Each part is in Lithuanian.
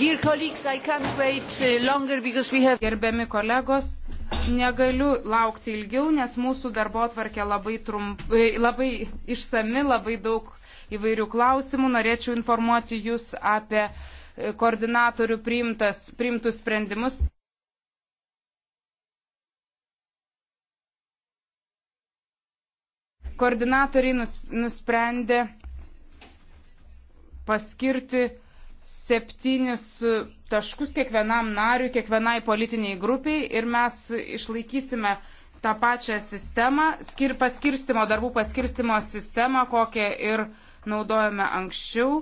Uh, have... Gerbiami kolegos, negaliu laukti ilgiau, nes mūsų darbo atvarkė labai, trump, e, labai išsami, labai daug įvairių klausimų. Norėčiau informuoti Jūs apie e, koordinatorių priimtas, priimtus sprendimus. Koordinatoriai nus, nusprendė paskirti septynis taškus kiekvienam nariui, kiekvienai politiniai grupiai ir mes išlaikysime tą pačią sistemą, skir, paskirstimo, darbų paskirstimo sistemą, kokią ir naudojame anksčiau.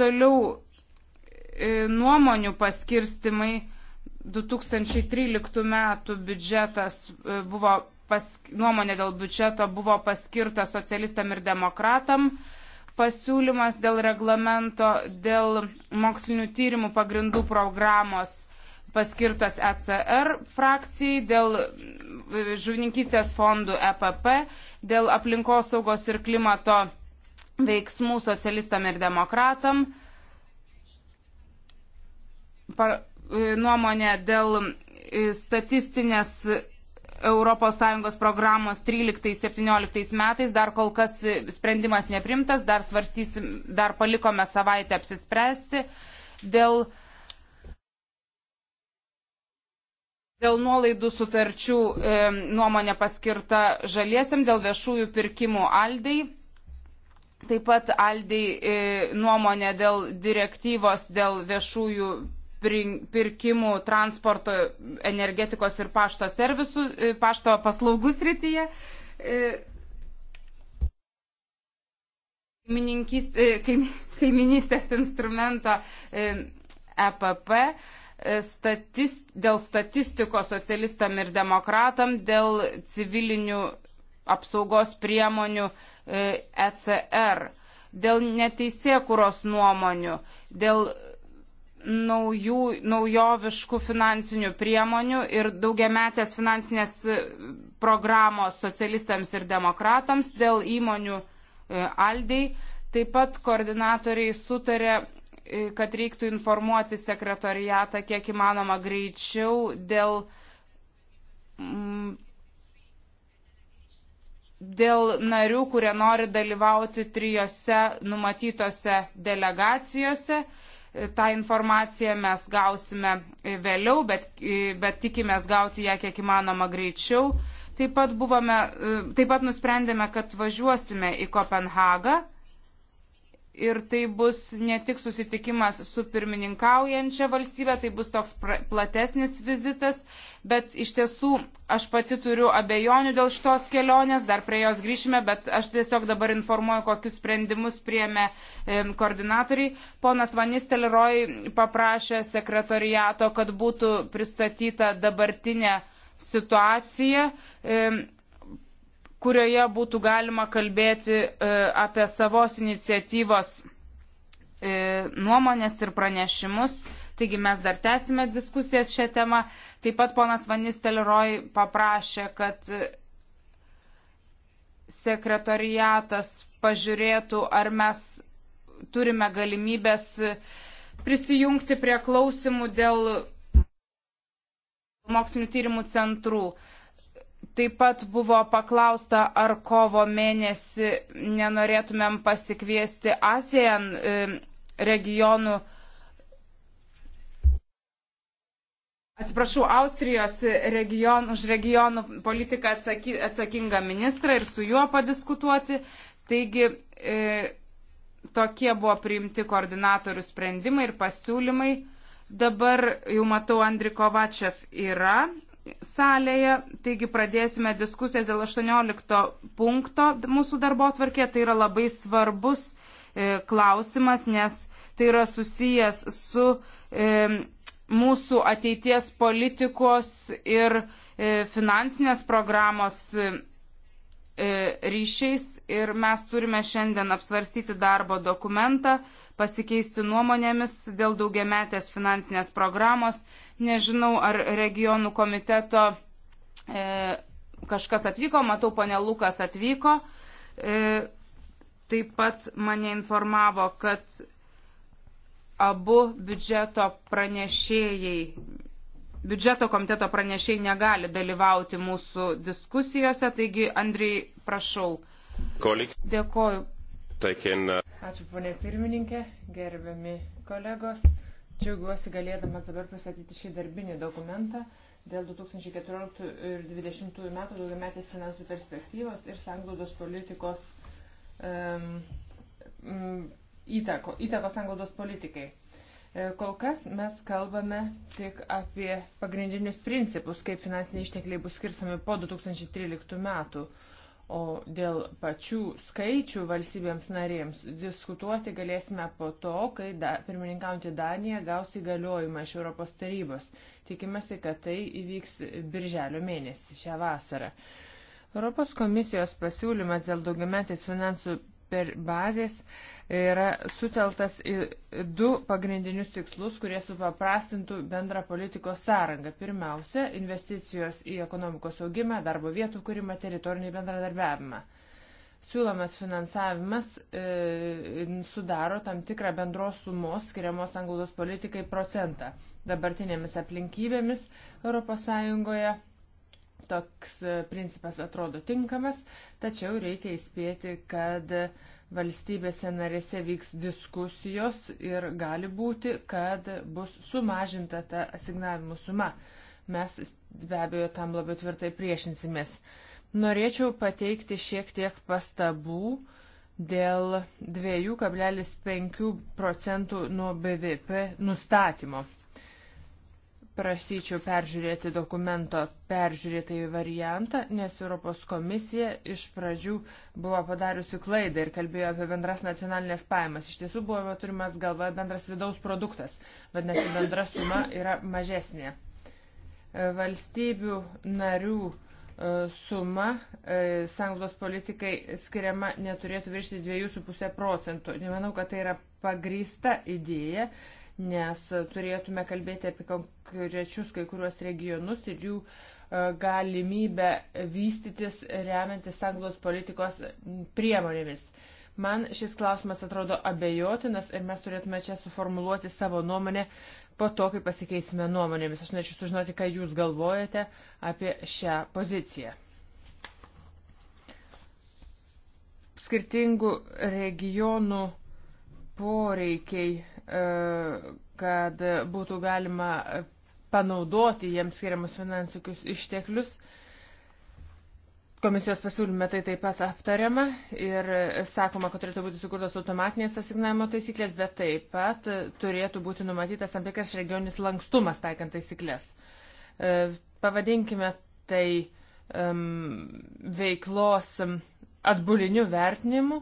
Toliau e, nuomonių paskirstimai 2013 metų biudžetas e, buvo, pask, nuomonė dėl biudžeto buvo paskirta socialistam ir demokratam pasiūlymas dėl reglamento, dėl mokslinių tyrimų pagrindų programos paskirtas ECR frakcijai, dėl žuvininkystės fondų EPP, dėl aplinkosaugos ir klimato veiksmų socialistam ir demokratam, pa, e, nuomonė dėl e, statistinės ES programos 13-17 metais. Dar kol kas sprendimas neprimtas, dar svarstysim, dar palikome savaitę apsispręsti dėl, dėl nuolaidų sutarčių e, nuomonė paskirta žaliesiam, dėl viešųjų pirkimų aldai. Taip pat aldai e, nuomonė dėl direktyvos dėl viešųjų pirkimų transporto, energetikos ir pašto servisų, e, pašto paslaugų srityje. E, e, kaiminystės instrumento EPP statist, dėl statistikos socialistam ir demokratam, dėl civilinių apsaugos priemonių ECR, dėl neteisėkuros nuomonių, dėl naujų, naujoviškų finansinių priemonių ir daugiametės finansinės e, programos socialistams ir demokratams dėl įmonių e, aldei. Taip pat koordinatoriai sutarė, e, kad reiktų informuoti sekretoriatą kiek įmanoma greičiau dėl, mm, dėl narių, kurie nori dalyvauti trijose numatytose delegacijose tą informaciją mes gausime vėliau, bet, bet tikimės gauti ją kiek įmanoma greičiau. Taip pat, buvome, e, taip pat nusprendėme, kad važiuosime į Kopenhagą ir tai bus ne tik susitikimas su pirmininkaujančia valstybė, tai bus toks platesnis vizitas, bet iš tiesų aš pati turiu abejonių dėl šitos kelionės, dar prie jos grįšime, bet aš tiesiog dabar informuoju, kokius sprendimus priemė e, koordinatoriai. Ponas Vanisteliroj paprašė sekretoriato, kad būtų pristatyta dabartinė situacija. E, kurioje būtų galima kalbėti e, apie savos iniciatyvos e, nuomonės ir pranešimus. Taigi mes dar tęsime diskusijas šią temą. Taip pat ponas Vanis Teliroj paprašė, kad e, sekretariatas pažiūrėtų, ar mes turime galimybės prisijungti prie klausimų dėl mokslinių tyrimų centrų. Taip pat buvo paklausta, ar kovo mėnesį nenorėtumėm pasikviesti ASEAN e, regionų. Atsiprašau, Austrijos region, už regionų politiką atsaky, atsakingą ministrą ir su juo padiskutuoti. Taigi, e, tokie buvo priimti koordinatorių sprendimai ir pasiūlymai. Dabar jau matau, Andrikovačev yra, salėje, taigi pradėsime diskusijas dėl 18 punkto mūsų darbo atvarkė. Tai yra labai svarbus e, klausimas, nes tai yra susijęs su e, mūsų ateities politikos ir e, finansinės programos e, e ryšiais ir mes turime šiandien apsvarstyti darbo dokumentą, pasikeisti nuomonėmis dėl daugiametės finansinės programos Nežinau, ar regionų komiteto e, kažkas atvyko, matau, ponė Lukas atvyko. E, taip pat mane informavo, kad abu biudžeto pranešėjai, biudžeto komiteto pranešėjai negali dalyvauti mūsų diskusijose. Taigi, Andrei, prašau. Koliks. Dėkoju. Taken. Uh, Ačiū, ponė pirmininkė, gerbiami kolegos. Džiaugiuosi galėdamas dabar pristatyti šį darbinį dokumentą dėl 2014 ir 2020 metų daugiametės finansų perspektyvos ir sanglaudos politikos um, įtako, įtakos sanglaudos politikai. E, kol kas mes kalbame tik apie pagrindinius principus, kaip finansiniai ištekliai bus skirstami po 2013 metų. Uh, O dėl pačių skaičių valstybėms narėms diskutuoti galėsime po to, kai da, pirmininkaujantį Daniją gaus įgaliojimą iš Europos tarybos. Tikimasi, kad tai įvyks birželio mėnesį šią vasarą. Europos komisijos pasiūlymas dėl daugiametės finansų per bazės uh, yra suteltas į du pagrindinius tikslus, kurie supaprastintų bendrą politikos sąrangą. Pirmiausia, investicijos į ekonomikos augimą, darbo vietų kūrimą, teritorinį bendradarbiavimą. Siūlomas finansavimas e, sudaro tam tikrą bendros sumos skiriamos anglos politikai procentą. Dabartinėmis aplinkybėmis ES toks e, principas atrodo tinkamas, tačiau reikia įspėti, kad valstybėse narėse vyks diskusijos ir gali būti, kad bus sumažinta ta asignavimų suma. Mes be abejo tam labai tvirtai priešinsimės. Norėčiau pateikti šiek tiek pastabų dėl 2,5 procentų nuo BVP nustatymo prašyčiau peržiūrėti dokumento peržiūrėtai variantą, nes Europos komisija iš pradžių buvo padariusi klaidą ir kalbėjo apie bendras nacionalinės pajamas. Iš tiesų buvo turimas galvoje bendras vidaus produktas, vadinasi, bendra suma yra mažesnė. E, valstybių narių e, suma e, sanglos politikai skiriama neturėtų viršti 2,5 procentų. Nemanau, kad tai yra pagrįsta idėja, nes turėtume kalbėti apie konkrečius kai kuriuos regionus ir jų e, galimybę vystytis remiantis sanglos politikos priemonėmis. Man šis klausimas atrodo abejotinas ir mes turėtume čia suformuluoti savo nuomonę po to, kai pasikeisime nuomonėmis. Aš norėčiau sužinoti, ką Jūs galvojate apie šią poziciją. Skirtingų regionų poreikiai kad būtų galima panaudoti jiems skiriamus finansikius išteklius. Komisijos pasiūlyme tai taip pat aptariama ir sakoma, kad turėtų būti sukurtos automatinės asignavimo taisyklės, bet taip pat turėtų būti numatytas tam tikras regioninis lankstumas taikant taisyklės. E, pavadinkime tai um, veiklos atbuliniu vertinimu.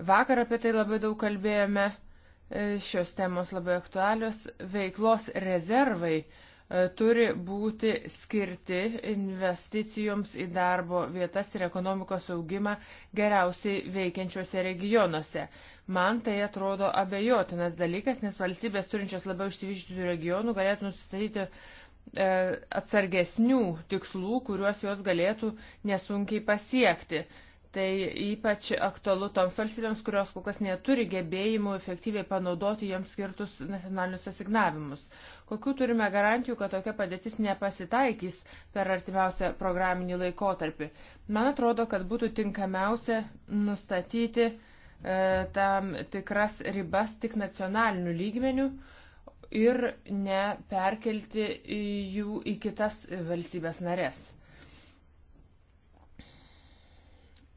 Vakar apie tai labai daug kalbėjome. Uh, E, šios temos labai aktualios. Veiklos rezervai e, turi būti skirti investicijoms į darbo vietas ir ekonomikos augimą geriausiai veikiančiose regionuose. Man tai atrodo abejotinas dalykas, nes valstybės turinčios labiau išsivyščiusių regionų galėtų nusistatyti e, atsargesnių tikslų, kuriuos jos galėtų nesunkiai pasiekti. Tai ypač aktualu toms valstybėms, kurios kol kas neturi gebėjimų efektyviai panaudoti jiems skirtus nacionalinius asignavimus. Kokių turime garantijų, kad tokia padėtis nepasitaikys per artimiausią programinį laikotarpį? Man atrodo, kad būtų tinkamiausia nustatyti e, tam tikras ribas tik nacionalinių lygmenių ir neperkelti jų į kitas valstybės narės.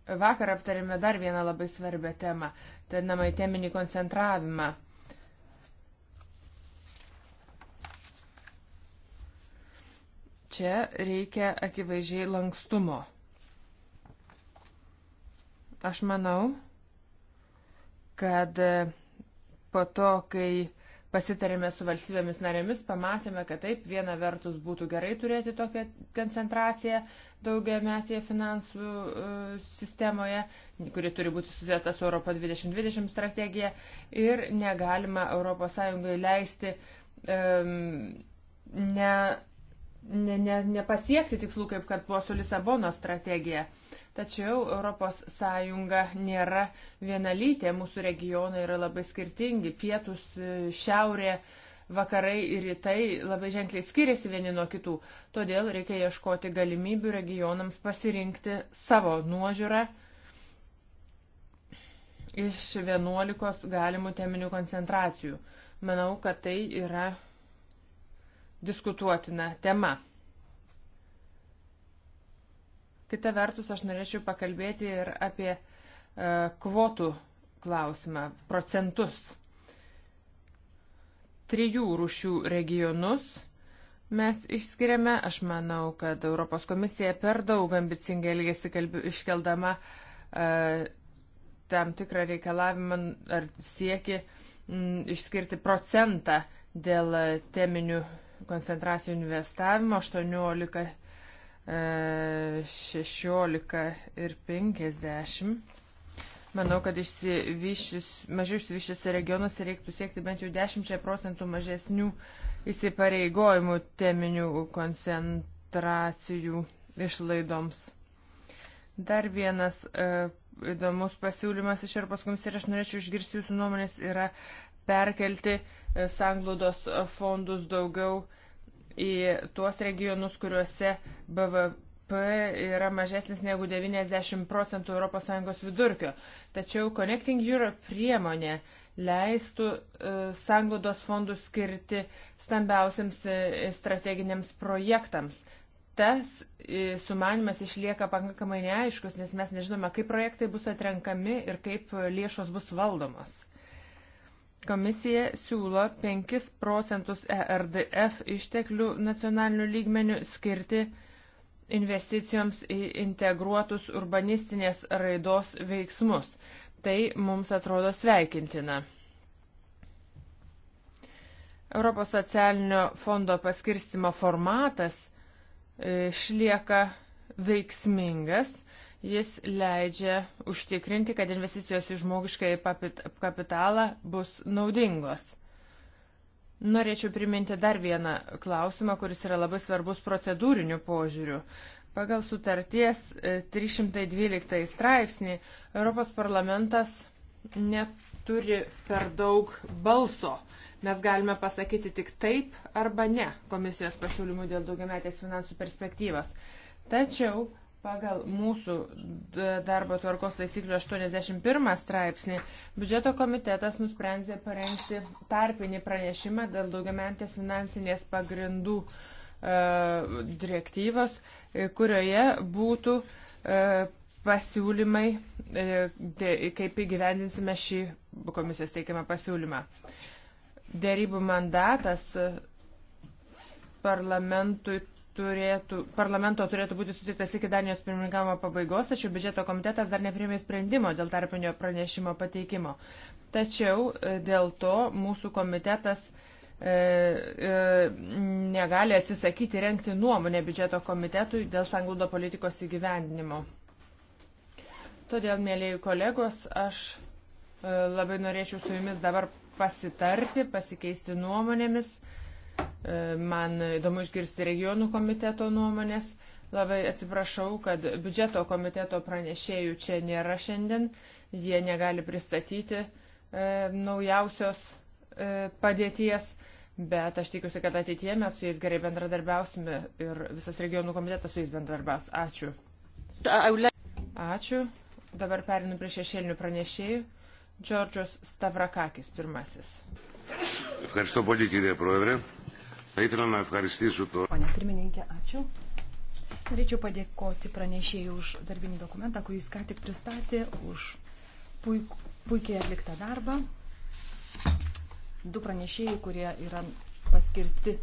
Vakar aptarėme dar vieną labai svarbią temą, tai namai teminį koncentravimą. Čia reikia akivaizdžiai lankstumo. Aš manau, kad po to, kai pasitarėme su valstybėmis narėmis, pamatėme, kad taip, viena vertus būtų gerai turėti tokią koncentraciją daugia metėje finansų e, sistemoje, kuri turi būti susijęta su Europo 2020 strategija ir negalima ES leisti um, ne ne, ne, nepasiekti tikslų, kaip kad buvo su Lisabono strategija. Tačiau ES nėra vienalytė, mūsų regionai yra labai skirtingi, pietus, šiaurė, vakarai ir rytai labai ženkliai skiriasi vieni nuo kitų. Todėl reikia ieškoti galimybių regionams pasirinkti savo nuožiūrą iš 11 galimų teminių koncentracijų. Manau, kad tai yra diskutuotina tema. Kita vertus, aš norėčiau pakalbėti ir apie e, kvotų klausimą, procentus. Trijų rušių regionus mes išskiriame. Aš manau, kad Europos komisija per daug ambicingai elgėsi iškeldama e, tam tikrą reikalavimą ar sieki m, išskirti procentą dėl teminių koncentracijų investavimo 18, 16 e, ir 50. Manau, kad išsivyščius, mažiau išsivyščiuose regionuose reiktų siekti bent jau 10 procentų mažesnių įsipareigojimų teminių koncentracijų išlaidoms. Dar vienas e, įdomus pasiūlymas iš Europos komisijos ir aš norėčiau išgirsti jūsų nuomonės yra perkelti e, sanglūdos fondus daugiau į tuos regionus, kuriuose BVP yra mažesnis negu 90 procentų ES vidurkio. Tačiau Connecting Europe priemonė leistų e, sanglūdos fondus skirti stambiausiams e, strateginiams projektams. Tas e, sumanimas išlieka pakankamai neaiškus, nes mes nežinome, kaip projektai bus atrenkami ir kaip lėšos bus valdomos. Komisija siūlo 5 procentus ERDF išteklių nacionalinių lygmenių skirti investicijoms į integruotus urbanistinės raidos veiksmus. Tai mums atrodo sveikintina. Europos socialinio fondo paskirstimo formatas e, išlieka veiksmingas Jis leidžia užtikrinti, kad investicijos į žmogiškai kapitalą bus naudingos. Norėčiau priminti dar vieną klausimą, kuris yra labai svarbus procedūriniu požiūriu. Pagal sutarties 312 e, straipsnį Europos parlamentas neturi per daug balso. Mes galime pasakyti tik taip arba ne komisijos pasiūlymų dėl daugiametės finansų perspektyvos. Tačiau Pagal mūsų darbo tvarkos taisyklių 81 straipsnį biudžeto komitetas nusprendė parengti tarpinį pranešimą dėl daugiamentės finansinės pagrindų e, direktyvos, e, kurioje būtų e, pasiūlymai, e, de, kaip įgyvendinsime šį komisijos teikiamą pasiūlymą. Dėrybų mandatas e, parlamentui turėtų, parlamento turėtų būti sutiktas iki Danijos pirmininkavimo pabaigos, tačiau biudžeto komitetas dar neprimė sprendimo dėl tarpinio pranešimo pateikimo. Tačiau e, dėl to mūsų komitetas e, e, negali atsisakyti renkti nuomonę biudžeto komitetui dėl sanglūdo politikos įgyvendinimo. Todėl, mėlyjei kolegos, aš e, labai norėčiau su jumis dabar pasitarti, pasikeisti nuomonėmis E, man įdomu išgirsti regionų komiteto nuomonės. Labai atsiprašau, kad biudžeto komiteto pranešėjų čia nėra šiandien. Jie negali pristatyti e, naujausios e, padėties, bet aš tikiuosi, kad ateitie mes su jais gerai bendradarbiausime ir visas regionų komitetas su jais bendradarbiaus. Ačiū. Ačiū. Dabar perinu prie šešėlinių pranešėjų. Džordžios Stavrakakis pirmasis. Ευχαριστώ πολύ κύριε Πρόεδρε. Θα ήθελα να ευχαριστήσω το... Pone pirmininkė, ačiū. Norėčiau padėkoti pranešėjai už darbinį dokumentą, kurį jis ką tik pristatė, už puik, puikiai atliktą darbą. Du pranešėjai, kurie yra paskirti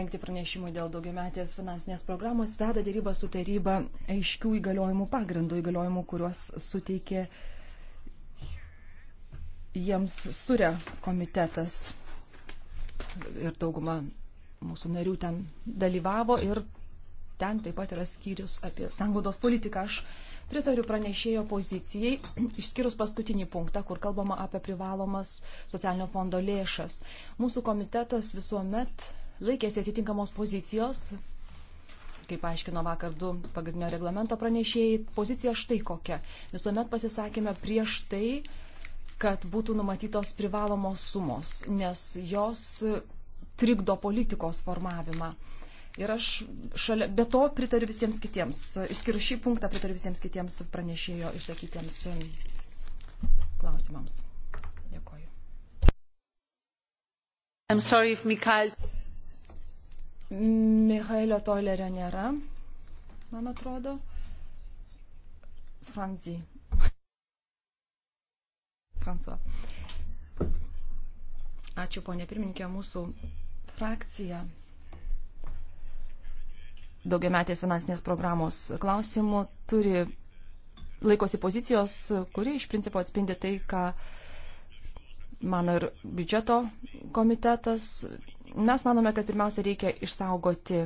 rengti pranešimui dėl daugiametės finansinės programos, veda dėrybą su taryba aiškių įgaliojimų pagrindų, įgaliojimų, kuriuos suteikė jiems surė komitetas ir dauguma mūsų narių ten dalyvavo ir ten taip pat yra skyrius apie sanglaudos politiką. Aš pritariu pranešėjo pozicijai, išskyrus paskutinį punktą, kur kalbama apie privalomas socialinio fondo lėšas. Mūsų komitetas visuomet laikėsi atitinkamos pozicijos, kaip aiškino vakar du pagrindinio reglamento pranešėjai, pozicija štai kokia. Visuomet pasisakėme prieš tai, kad būtų numatytos privalomos sumos, nes jos trikdo politikos formavimą. Ir aš šalia, be to pritariu visiems kitiems, išskiriu šį punktą, pritariu visiems kitiems pranešėjo išsakytiems klausimams. Dėkoju. Mikhail... Mikhailio Toilerio nėra, man atrodo. Franzi Fransuo. Ačiū, ponė pirmininkė, mūsų frakcija daugiametės finansinės programos klausimų turi laikosi pozicijos, kuri iš principo atspindi tai, ką mano ir biudžeto komitetas. Mes manome, kad pirmiausia reikia išsaugoti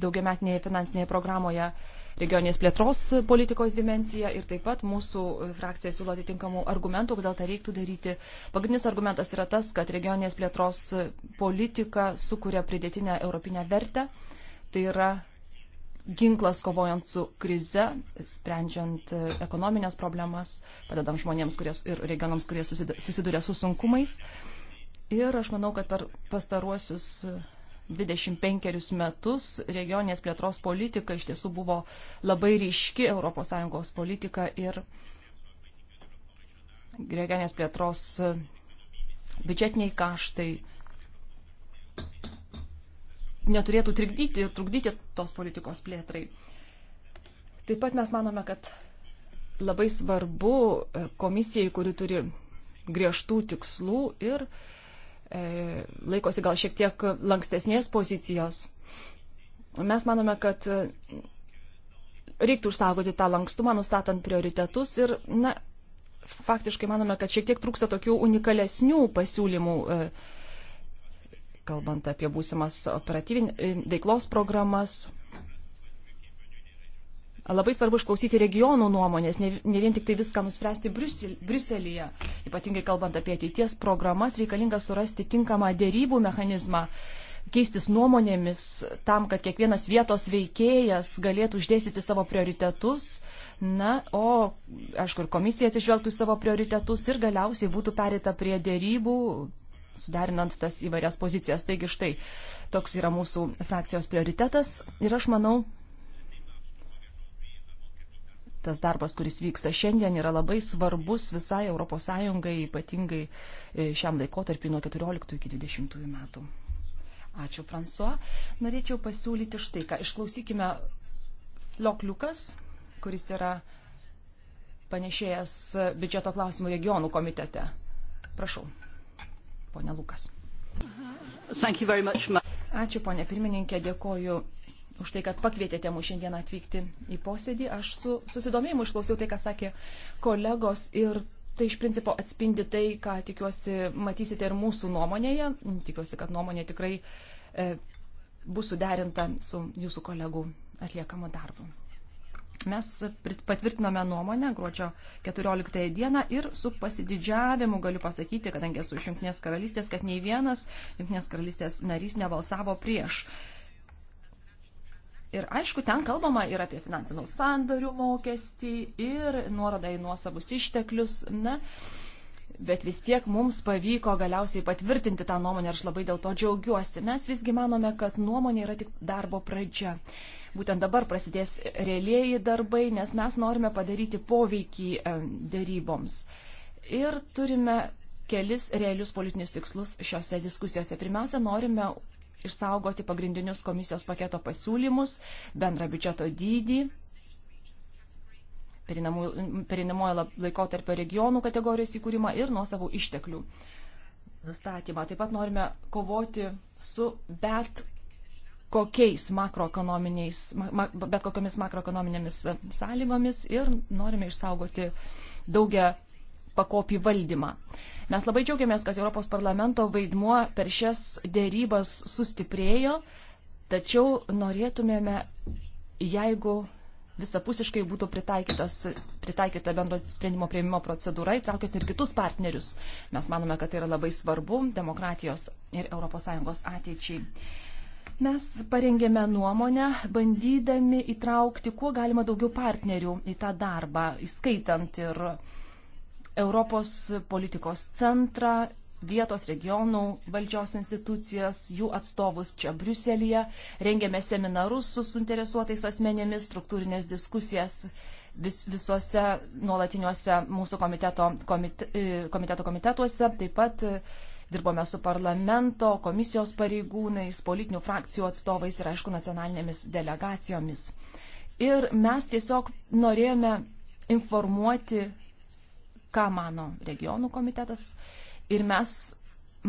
daugiametinėje finansinėje programoje uh, regioninės plėtros politikos dimensiją ir taip pat mūsų frakcija siūlo atitinkamų argumentų, kodėl tą reiktų daryti. Pagrindinis argumentas yra tas, kad regioninės plėtros politika sukuria pridėtinę europinę vertę. Tai yra ginklas kovojant su krize, sprendžiant e, ekonominės problemas, padedam žmonėms kurie, ir regionams, kurie susiduria su sunkumais. Ir aš manau, kad per pastaruosius 25 metus regioninės plėtros politika iš tiesų buvo labai ryški ES politika ir regioninės plėtros biudžetiniai kaštai neturėtų trikdyti ir trukdyti tos politikos plėtrai. Taip pat mes manome, kad labai svarbu komisijai, kuri turi griežtų tikslų ir uh, E, laikosi gal šiek tiek lankstesnės pozicijos. Mes manome, kad e, reiktų užsaugoti tą lankstumą, nustatant prioritetus ir, na, faktiškai manome, kad šiek tiek trūksta tokių unikalesnių pasiūlymų, e, kalbant apie būsimas operatyvinės veiklos programas, Labai svarbu išklausyti regionų nuomonės, ne, ne vien tik tai viską nuspręsti Briuselėje. Ypatingai kalbant apie ateities programas, reikalinga surasti tinkamą dėrybų mechanizmą, keistis nuomonėmis tam, kad kiekvienas vietos veikėjas galėtų uždėstyti savo prioritetus. Na, o, aišku, ir komisija atsižvelgtų į savo prioritetus ir galiausiai būtų perėta prie dėrybų suderinant tas įvairias pozicijas. Taigi štai toks yra mūsų frakcijos prioritetas ir aš manau, tas darbas, kuris vyksta šiandien, yra labai svarbus visai ES, ypatingai e, šiam laikotarpiu nuo 14 iki 20 metų. Ačiū, Fransuo. Norėčiau pasiūlyti štai ką. Išklausykime Flokliukas, kuris yra panešėjęs biudžeto klausimų regionų komitete. Prašau, ponia Lukas. Ačiū, ponia pirmininkė, dėkoju už tai, kad pakvietėte mus šiandien atvykti į posėdį. Aš su susidomėjimu išklausiau tai, ką sakė kolegos ir tai iš principo atspindi tai, ką tikiuosi matysite ir mūsų nuomonėje. Tikiuosi, kad nuomonė tikrai e, bus suderinta su jūsų kolegų atliekamu darbu. Mes patvirtinome nuomonę gruodžio 14 dieną ir su pasididžiavimu galiu pasakyti, kadangi esu iš Junktinės karalystės, kad nei vienas Junktinės karalystės narys nebalsavo prieš Ir aišku, ten kalbama ir apie finansinių sandorių mokestį, ir nuorodą į nuosavus išteklius. Na, bet vis tiek mums pavyko galiausiai patvirtinti tą nuomonę ir aš labai dėl to džiaugiuosi. Mes visgi manome, kad nuomonė yra tik darbo pradžia. Būtent dabar prasidės realieji darbai, nes mes norime padaryti poveikį e, dėryboms. Ir turime kelis realius politinius tikslus šiose diskusijose. Pirmiausia, norime išsaugoti pagrindinius komisijos paketo pasiūlymus, bendrą biudžeto dydį, perinamojo laikotarpio regionų kategorijos įkūrimą ir nuosavų išteklių nustatymą. Taip pat norime kovoti su bet kokiais makroekonominiais, bet kokiamis makroekonominėmis sąlygomis ir norime išsaugoti daugia pakopį valdymą. Mes labai džiaugiamės, kad Europos parlamento vaidmuo per šias dėrybas sustiprėjo, tačiau norėtumėme, jeigu visapusiškai būtų pritaikyta bendro sprendimo prieimimo procedūra, įtraukiant ir kitus partnerius. Mes manome, kad tai yra labai svarbu demokratijos ir ES ateičiai. Mes parengėme nuomonę, bandydami įtraukti kuo galima daugiau partnerių į tą darbą, įskaitant ir uh, Europos politikos centrą, vietos regionų valdžios institucijas, jų atstovus čia Briuselėje, rengėme seminarus su suinteresuotais asmenėmis, struktūrinės diskusijas vis, visose nuolatiniuose mūsų komiteto, komite, e, komiteto komitetuose, taip pat e, dirbome su parlamento, komisijos pareigūnais, politinių frakcijų atstovais ir, aišku, nacionalinėmis delegacijomis. Ir mes tiesiog norėjome informuoti ką mano regionų komitetas. Ir mes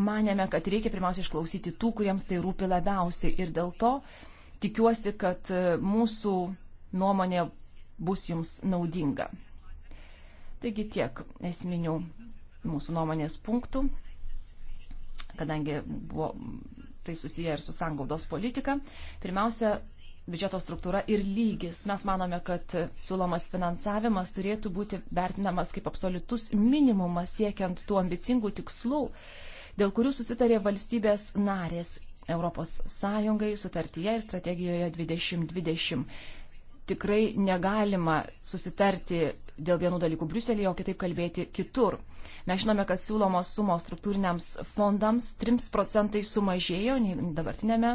manėme, kad reikia pirmiausia išklausyti tų, kuriems tai rūpi labiausiai. Ir dėl to tikiuosi, kad e, mūsų nuomonė bus jums naudinga. Taigi tiek esminių mūsų nuomonės punktų, kadangi buvo tai susiję ir su sangaudos politika. Pirmiausia, biudžeto struktūra ir lygis. Mes manome, kad siūlomas finansavimas turėtų būti vertinamas kaip absoliutus minimumas siekiant tų ambicingų tikslų, dėl kurių susitarė valstybės narės ES sutartyje ir strategijoje 2020 tikrai negalima susitarti dėl vienų dalykų Briuselėje, o kitaip kalbėti kitur. Mes žinome, kad siūlomos sumos struktūriniams fondams 3 procentai sumažėjo dabartinėme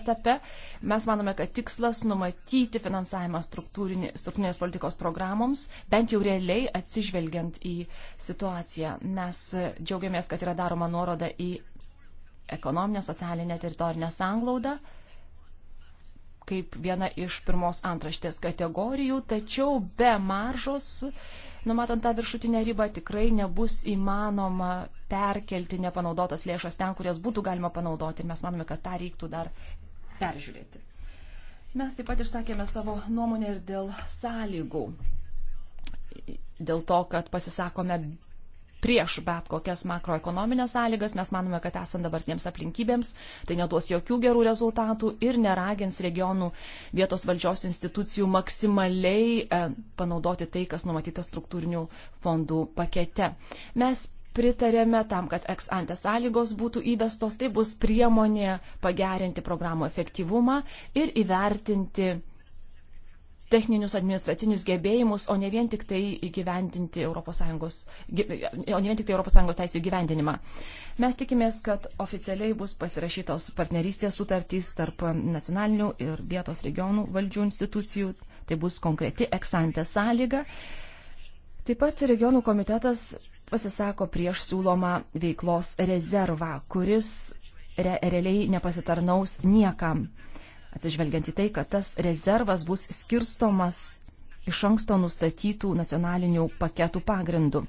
etape. Mes manome, kad tikslas numatyti finansavimą struktūrinės politikos programoms, bent jau realiai atsižvelgiant į situaciją. Mes džiaugiamės, kad yra daroma nuoroda į ekonominę, socialinę, teritorinę sanglaudą kaip viena iš pirmos antraštės kategorijų, tačiau be maržos, numatant tą viršutinę ribą, tikrai nebus įmanoma perkelti nepanaudotas lėšas ten, kurias būtų galima panaudoti ir mes manome, kad tą reiktų dar peržiūrėti. Mes taip pat išsakėme savo nuomonę ir dėl sąlygų. Dėl to, kad pasisakome prieš bet kokias makroekonominės sąlygas, mes manome, kad esant dabartiems aplinkybėms, tai neduos jokių gerų rezultatų ir neragins regionų vietos valdžios institucijų maksimaliai e, panaudoti tai, kas numatyta struktūrinių fondų pakete. Mes pritarėme tam, kad ex ante sąlygos būtų įvestos, tai bus priemonė pagerinti programų efektyvumą ir įvertinti techninius administracinius gebėjimus, o ne vien tik tai įgyvendinti ES, o ne vien tik tai ES teisų įgyvendinimą. Mes tikimės, kad oficialiai bus pasirašytos partnerystės sutartys tarp nacionalinių ir vietos regionų valdžių institucijų. Tai bus konkreti eksantė sąlyga. Taip pat regionų komitetas pasisako prieš siūlomą veiklos rezervą, kuris re realiai nepasitarnaus niekam atsižvelgiant į tai, kad tas rezervas bus skirstomas iš anksto nustatytų nacionalinių paketų pagrindų.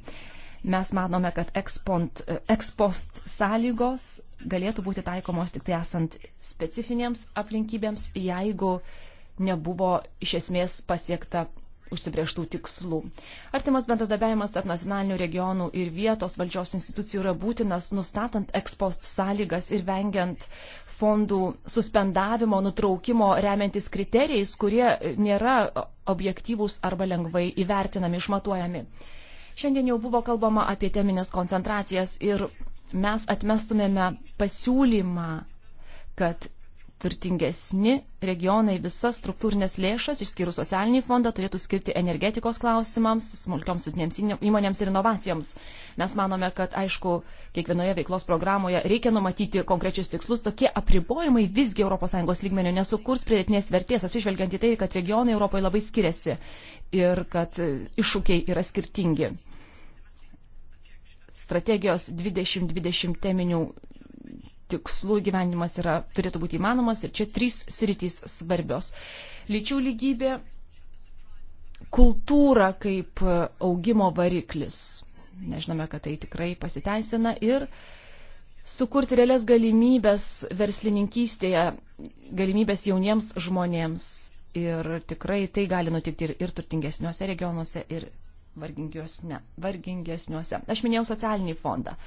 Mes manome, kad ekspont, ekspost sąlygos galėtų būti taikomos tik tai esant specifinėms aplinkybėms, jeigu nebuvo iš esmės pasiekta užsibrieštų tikslų. Artimas bendradarbiavimas tarp nacionalinių regionų ir vietos valdžios institucijų yra būtinas, nustatant ekspost sąlygas ir vengiant fondų suspendavimo, nutraukimo remiantis kriterijais, kurie nėra objektyvūs arba lengvai įvertinami, išmatuojami. Šiandien jau buvo kalbama apie teminės koncentracijas ir mes atmestumėme pasiūlymą, kad turtingesni regionai visas struktūrinės lėšas, išskyrus socialinį fondą, turėtų skirti energetikos klausimams, smulkioms vidinėms įmonėms ir inovacijoms. Mes manome, kad, aišku, kiekvienoje veiklos programoje reikia numatyti konkrečius tikslus, tokie apribojimai visgi ES lygmenio nesukurs pridėtinės vertės, atsižvelgiant į tai, kad regionai Europoje labai skiriasi ir kad iššūkiai yra skirtingi. Strategijos 2020 teminių tikslų gyvenimas yra, turėtų būti įmanomas ir čia trys sritys svarbios. Lyčių lygybė, kultūra kaip augimo variklis. Nežinome, kad tai tikrai pasiteisina ir sukurti realias galimybės verslininkystėje, galimybės jauniems žmonėms. Ir tikrai tai gali nutikti ir, ir turtingesniuose regionuose, ir vargingesniuose. Aš minėjau socialinį fondą. Uh,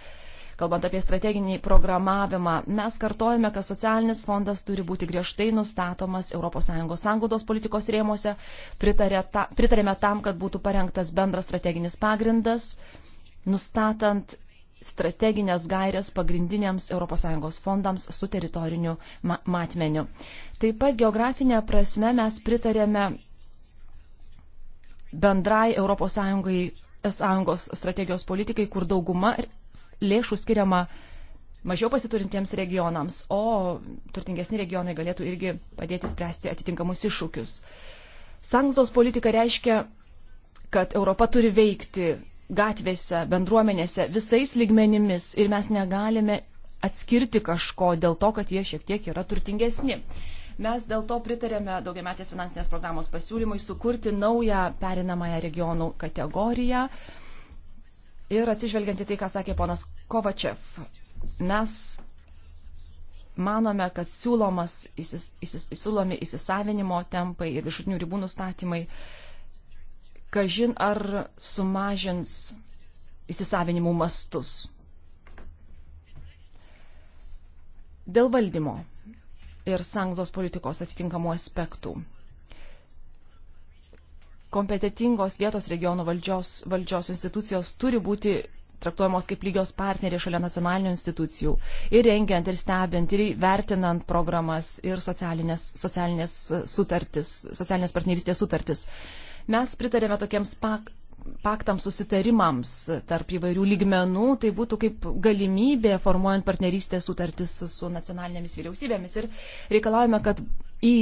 kalbant apie strateginį programavimą, mes kartojame, kad socialinis fondas turi būti griežtai nustatomas ES sanglaudos politikos rėmose, ta, pritarėme tam, kad būtų parengtas bendras strateginis pagrindas, nustatant strateginės gairias pagrindiniams ES fondams su teritoriniu ma matmeniu. Taip pat geografinė prasme mes pritarėme bendrai ES sąjungos strategijos politikai, kur dauguma lėšų skiriama mažiau pasiturintiems regionams, o turtingesni regionai galėtų irgi padėti spręsti atitinkamus iššūkius. Sanglaudos politika reiškia, kad Europa turi veikti gatvėse, bendruomenėse, visais lygmenimis ir mes negalime atskirti kažko dėl to, kad jie šiek tiek yra turtingesni. Mes dėl to pritarėme daugiametės finansinės programos pasiūlymui sukurti naują perinamąją regionų kategoriją Ir atsižvelgiant į tai, ką sakė ponas Kovačev, mes manome, kad siūlomas, įsis, įsis, siūlomi įsisavinimo tempai ir viršutinių ribų nustatymai, kažin ar sumažins įsisavinimų mastus. Dėl valdymo ir sanglos politikos atitinkamų aspektų kompetitingos vietos regionų valdžios, valdžios institucijos turi būti traktuojamos kaip lygios partneriai šalia nacionalinių institucijų. Ir rengiant, ir stebint, ir vertinant programas, ir socialinės, socialinės sutartis, socialinės partnerystės sutartis. Mes pritarėme tokiems pak, paktams susitarimams tarp įvairių lygmenų, tai būtų kaip galimybė formuojant partnerystės sutartis su nacionalinėmis vyriausybėmis ir reikalavome, kad į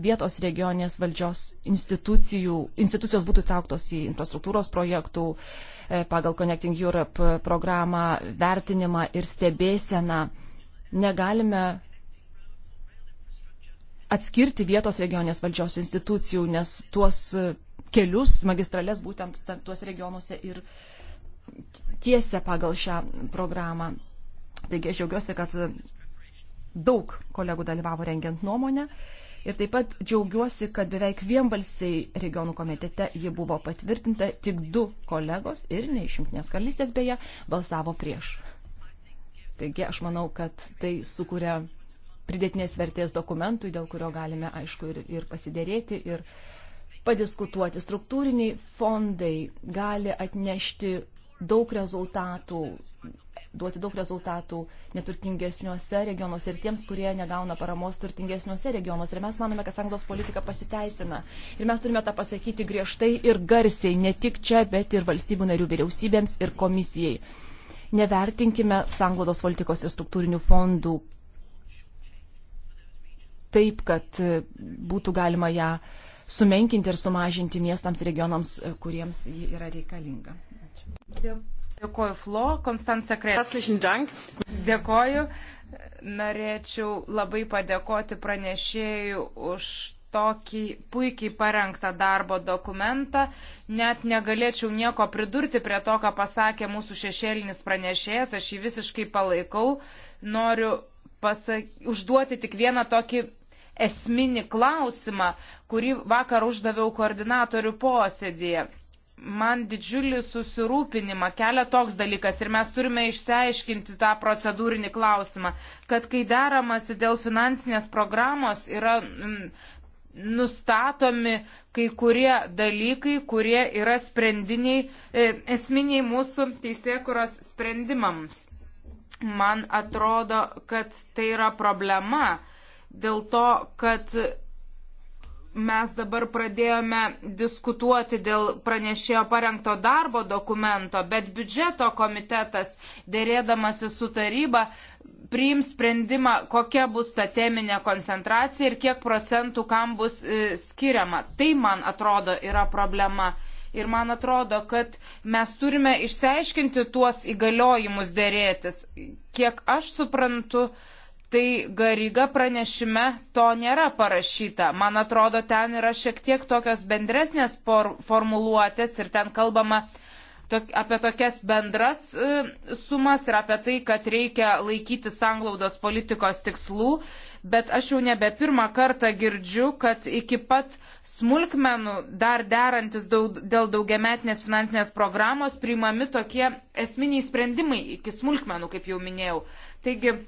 vietos regioninės valdžios institucijos būtų trauktos į infrastruktūros projektų e, pagal Connecting Europe e, programą vertinimą ir stebėseną. Negalime atskirti vietos regioninės valdžios institucijų, nes tuos e, kelius, magistrales būtent tuos regionuose ir tiesia pagal šią programą. Taigi aš džiaugiuosi, kad daug kolegų dalyvavo rengiant nuomonę. Uh, Ir taip pat džiaugiuosi, kad beveik vienbalsiai regionų komitete ji buvo patvirtinta, tik du kolegos ir ne iš Junktinės karalystės beje balsavo prieš. Taigi aš manau, kad tai sukuria pridėtinės vertės dokumentui, dėl kurio galime, aišku, ir, ir pasidėrėti, ir padiskutuoti. Struktūriniai fondai gali atnešti daug rezultatų duoti daug rezultatų neturtingesniuose regionuose ir tiems, kurie negauna paramos turtingesniuose regionuose. Ir mes manome, kad sanglos politika pasiteisina. Ir mes turime tą pasakyti griežtai ir garsiai, ne tik čia, bet ir valstybių narių vyriausybėms ir komisijai. Nevertinkime sanglodos politikos ir struktūrinių fondų taip, kad būtų galima ją sumenkinti ir sumažinti miestams, regionams, kuriems ji yra reikalinga. Ačiū. Dėkoju, Flo, Konstanca Kretė. Dėkoju. Norėčiau labai padėkoti pranešėjų už tokį puikiai parengtą darbo dokumentą. Net negalėčiau nieko pridurti prie to, ką pasakė mūsų šešėlinis pranešėjas. Aš jį visiškai palaikau. Noriu pasak... užduoti tik vieną tokį esminį klausimą, kurį vakar uždaviau koordinatorių posėdėje man didžiulį susirūpinimą kelia toks dalykas ir mes turime išsiaiškinti tą procedūrinį klausimą, kad kai deramasi dėl finansinės programos yra mm, nustatomi kai kurie dalykai, kurie yra sprendiniai, e, esminiai mūsų teisėkuros sprendimams. Man atrodo, kad tai yra problema dėl to, kad mes dabar pradėjome diskutuoti dėl pranešėjo parengto darbo dokumento, bet biudžeto komitetas, dėrėdamasi su taryba, priims sprendimą, kokia bus ta teminė koncentracija ir kiek procentų kam bus e, skiriama. Tai, man atrodo, yra problema. Ir man atrodo, kad mes turime išsiaiškinti tuos įgaliojimus dėrėtis. Kiek aš suprantu, uh, tai Gariga pranešime to nėra parašyta. Man atrodo, ten yra šiek tiek tokios bendresnės formuluotės ir ten kalbama tok, apie tokias bendras e, sumas ir apie tai, kad reikia laikyti sanglaudos politikos tikslų, bet aš jau nebe pirmą kartą girdžiu, kad iki pat smulkmenų dar derantis daug, dėl daugiametinės finansinės programos priimami tokie esminiai sprendimai iki smulkmenų, kaip jau minėjau. Taigi,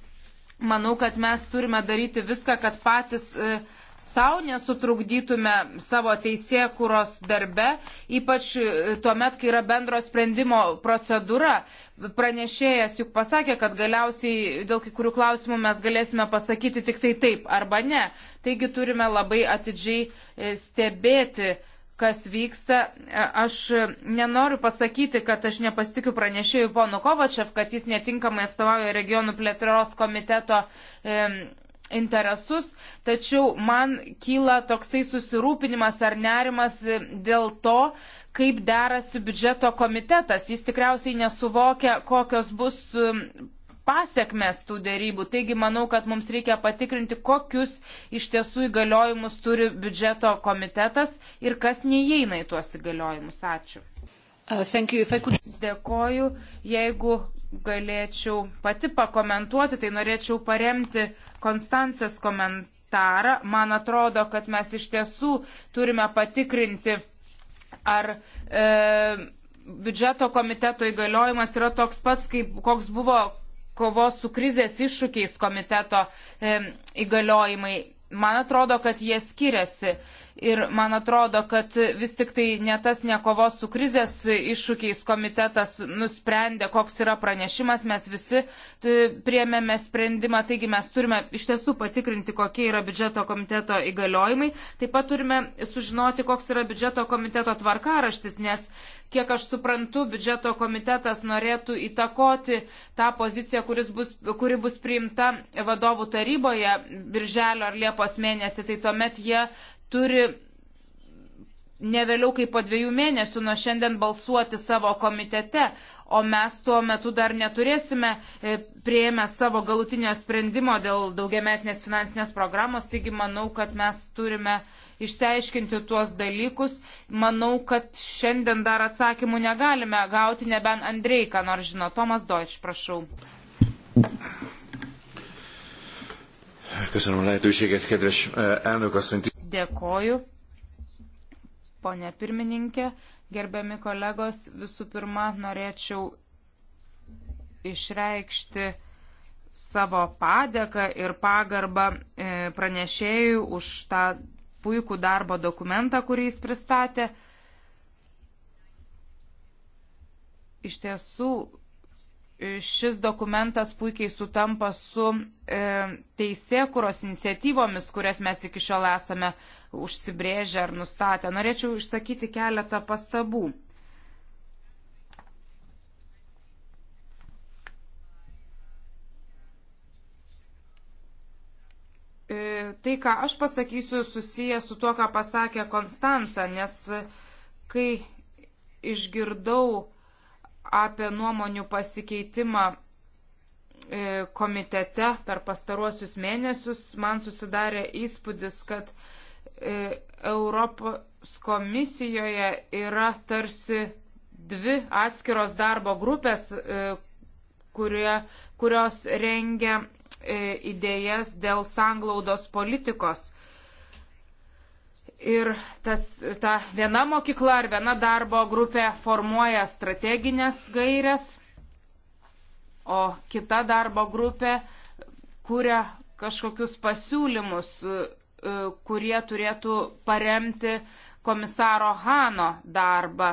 manau, kad mes turime daryti viską, kad patys e, savo nesutrukdytume savo teisėkuros darbe, ypač e, tuo met, kai yra bendro sprendimo procedūra. Pranešėjas juk pasakė, kad galiausiai dėl kai kurių klausimų mes galėsime pasakyti tik tai taip arba ne. Taigi turime labai atidžiai e, stebėti kas vyksta. E, aš nenoriu pasakyti, kad aš nepasitikiu pranešėjų ponu Kovačev, kad jis netinkamai atstovauja regionų plėtros komiteto e, interesus, tačiau man kyla toksai susirūpinimas ar nerimas e, dėl to, kaip derasi biudžeto komitetas. Jis tikriausiai nesuvokia, kokios bus pasiekmes tų dėrybų. Taigi manau, kad mums reikia patikrinti, kokius iš tiesų įgaliojimus turi biudžeto komitetas ir kas neįeina į tuos įgaliojimus. Ačiū. Uh, Dėkoju. Jeigu galėčiau pati pakomentuoti, tai norėčiau paremti Konstancės komentarą. Man atrodo, kad mes iš tiesų turime patikrinti, ar. E, biudžeto komiteto įgaliojimas yra toks pats, kaip, koks buvo kovos su krizės iššūkiais komiteto įgaliojimai man atrodo, kad jie skiriasi. Ir man atrodo, kad vis tik tai ne tas nekovos su krizės iššūkiais komitetas nusprendė, koks yra pranešimas, mes visi priemėme sprendimą, taigi mes turime iš tiesų patikrinti, kokie yra biudžeto komiteto įgaliojimai. Taip pat turime sužinoti, koks yra biudžeto komiteto tvarkaraštis, nes, kiek aš suprantu, biudžeto komitetas norėtų įtakoti tą poziciją, bus, kuri bus priimta vadovų taryboje birželio ar liepos. Liepos mėnesį, tai tuomet jie turi ne vėliau kaip po dviejų mėnesių nuo šiandien balsuoti savo komitete, o mes tuo metu dar neturėsime e, prieėmę savo galutinio sprendimo dėl daugiametinės finansinės programos, taigi manau, kad mes turime išsiaiškinti tuos dalykus. Manau, kad šiandien dar atsakymų negalime gauti, nebent Andrei, ką nors žino. Tomas Deutsch, prašau. Köszönöm a lehetőséget, kedves eh, elnök asszony. Dėkoju, ponė pirmininkė. Gerbiami kolegos, visų pirma, norėčiau išreikšti savo padėką ir pagarbą eh, pranešėjų už tą puikų darbo dokumentą, kurį jis pristatė. Iš tiesų, šis dokumentas puikiai sutampa su e, teisėkuros iniciatyvomis, kurias mes iki šiol esame užsibrėžę ar nustatę. Norėčiau išsakyti keletą pastabų. E, tai, ką aš pasakysiu, susiję su tuo, ką pasakė Konstanca, nes e, kai išgirdau apie nuomonių pasikeitimą e, komitete per pastaruosius mėnesius, man susidarė įspūdis, kad e, Europos komisijoje yra tarsi dvi atskiros darbo grupės, e, kurie, kurios rengia idėjas dėl sanglaudos politikos. Ir tas, ta viena mokykla ar viena darbo grupė formuoja strateginės gairias, o kita darbo grupė kuria kažkokius pasiūlymus, e, kurie turėtų paremti komisaro Hano darbą.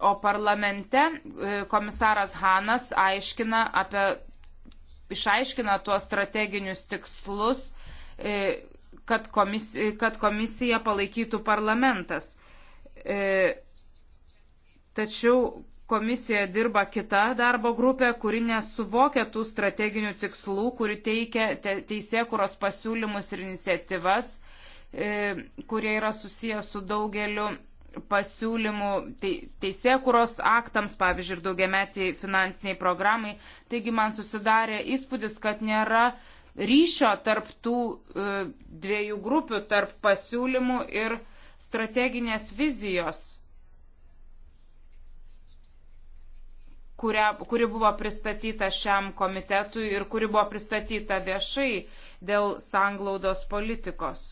O parlamente e, komisaras Hanas aiškina apie išaiškina tuos strateginius tikslus, e, kad komisija, kad komisija palaikytų parlamentas. E, tačiau komisijoje dirba kita darbo grupė, kuri nesuvokia tų strateginių tikslų, kuri teikia te, teisėkuros pasiūlymus ir iniciatyvas, e, kurie yra susijęs su daugeliu pasiūlymų teisėkuros aktams, pavyzdžiui, ir daugiametiai finansiniai programai. Taigi man susidarė įspūdis, kad nėra ryšio tarp tų e, dviejų grupių, tarp pasiūlymų ir strateginės vizijos, kuria, kuri buvo pristatyta šiam komitetui ir kuri buvo pristatyta viešai dėl sanglaudos politikos.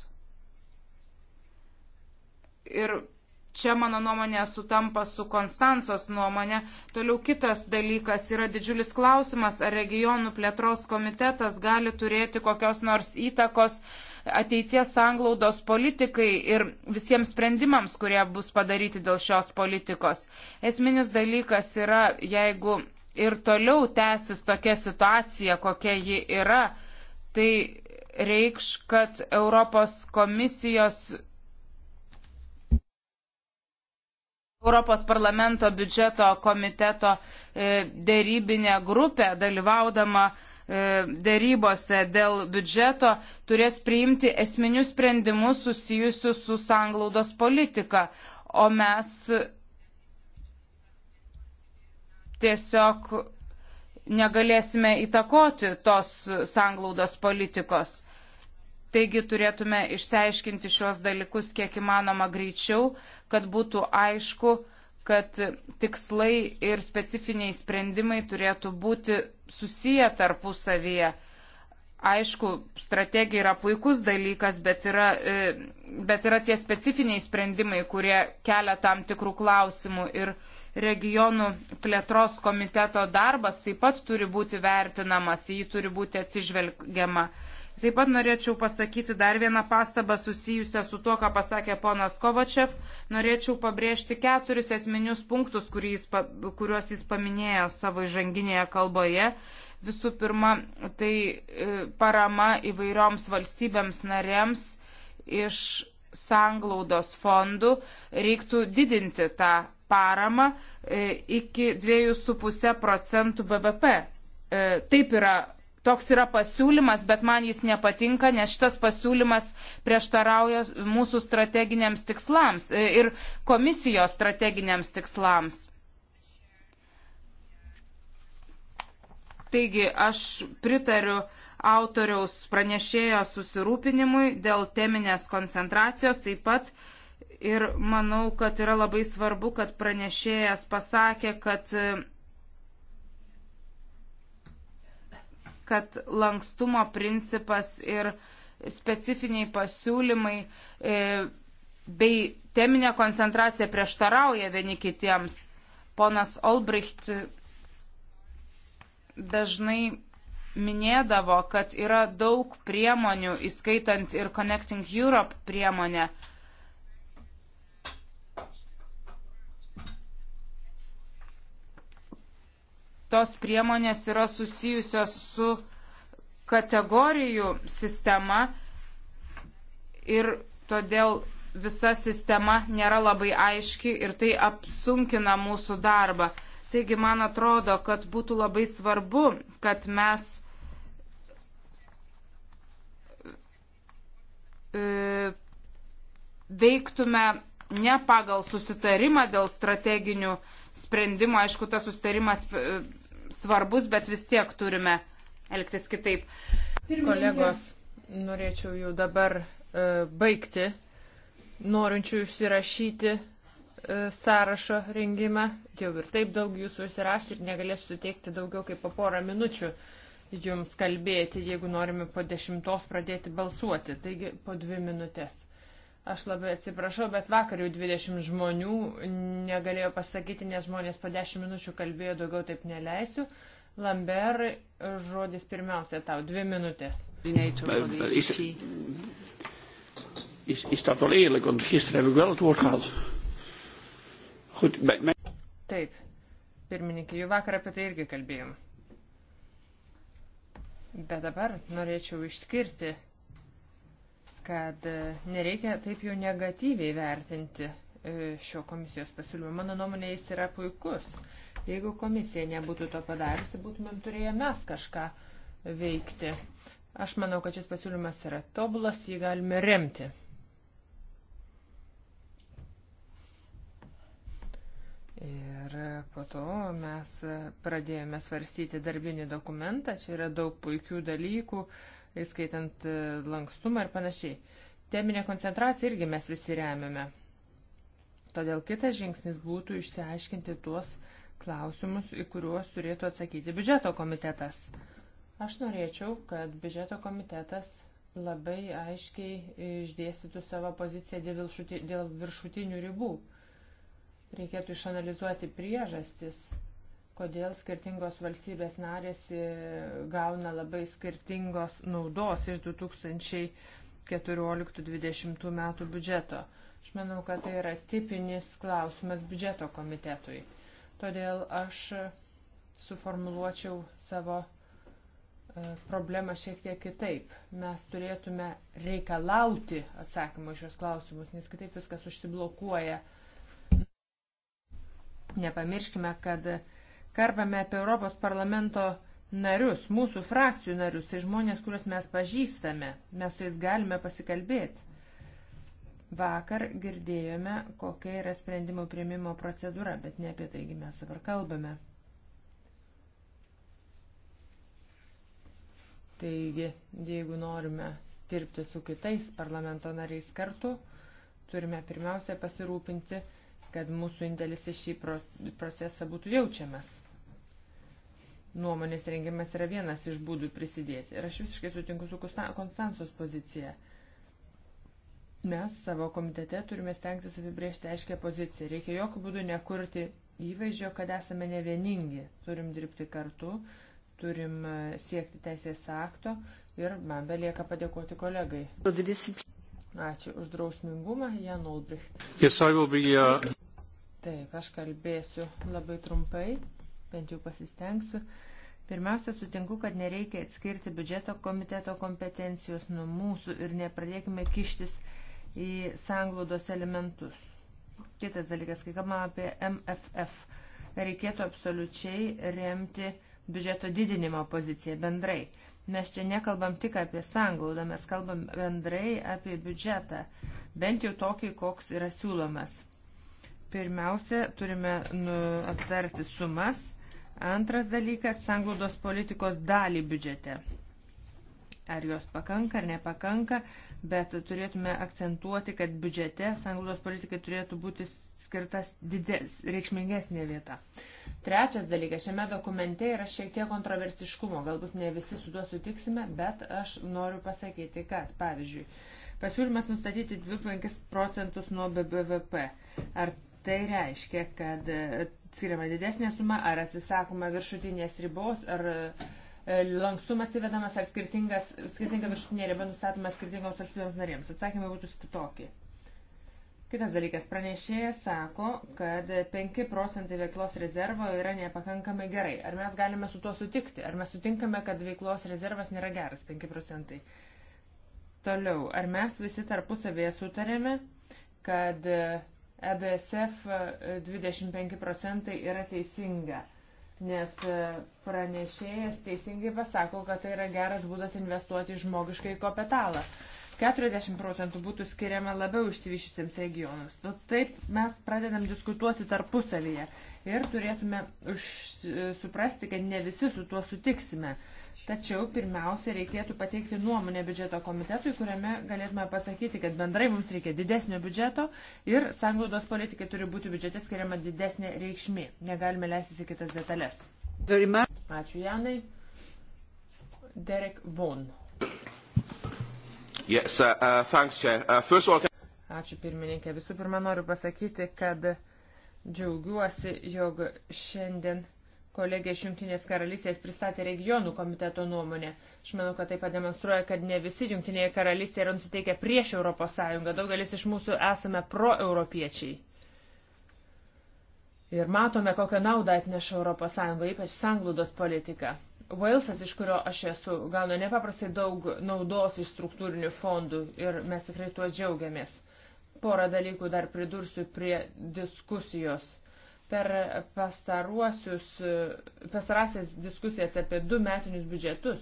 Ir Čia mano nuomonė sutampa su Konstancos nuomonė. Toliau kitas dalykas yra didžiulis klausimas, ar regionų plėtros komitetas gali turėti kokios nors įtakos ateities sanglaudos politikai ir visiems sprendimams, kurie bus padaryti dėl šios politikos. Esminis dalykas yra, jeigu ir toliau tęsis tokia situacija, kokia ji yra, tai reikš, kad Europos komisijos Europos parlamento biudžeto komiteto e, dėrybinė grupė dalyvaudama e, dėrybose dėl biudžeto turės priimti esminius sprendimus susijusius su sanglaudos politika. O mes tiesiog negalėsime įtakoti tos sanglaudos politikos. Taigi turėtume išsiaiškinti šios dalykus kiek įmanoma greičiau, kad būtų aišku, kad tikslai ir specifiniai sprendimai turėtų būti susiję tarpusavyje. Aišku, strategija yra puikus dalykas, bet yra, e, bet yra tie specifiniai sprendimai, kurie kelia tam tikrų klausimų. Ir regionų plėtros komiteto darbas taip pat turi būti vertinamas, jį turi būti atsižvelgiama. Taip pat norėčiau pasakyti dar vieną pastabą susijusią su tuo, ką pasakė ponas Kovačev. Norėčiau pabrėžti keturis esminius punktus, jis, kuriuos jis paminėjo savo įžanginėje kalboje. Visų pirma, tai e, parama įvairioms valstybėms narėms iš sanglaudos fondų. Reiktų didinti tą paramą e, iki 2,5 procentų BVP. E, taip yra toks yra pasiūlymas, bet man jis nepatinka, nes šitas pasiūlymas prieštarauja mūsų strateginiams tikslams e, ir komisijos strateginiams tikslams. Taigi aš pritariu autoriaus pranešėjo susirūpinimui dėl teminės koncentracijos taip pat ir manau, kad yra labai svarbu, kad pranešėjas pasakė, kad e, kad lankstumo principas ir specifiniai pasiūlymai e, bei teminė koncentracija prieštarauja vieni kitiems. Ponas Olbricht dažnai minėdavo, kad yra daug priemonių, įskaitant ir Connecting Europe priemonę, tos priemonės yra susijusios su kategorijų sistema ir todėl visa sistema nėra labai aiški ir tai apsunkina mūsų darbą. Taigi man atrodo, kad būtų labai svarbu, kad mes e, veiktume ne pagal susitarimą dėl strateginių sprendimų. Aišku, tas susitarimas e, svarbus, bet vis tiek turime elgtis kitaip. Kolegos, norėčiau jau dabar e, baigti norinčių užsirašyti e, sąrašo rengimą. Jau ir taip daug jūsų užsirašė ir negalėsiu suteikti daugiau kaip po porą minučių jums kalbėti, jeigu norime po dešimtos pradėti balsuoti. Taigi po dvi minutės. Aš labai atsiprašau, bet vakar jau 20 žmonių negalėjo pasakyti, nes žmonės po 10 minučių kalbėjo, daugiau taip neleisiu. Lambert, žodis pirmiausia tau, dvi minutės. E is, is dat wel eerlijk? Want gisteren heb ik wel het woord gehad. Goed, bij mij. Taip, pirmininkė, jau vakar apie tai irgi kalbėjom. Bet dabar norėčiau išskirti kad e, nereikia taip jau negatyviai vertinti e, šio komisijos pasiūlymo. Mano nuomonė jis yra puikus. Jeigu komisija nebūtų to padariusi, būtumėm turėję mes kažką veikti. Aš manau, kad šis pasiūlymas yra tobulas, jį galime remti. Ir po to mes pradėjome svarstyti darbinį dokumentą. Čia yra daug puikių dalykų. Uh, įskaitant e, lankstumą ir panašiai. Teminė koncentracija irgi mes visi remiame. Todėl kitas žingsnis būtų išsiaiškinti tuos klausimus, į kuriuos turėtų atsakyti biudžeto komitetas. Aš norėčiau, kad biudžeto komitetas labai aiškiai išdėstytų savo poziciją dėl viršutinių ribų. Reikėtų išanalizuoti priežastis kodėl skirtingos valstybės narės gauna labai skirtingos naudos iš 2014-2020 metų biudžeto. Aš manau, kad tai yra tipinis klausimas biudžeto komitetui. Todėl aš suformuluočiau savo e, problemą šiek tiek kitaip. Mes turėtume reikalauti atsakymą šios klausimus, nes kitaip viskas užsiblokuoja. Nepamirškime, kad kalbame apie Europos parlamento narius, mūsų frakcijų narius, tai žmonės, kuriuos mes pažįstame, mes su jais galime pasikalbėti. Vakar girdėjome, kokia yra sprendimų prieimimo procedūra, bet ne apie tai, taigi mes dabar kalbame. Taigi, jeigu norime dirbti su kitais parlamento nariais kartu, turime pirmiausia pasirūpinti, kad mūsų indėlis į šį procesą būtų jaučiamas. Nuomonės rengimas yra vienas iš būdų prisidėti. Ir aš visiškai sutinku su Konstantos pozicija. Mes savo komitete turime stengtis apibriežti aiškę poziciją. Reikia jokių būdų nekurti įvaizdžio, kad esame ne vieningi. Turim dirbti kartu, turim e, siekti teisės akto ir man belieka padėkoti kolegai. Ačiū už drausmingumą, Jan Ulbricht. Yes, be, uh... Taip, aš kalbėsiu labai trumpai, bent jau pasistengsiu. Pirmiausia, sutinku, kad nereikia atskirti biudžeto komiteto kompetencijos nuo mūsų ir nepradėkime kištis į sanglaudos elementus. Kitas dalykas, kai kalbame apie MFF, reikėtų absoliučiai remti biudžeto didinimo poziciją bendrai. Mes čia nekalbam tik apie sanglaudą, mes kalbam bendrai apie biudžetą, bent jau tokį, koks yra siūlomas. Pirmiausia, turime nu, aptarti sumas. Antras dalykas - sanglaudos politikos dalį biudžete ar jos pakanka ar nepakanka, bet turėtume akcentuoti, kad biudžete sanglaudos politikai turėtų būti skirtas didės, reikšmingesnė vieta. Trečias dalykas, šiame dokumente yra šiek tiek kontroversiškumo, galbūt ne visi su tuo sutiksime, bet aš noriu pasakyti, kad, pavyzdžiui, pasiūlymas nustatyti 2,5 procentus nuo BBVP. Ar tai reiškia, kad e, skiriama didesnė suma, ar atsisakoma viršutinės ribos, ar e, lankstumas įvedamas, ar skirtinga viršutinė riba nustatoma skirtingoms valstybėms narėms? Atsakymai būtų kitokie. Kitas dalykas, pranešėjas sako, kad 5 procentai veiklos rezervo yra nepakankamai gerai. Ar mes galime su tuo sutikti? Ar mes sutinkame, kad veiklos rezervas nėra geras 5 procentai? Toliau, ar mes visi tarpusavėje sutarėme, kad EDSF 25 procentai yra teisinga? Nes pranešėjas teisingai pasako, kad tai yra geras būdas investuoti žmogiškai kapitalą. 40 procentų būtų skiriama labiau išsivyšusiems regionams. Nu, taip mes pradedam diskutuoti tarpusavyje ir turėtume už, suprasti, kad ne visi su tuo sutiksime. Tačiau pirmiausia, reikėtų pateikti nuomonę biudžeto komitetui, kuriame galėtume pasakyti, kad bendrai mums reikia didesnio biudžeto ir sanglaudos politikai turi būti biudžete skiriama didesnė reikšmė. Negalime leistis į kitas detalės. Ačiū Janai. Derek Von. Yes, uh, uh, thanks, Chair. Uh, first of all, can... Ačiū pirmininkė. Visų pirma, noriu pasakyti, kad džiaugiuosi, jog šiandien kolegė iš Junktinės karalystės pristatė regionų komiteto nuomonę. Aš manau, kad tai pademonstruoja, kad ne visi Junktinėje karalystėje yra nusiteikę prieš ES. Daugelis iš mūsų esame proeuropiečiai. Ir matome, kokią naudą atneša ES, ypač sanglūdos politika. Walesas, iš kurio aš esu, gauna nepaprastai daug naudos iš struktūrinių fondų ir mes tikrai tuo džiaugiamės. Porą dalykų dar pridursiu prie diskusijos. Per pastarąsias diskusijas apie du metinius biudžetus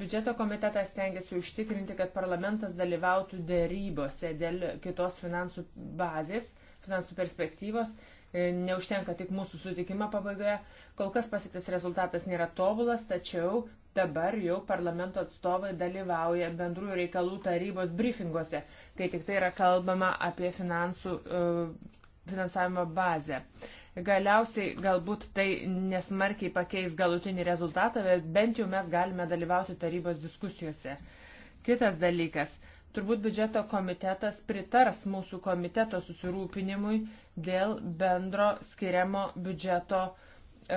Biudžeto komitetas tengiasi užtikrinti, kad parlamentas dalyvautų dėrybose dėl kitos finansų bazės, finansų perspektyvos E, neužtenka tik mūsų sutikimą pabaigoje. Kol kas pasiektas rezultatas nėra tobulas, tačiau dabar jau parlamento atstovai dalyvauja bendrųjų reikalų tarybos briefinguose, kai tik tai yra kalbama apie finansų, e, finansavimo bazę. Galiausiai galbūt tai nesmarkiai pakeis galutinį rezultatą, bet bent jau mes galime dalyvauti tarybos diskusijose. Kitas dalykas Turbūt biudžeto komitetas pritars mūsų komiteto susirūpinimui dėl bendro skiriamo biudžeto,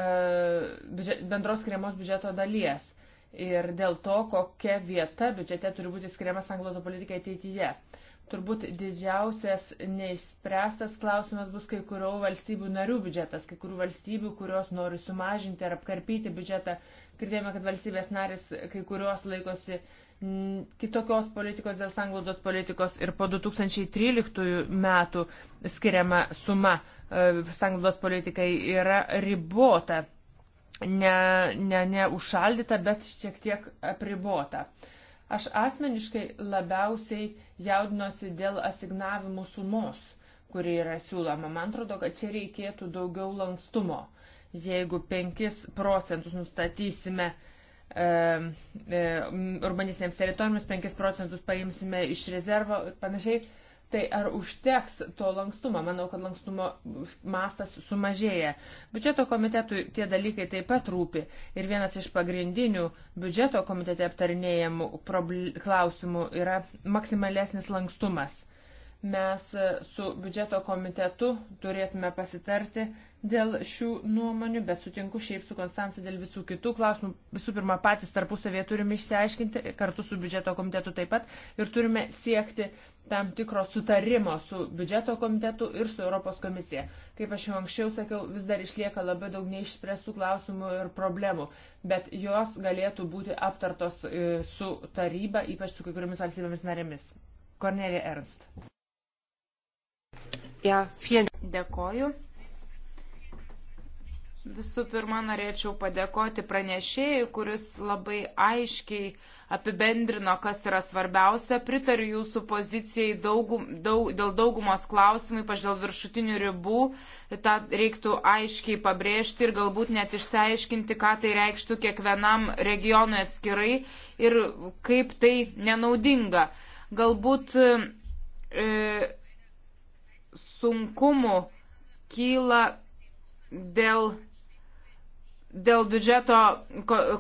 e, bendros skiriamos biudžeto dalies ir dėl to, kokia vieta biudžete turi būti skiriama sangloto politikai ateityje. Turbūt didžiausias neišspręstas klausimas bus kai kurių valstybių narių biudžetas, kai kurių valstybių, kurios nori sumažinti ar apkarpyti biudžetą. Girdėjome, kad valstybės narės kai kurios laikosi uh, Mm, kitokios politikos dėl sanglaudos politikos ir po 2013 metų skiriama suma e, sanglaudos politikai yra ribota, ne, ne, ne užšaldyta, bet šiek tiek apribota. Aš asmeniškai labiausiai jaudinuosi dėl asignavimų sumos, kuri yra siūloma. Man atrodo, kad čia reikėtų daugiau lankstumo. Jeigu 5 procentus nustatysime uh, urbanistinėms teritorijoms, 5 procentus paimsime iš rezervo ir panašiai. Tai ar užteks to lankstumo? Manau, kad lankstumo mastas sumažėja. Biudžeto komitetui tie dalykai taip pat rūpi. Ir vienas iš pagrindinių biudžeto komitete aptarinėjimų klausimų yra maksimalesnis lankstumas. Mes su biudžeto komitetu turėtume pasitarti dėl šių nuomonių, bet sutinku šiaip su Konstancija dėl visų kitų klausimų. Visų pirma, patys tarpusavėje turime išsiaiškinti, kartu su biudžeto komitetu taip pat, ir turime siekti tam tikro sutarimo su biudžeto komitetu ir su Europos komisija. Kaip aš jau anksčiau sakiau, vis dar išlieka labai daug neišspręstų klausimų ir problemų, bet jos galėtų būti aptartos e, su taryba, ypač su kai kuriomis valstybėmis narėmis. Kornelija Ernst. Ja, vielen... Dėkoju. Visų pirma, norėčiau padėkoti pranešėjui, kuris labai aiškiai apibendrino, kas yra svarbiausia. Pritariu jūsų pozicijai daugum, daug, dėl daugumos klausimų, ypač dėl viršutinių ribų. Ta reiktų aiškiai pabrėžti ir galbūt net išsiaiškinti, ką tai reikštų kiekvienam regionui atskirai ir kaip tai nenaudinga. Galbūt. E, sunkumų kyla dėl, dėl biudžeto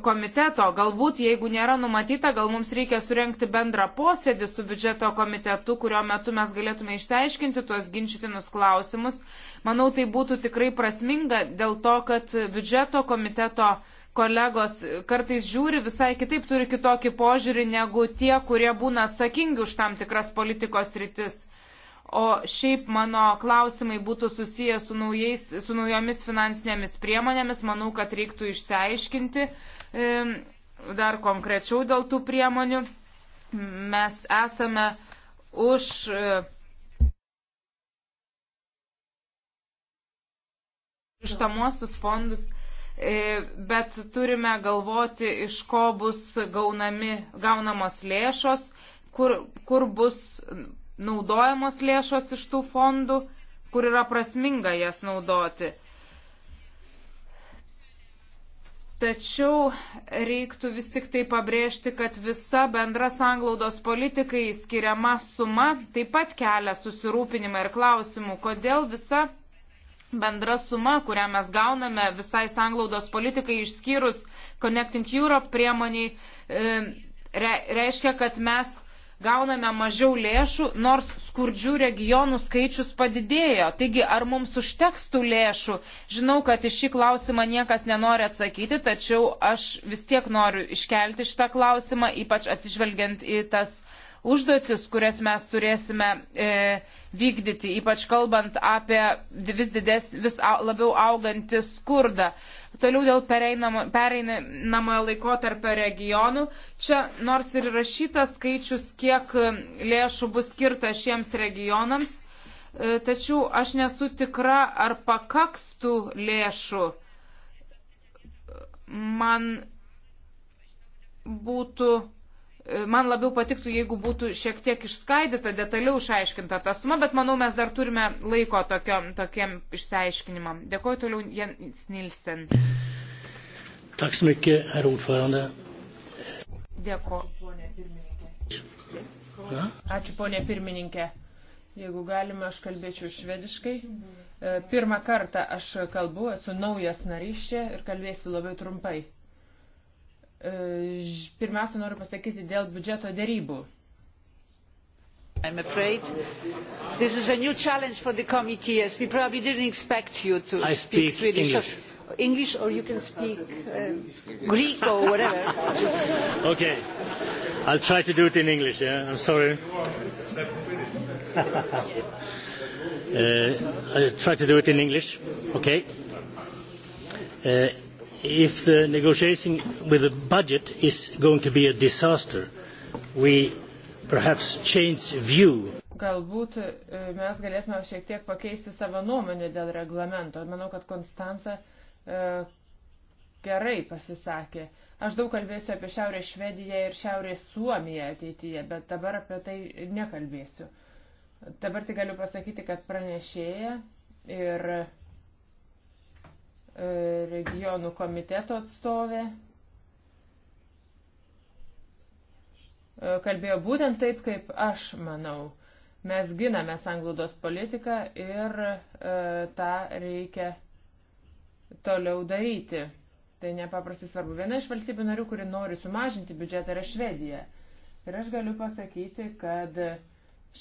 komiteto. Galbūt, jeigu nėra numatyta, gal mums reikia surenkti bendrą posėdį su biudžeto komitetu, kurio metu mes galėtume išsiaiškinti tuos ginčytinus klausimus. Manau, tai būtų tikrai prasminga dėl to, kad biudžeto komiteto kolegos kartais žiūri visai kitaip, turi kitokį požiūrį negu tie, kurie būna atsakingi už tam tikras politikos rytis o šiaip mano klausimai būtų susiję su, naujais, su naujomis finansinėmis priemonėmis. Manau, kad reiktų išsiaiškinti dar konkrečiau dėl tų priemonių. Mes esame už e, ištamuosius fondus, e, bet turime galvoti, iš ko bus gaunami, gaunamos lėšos, kur, kur bus naudojamos lėšos iš tų fondų, kur yra prasminga jas naudoti. Tačiau reiktų vis tik tai pabrėžti, kad visa bendra sanglaudos politikai skiriama suma taip pat kelia susirūpinimą ir klausimų, kodėl visa bendra suma, kurią mes gauname visai sanglaudos politikai išskyrus Connecting Europe priemoniai, e, reiškia, kad mes gauname mažiau lėšų, nors skurdžių regionų skaičius padidėjo. Taigi, ar mums užteks tų lėšų? Žinau, kad iš šį klausimą niekas nenori atsakyti, tačiau aš vis tiek noriu iškelti šitą klausimą, ypač atsižvelgiant į tas užduotis, kurias mes turėsime e, vykdyti, ypač kalbant apie vis, dides, vis labiau augantį skurdą. Toliau dėl pereinamo, pereinamojo laikotarpio regionų. Čia nors ir rašytas skaičius, kiek lėšų bus skirta šiems regionams, e, tačiau aš nesu tikra, ar pakaks tų lėšų. Man būtų E, man labiau patiktų, jeigu būtų šiek tiek išskaidyta, detaliau išaiškinta ta suma, bet manau mes dar turime laiko tokio, tokiem išsiaiškinimam. Dėkuoju toliau Jens Nilsen. Dėkuoju. Ačiū ponė pirmininkė. Jeigu galima, aš kalbėčiau švediškai. E, pirmą kartą aš kalbu, esu naujas narys čia ir kalbėsiu labai trumpai. Pirmiausia, noriu pasakyti dėl biudžeto dėrybų. I'm afraid this is a new challenge for the committee. Yes, we probably didn't expect you to I speak, speak Swedish. English. So, English or you can speak uh, Greek or whatever. okay. I'll try to do it in English, yeah? I'm sorry. uh, I'll try to do it in English, okay? Uh, if the negotiation with the budget is going to be a disaster, we perhaps change view. Galbūt e, mes galėtume šiek tiek pakeisti savo nuomonę dėl reglamento. Manau, kad Konstanca e, gerai pasisakė. Aš daug kalbėsiu apie Šiaurės Švediją ir Šiaurės Suomiją ateityje, bet dabar apie tai nekalbėsiu. Dabar tik galiu pasakyti, kad pranešėja ir E, regionų komiteto atstovė e, kalbėjo būtent taip, kaip aš manau. Mes giname sanglaudos politiką ir e, tą reikia toliau daryti. Tai nepaprastai svarbu. Viena iš valstybių narių, kuri nori sumažinti biudžetą, yra Švedija. Ir aš galiu pasakyti, kad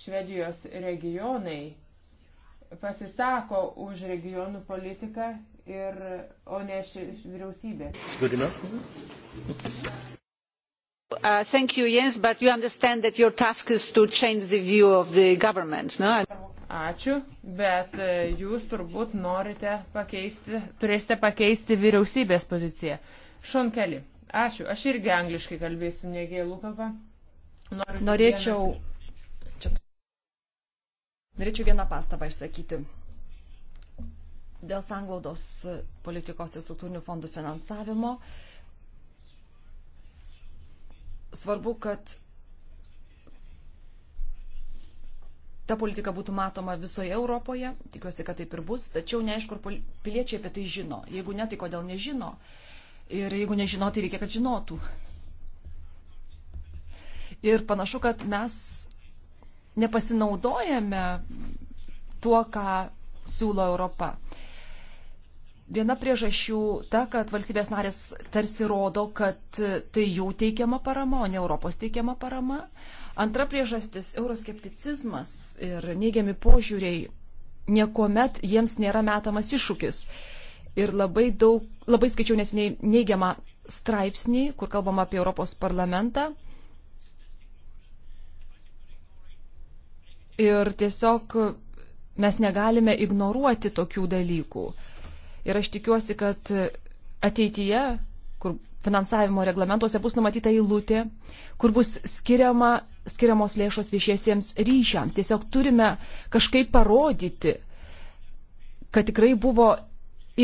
Švedijos regionai pasisako už regionų politiką ir, o ne ši, ši vyriausybė. Uh, thank you, Jens, but you understand that your task is to change the view of the government, no? Ačiū, bet uh, jūs turbūt norite pakeisti, turėsite pakeisti vyriausybės poziciją. Šonkeli, ačiū, aš irgi angliškai kalbėsiu, negėlų kalbą. Norėčiau, vieną... norėčiau vieną pastabą išsakyti dėl sanglaudos politikos ir struktūrinių fondų finansavimo. Svarbu, kad ta politika būtų matoma visoje Europoje, tikiuosi, kad taip ir bus, tačiau neaišku, ar piliečiai apie tai žino. Jeigu ne, tai kodėl nežino. Ir jeigu nežino, tai reikia, kad žinotų. Ir panašu, kad mes nepasinaudojame tuo, ką siūlo Europa. Viena priežasčių ta, kad valstybės narės tarsi rodo, kad tai jų teikiama parama, o ne Europos teikiama parama. Antra priežastis - euroskepticizmas ir neigiami požiūriai. Niekuomet jiems nėra metamas iššūkis. Ir labai daug, labai skaičiau nesiniai neigiamą straipsnį, kur kalbam apie Europos parlamentą. Ir tiesiog mes negalime ignoruoti tokių dalykų Ir aš tikiuosi, kad ateityje, kur finansavimo reglamentuose bus numatyta įlūtė, kur bus skiriama, skiriamos lėšos viešiesiems ryšiams. Tiesiog turime kažkaip parodyti, kad tikrai buvo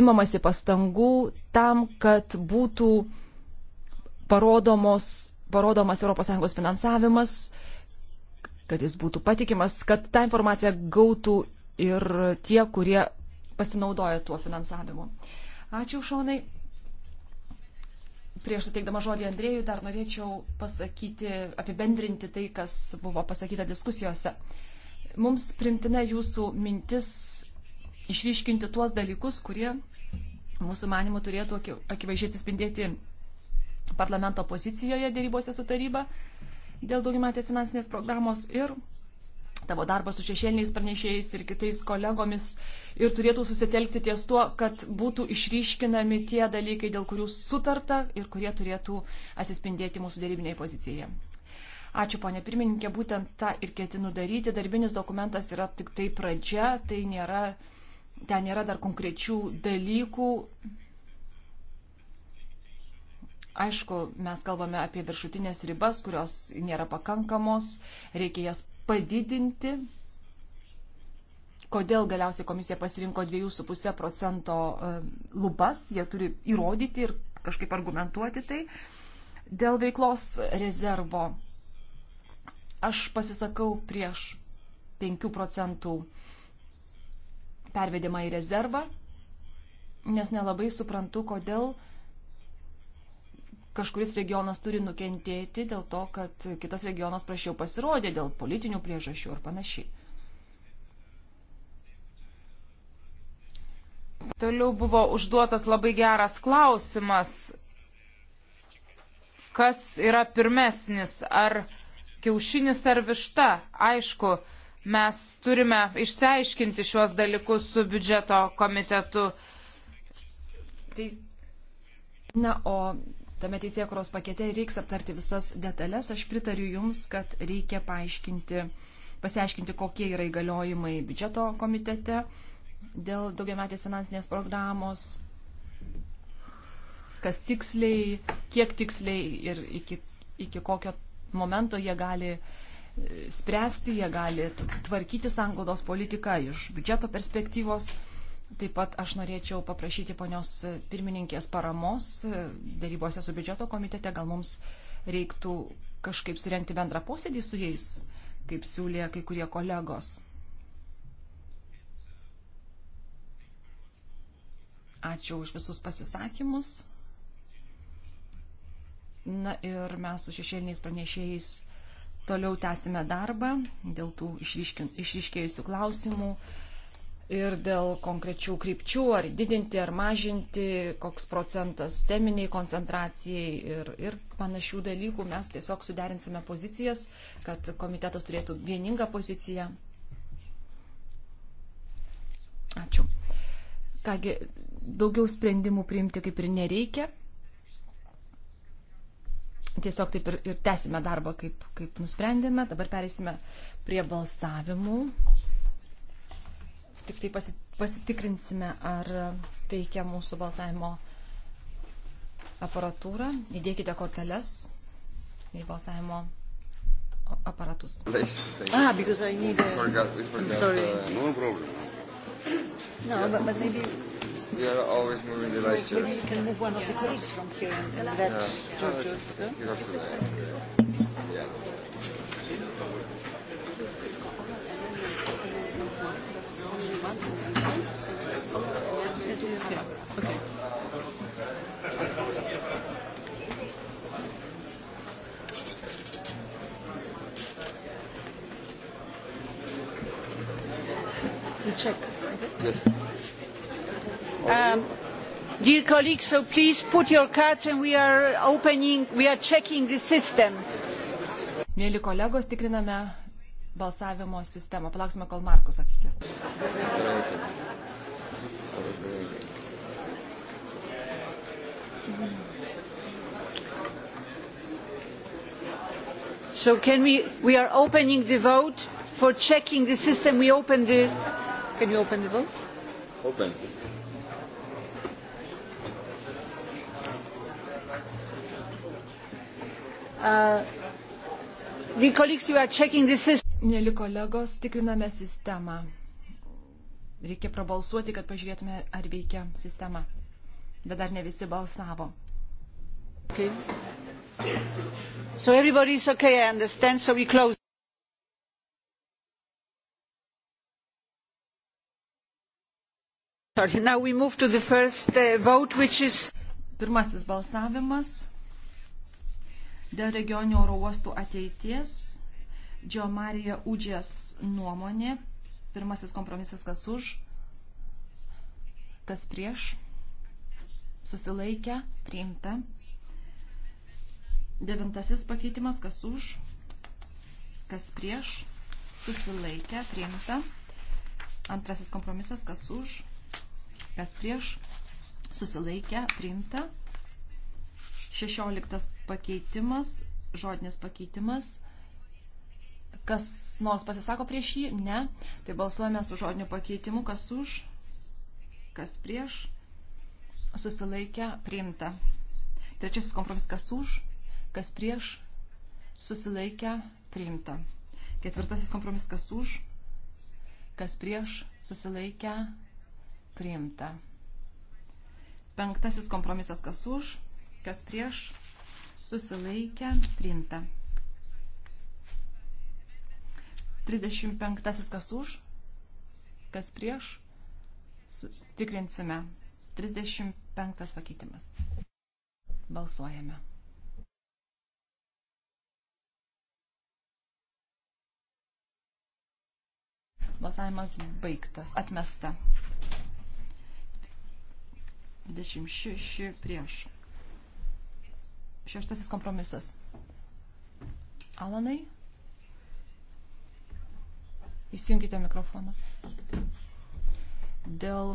imamasi pastangų tam, kad būtų parodomos, parodomas ES finansavimas, kad jis būtų patikimas, kad tą informaciją gautų ir tie, kurie pasinaudoja tuo finansavimu. Ačiū, Šonai. Prieš suteikdama žodį Andrėjui dar norėčiau pasakyti, apibendrinti tai, kas buvo pasakyta diskusijose. Mums primtina jūsų mintis išryškinti tuos dalykus, kurie mūsų manimo turėtų akivaizdžiai atsispindėti parlamento pozicijoje dėrybose su taryba dėl daugiamatės finansinės programos ir tavo darbą su šešėliniais pranešėjais ir kitais kolegomis ir turėtų susitelkti ties tuo, kad būtų išryškinami tie dalykai, dėl kurių sutarta ir kurie turėtų atsispindėti mūsų dėrybinėje pozicijoje. Ačiū, ponė pirmininkė, būtent tą ir ketinu daryti. Darbinis dokumentas yra tik tai pradžia, tai nėra, ten nėra dar konkrečių dalykų. Aišku, mes kalbame apie viršutinės ribas, kurios nėra pakankamos, reikia jas padidinti. Kodėl galiausiai komisija pasirinko 2,5 procento e, lubas, jie turi įrodyti ir kažkaip argumentuoti tai. Dėl veiklos rezervo aš pasisakau prieš 5 procentų pervedimą į rezervą, nes nelabai suprantu, kodėl uh, kažkuris regionas turi nukentėti dėl to, kad kitas regionas prašiau pasirodė dėl politinių priežasčių ar panašiai. Toliau buvo užduotas labai geras klausimas, kas yra pirmesnis, ar kiaušinis ar višta. Aišku, mes turime išsiaiškinti šiuos dalykus su biudžeto komitetu. Tai... Na, o tame teisėkuros pakete reiks aptarti visas detalės. Aš pritariu Jums, kad reikia paaiškinti, pasiaiškinti, kokie yra įgaliojimai biudžeto komitete dėl daugiametės finansinės programos, kas tiksliai, kiek tiksliai ir iki, iki kokio momento jie gali e, spręsti, jie gali tvarkyti sanglaudos politiką iš biudžeto perspektyvos. Taip pat aš norėčiau paprašyti ponios pirmininkės paramos e, darybose su biudžeto komitete. Gal mums reiktų kažkaip surenkti bendrą posėdį su jais, kaip siūlė kai kurie kolegos. Ačiū už visus pasisakymus. Na ir mes su šešėliniais pranešėjais toliau tęsime darbą dėl tų išryškėjusių klausimų ir dėl konkrečių krypčių, ar didinti, ar mažinti, koks procentas teminiai koncentracijai ir, ir panašių dalykų. Mes tiesiog suderinsime pozicijas, kad komitetas turėtų vieningą poziciją. Ačiū. Kągi, daugiau sprendimų priimti kaip ir nereikia. Tiesiog taip ir, ir tęsime darbą, kaip, kaip nusprendėme. Dabar perėsime prie balsavimų tik tai pasitikrinsime, ar veikia mūsų balsavimo aparatūra. Įdėkite korteles į balsavimo aparatus. Ah, because I need. A... We forgot, we forgot, I'm sorry. Uh, no problem. No, yeah. but, but maybe. We are always moving the vice chairs. Maybe you can move one of the colleagues from here and let yeah. Georgios. Yeah. Huh? Yeah. once it's signed, and all of the amendments in the paragraph. Okay. Yes. We check. Yes. Um, dear colleagues, so please put your cards and we are opening, we are checking the system. Mėly kolegos, tikriname balsavimo sistemą. Palauksime, kol Markus atsisės. So can we, we are opening the vote for checking the system. We open the, can you open the vote? Open. Uh, the colleagues, you are checking the system. Mėly kolegos, tikriname sistemą. Reikia prabalsuoti, kad pažiūrėtume, ar veikia sistema. Bet dar ne visi balsavo. Okay. So everybody's okay, I understand, so we close. Sorry, now we move to the first uh, vote, which is... Pirmasis balsavimas dėl regioninio oro uostų ateities Džio Marija Udžės nuomonė. Pirmasis kompromisas kas už, kas prieš, susilaikę, priimta. Devintasis pakeitimas kas už, kas prieš, susilaikę, priimta. Antrasis kompromisas kas už, kas prieš, susilaikę, priimta. Šešioliktas pakeitimas, žodinis pakeitimas Kas nors pasisako prieš jį? Ne. Tai balsuojame su žodiniu pakeitimu. Kas už? Kas prieš? Susilaikę priimta. Trečiasis kompromisas. Kas už? Kas prieš? Susilaikę priimta. Ketvirtasis kompromisas. Kas už? Kas prieš? Susilaikę priimta. Penktasis kompromisas. Kas už? Kas prieš? Susilaikę priimta. 35 kas už, kas prieš. Tikrinsime. 35 pakeitimas. Balsuojame. Balsavimas baigtas, atmesta. 26 prieš. Šeštasis kompromisas. Alanai? Įsijunkite mikrofoną. Dėl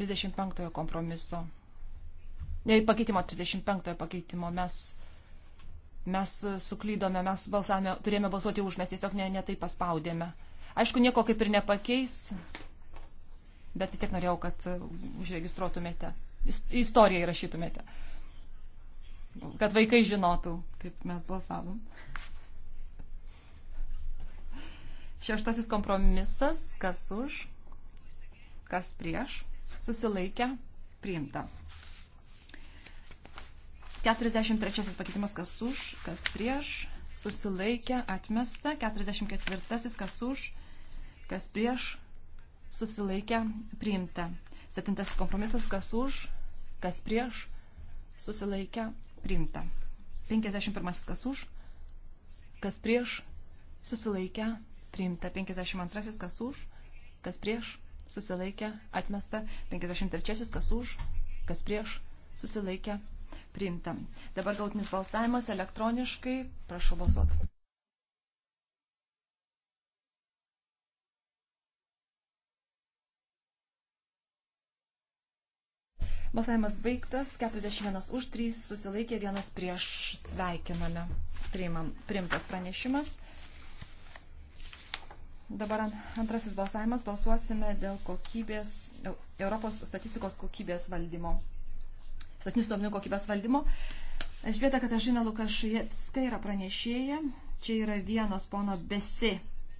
35 kompromiso. Ne, pakeitimo 35 pakeitimo mes, mes suklydome, mes balsavome, turėjome balsuoti už, mes tiesiog netai ne, ne paspaudėme. Aišku, nieko kaip ir nepakeis, bet vis tiek norėjau, kad užregistruotumėte, istoriją įrašytumėte, kad vaikai žinotų, kaip mes balsavom. Šeštasis kompromisas, kas už, kas prieš, susilaikę, priimta. 43 pakeitimas, kas už, kas prieš, susilaikę, atmesta. 44 kas už, kas prieš, susilaikę, priimta. Septintasis kompromisas, kas už, kas prieš, susilaikę, priimta. 51 kas už, kas prieš, susilaikę, priimta priimta 52 kas už, kas prieš, susilaikė, atmesta 53 kas už, kas prieš, susilaikė, priimta. Dabar gautinis balsavimas elektroniškai, prašau balsuoti. Balsavimas baigtas, 41 už, 3 susilaikė, 1 prieš sveikiname. Priimam, priimtas pranešimas. Dabar antrasis balsavimas. Balsuosime dėl kokybės, e, Europos statistikos kokybės valdymo. Statistinių duomenų kokybės valdymo. Žvieta Katažina Lukašievska yra pranešėja. Čia yra vienas pono Besi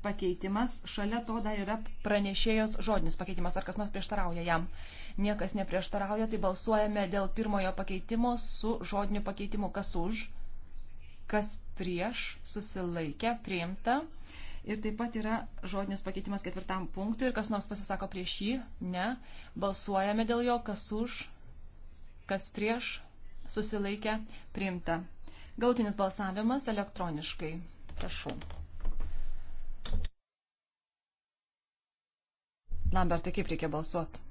pakeitimas. Šalia to dar yra pranešėjos žodinis pakeitimas. Ar kas nors prieštarauja jam? Niekas neprieštarauja. Tai balsuojame dėl pirmojo pakeitimo su žodiniu pakeitimu. Kas už? Kas prieš? Susilaikė. Priimta. Ir taip pat yra žodinis pakeitimas ketvirtam punktui. Ir kas nors pasisako prieš jį? Ne. Balsuojame dėl jo, kas už, kas prieš, susilaikė, priimta. Gautinis balsavimas elektroniškai. Prašau. Lambertai, kaip reikia balsuoti?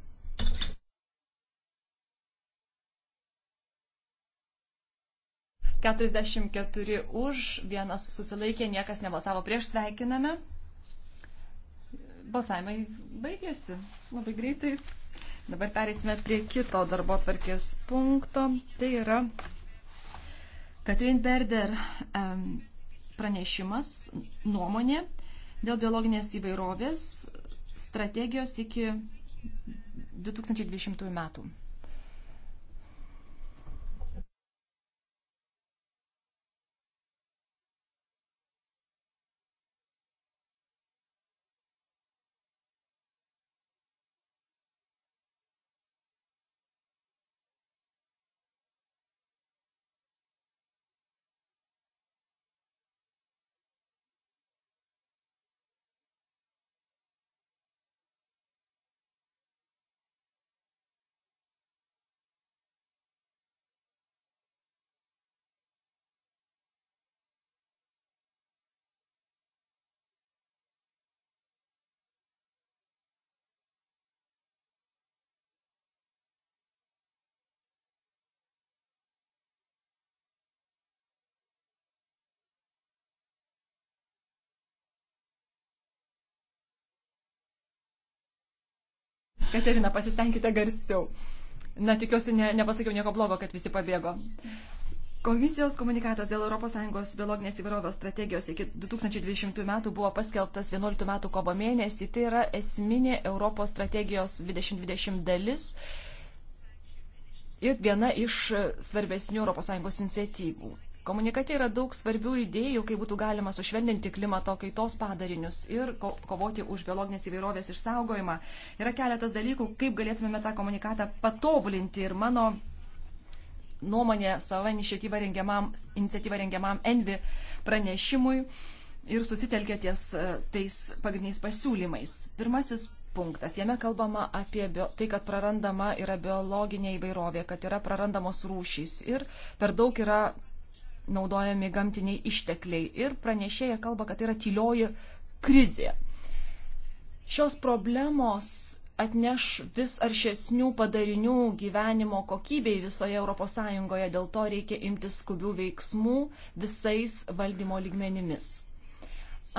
44 už, vienas susilaikė, niekas nebalsavo prieš, sveikiname. Balsavimai baigėsi labai greitai. Dabar perėsime prie kito darbo tvarkės punkto. Tai yra Katrin Berder pranešimas, nuomonė dėl biologinės įvairovės strategijos iki 2020 metų. Katerina, pasistengkite garsiau. Na, tikiuosi, ne, nepasakiau nieko blogo, kad visi pabėgo. Komisijos komunikatas dėl ES biologinės įvairovės strategijos iki 2020 metų buvo paskelbtas 11 metų kovo mėnesį. Tai yra esminė Europos strategijos 2020 dalis ir viena iš svarbesnių ES iniciatyvų. Komunikate yra daug svarbių idėjų, kaip būtų galima sušvelninti klimato kaitos padarinius ir ko kovoti už biologinės įvairovės išsaugojimą. Yra keletas dalykų, kaip galėtumėme tą komunikatą patobulinti ir mano nuomonė savo iniciatyvą rengiamam, iniciatyvą rengiamam Envi pranešimui ir susitelkė ties e, tais pagrindiniais pasiūlymais. Pirmasis punktas. Jame kalbama apie bio, tai, kad prarandama yra biologinė įvairovė, kad yra prarandamos rūšys ir per daug yra naudojami gamtiniai ištekliai. Ir pranešėja kalba, kad tai yra tylioji krizė. Šios problemos atneš vis aršesnių padarinių gyvenimo kokybei visoje ES, dėl to reikia imtis skubių veiksmų visais valdymo lygmenimis.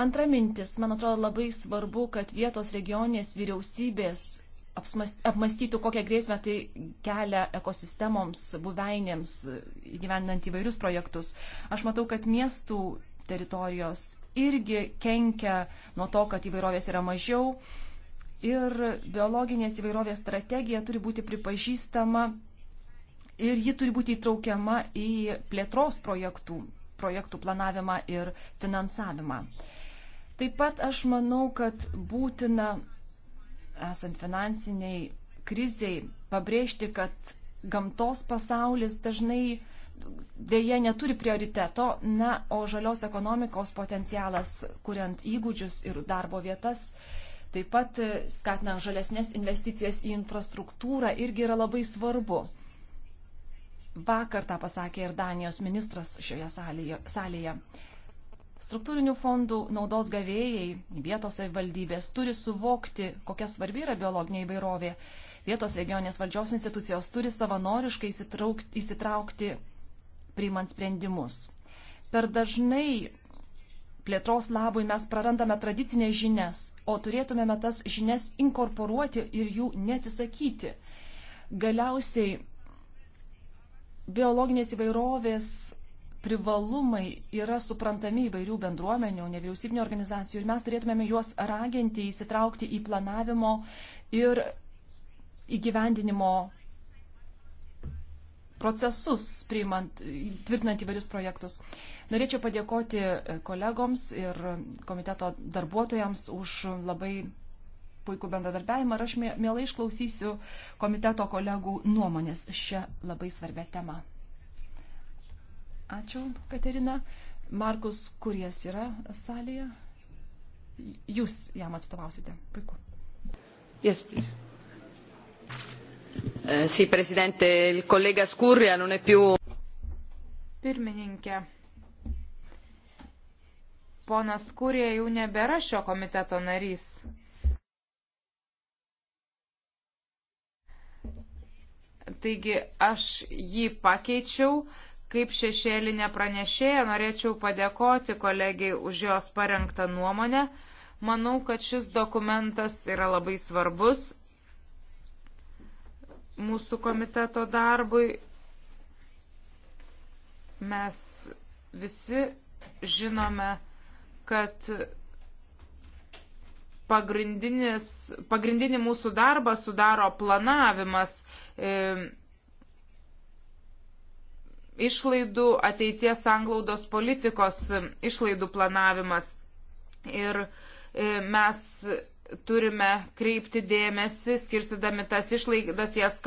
Antra mintis, man atrodo labai svarbu, kad vietos regionės vyriausybės apmastytų, kokią grėsmę tai kelia ekosistemoms, buveinėms, gyvenant įvairius projektus. Aš matau, kad miestų teritorijos irgi kenkia nuo to, kad įvairovės yra mažiau. Ir biologinės įvairovės strategija turi būti pripažįstama ir ji turi būti įtraukiama į plėtros projektų, projektų planavimą ir finansavimą. Taip pat aš manau, kad būtina esant finansiniai kriziai, pabrėžti, kad gamtos pasaulis dažnai dėje neturi prioriteto, na, o žalios ekonomikos potencialas, kuriant įgūdžius ir darbo vietas, taip pat e, skatinant žalesnės investicijas į infrastruktūrą, irgi yra labai svarbu. Vakar tą pasakė ir Danijos ministras šioje salėje. salėje. Struktūrinių fondų naudos gavėjai, vietos savivaldybės turi suvokti, kokia svarbi yra biologinė įvairovė. Vietos regioninės valdžios institucijos turi savanoriškai įsitraukti priimant sprendimus. Per dažnai plėtros labui mes prarandame tradicinės žinias, o turėtumėme tas žinias inkorporuoti ir jų neatsisakyti. Galiausiai biologinės įvairovės privalumai yra suprantami įvairių bendruomenių, nevyriausybinio organizacijų ir mes turėtumėme juos raginti įsitraukti į planavimo ir įgyvendinimo procesus, priimant, tvirtinant įvairius projektus. Norėčiau padėkoti kolegoms ir komiteto darbuotojams už labai puikų bendradarbiavimą ir aš mielai išklausysiu komiteto kolegų nuomonės šią labai svarbę temą. Ačiū, Katerina. Markus, kuris yra salėje? Jūs jam atstovausite. Puiku. Yes, please. Eh, sì, Presidente, il collega Scurria non è più. Pirmininkė. Ponas Kurija jau nebėra šio komiteto narys. Taigi aš jį pakeičiau Kaip šešėlinė pranešėja norėčiau padėkoti kolegiai už jos parengtą nuomonę. Manau, kad šis dokumentas yra labai svarbus mūsų komiteto darbui. Mes visi žinome, kad pagrindinį mūsų darbą sudaro planavimas. E, išlaidų ateities anglaudos politikos išlaidų planavimas. Ir e, mes turime kreipti dėmesį, skirstydami tas išlaidas, jas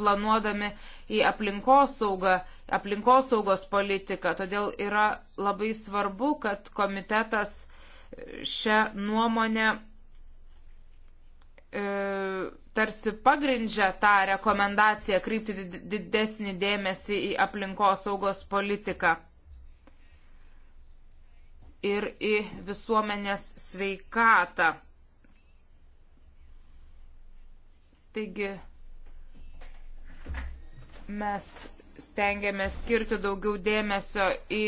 planuodami į aplinkosaugą, aplinkosaugos politiką. Todėl yra labai svarbu, kad komitetas šią nuomonę E, tarsi pagrindžia tą rekomendaciją kreipti didesnį dėmesį į aplinkosaugos politiką ir į visuomenės sveikatą. Taigi mes stengiamės skirti daugiau dėmesio į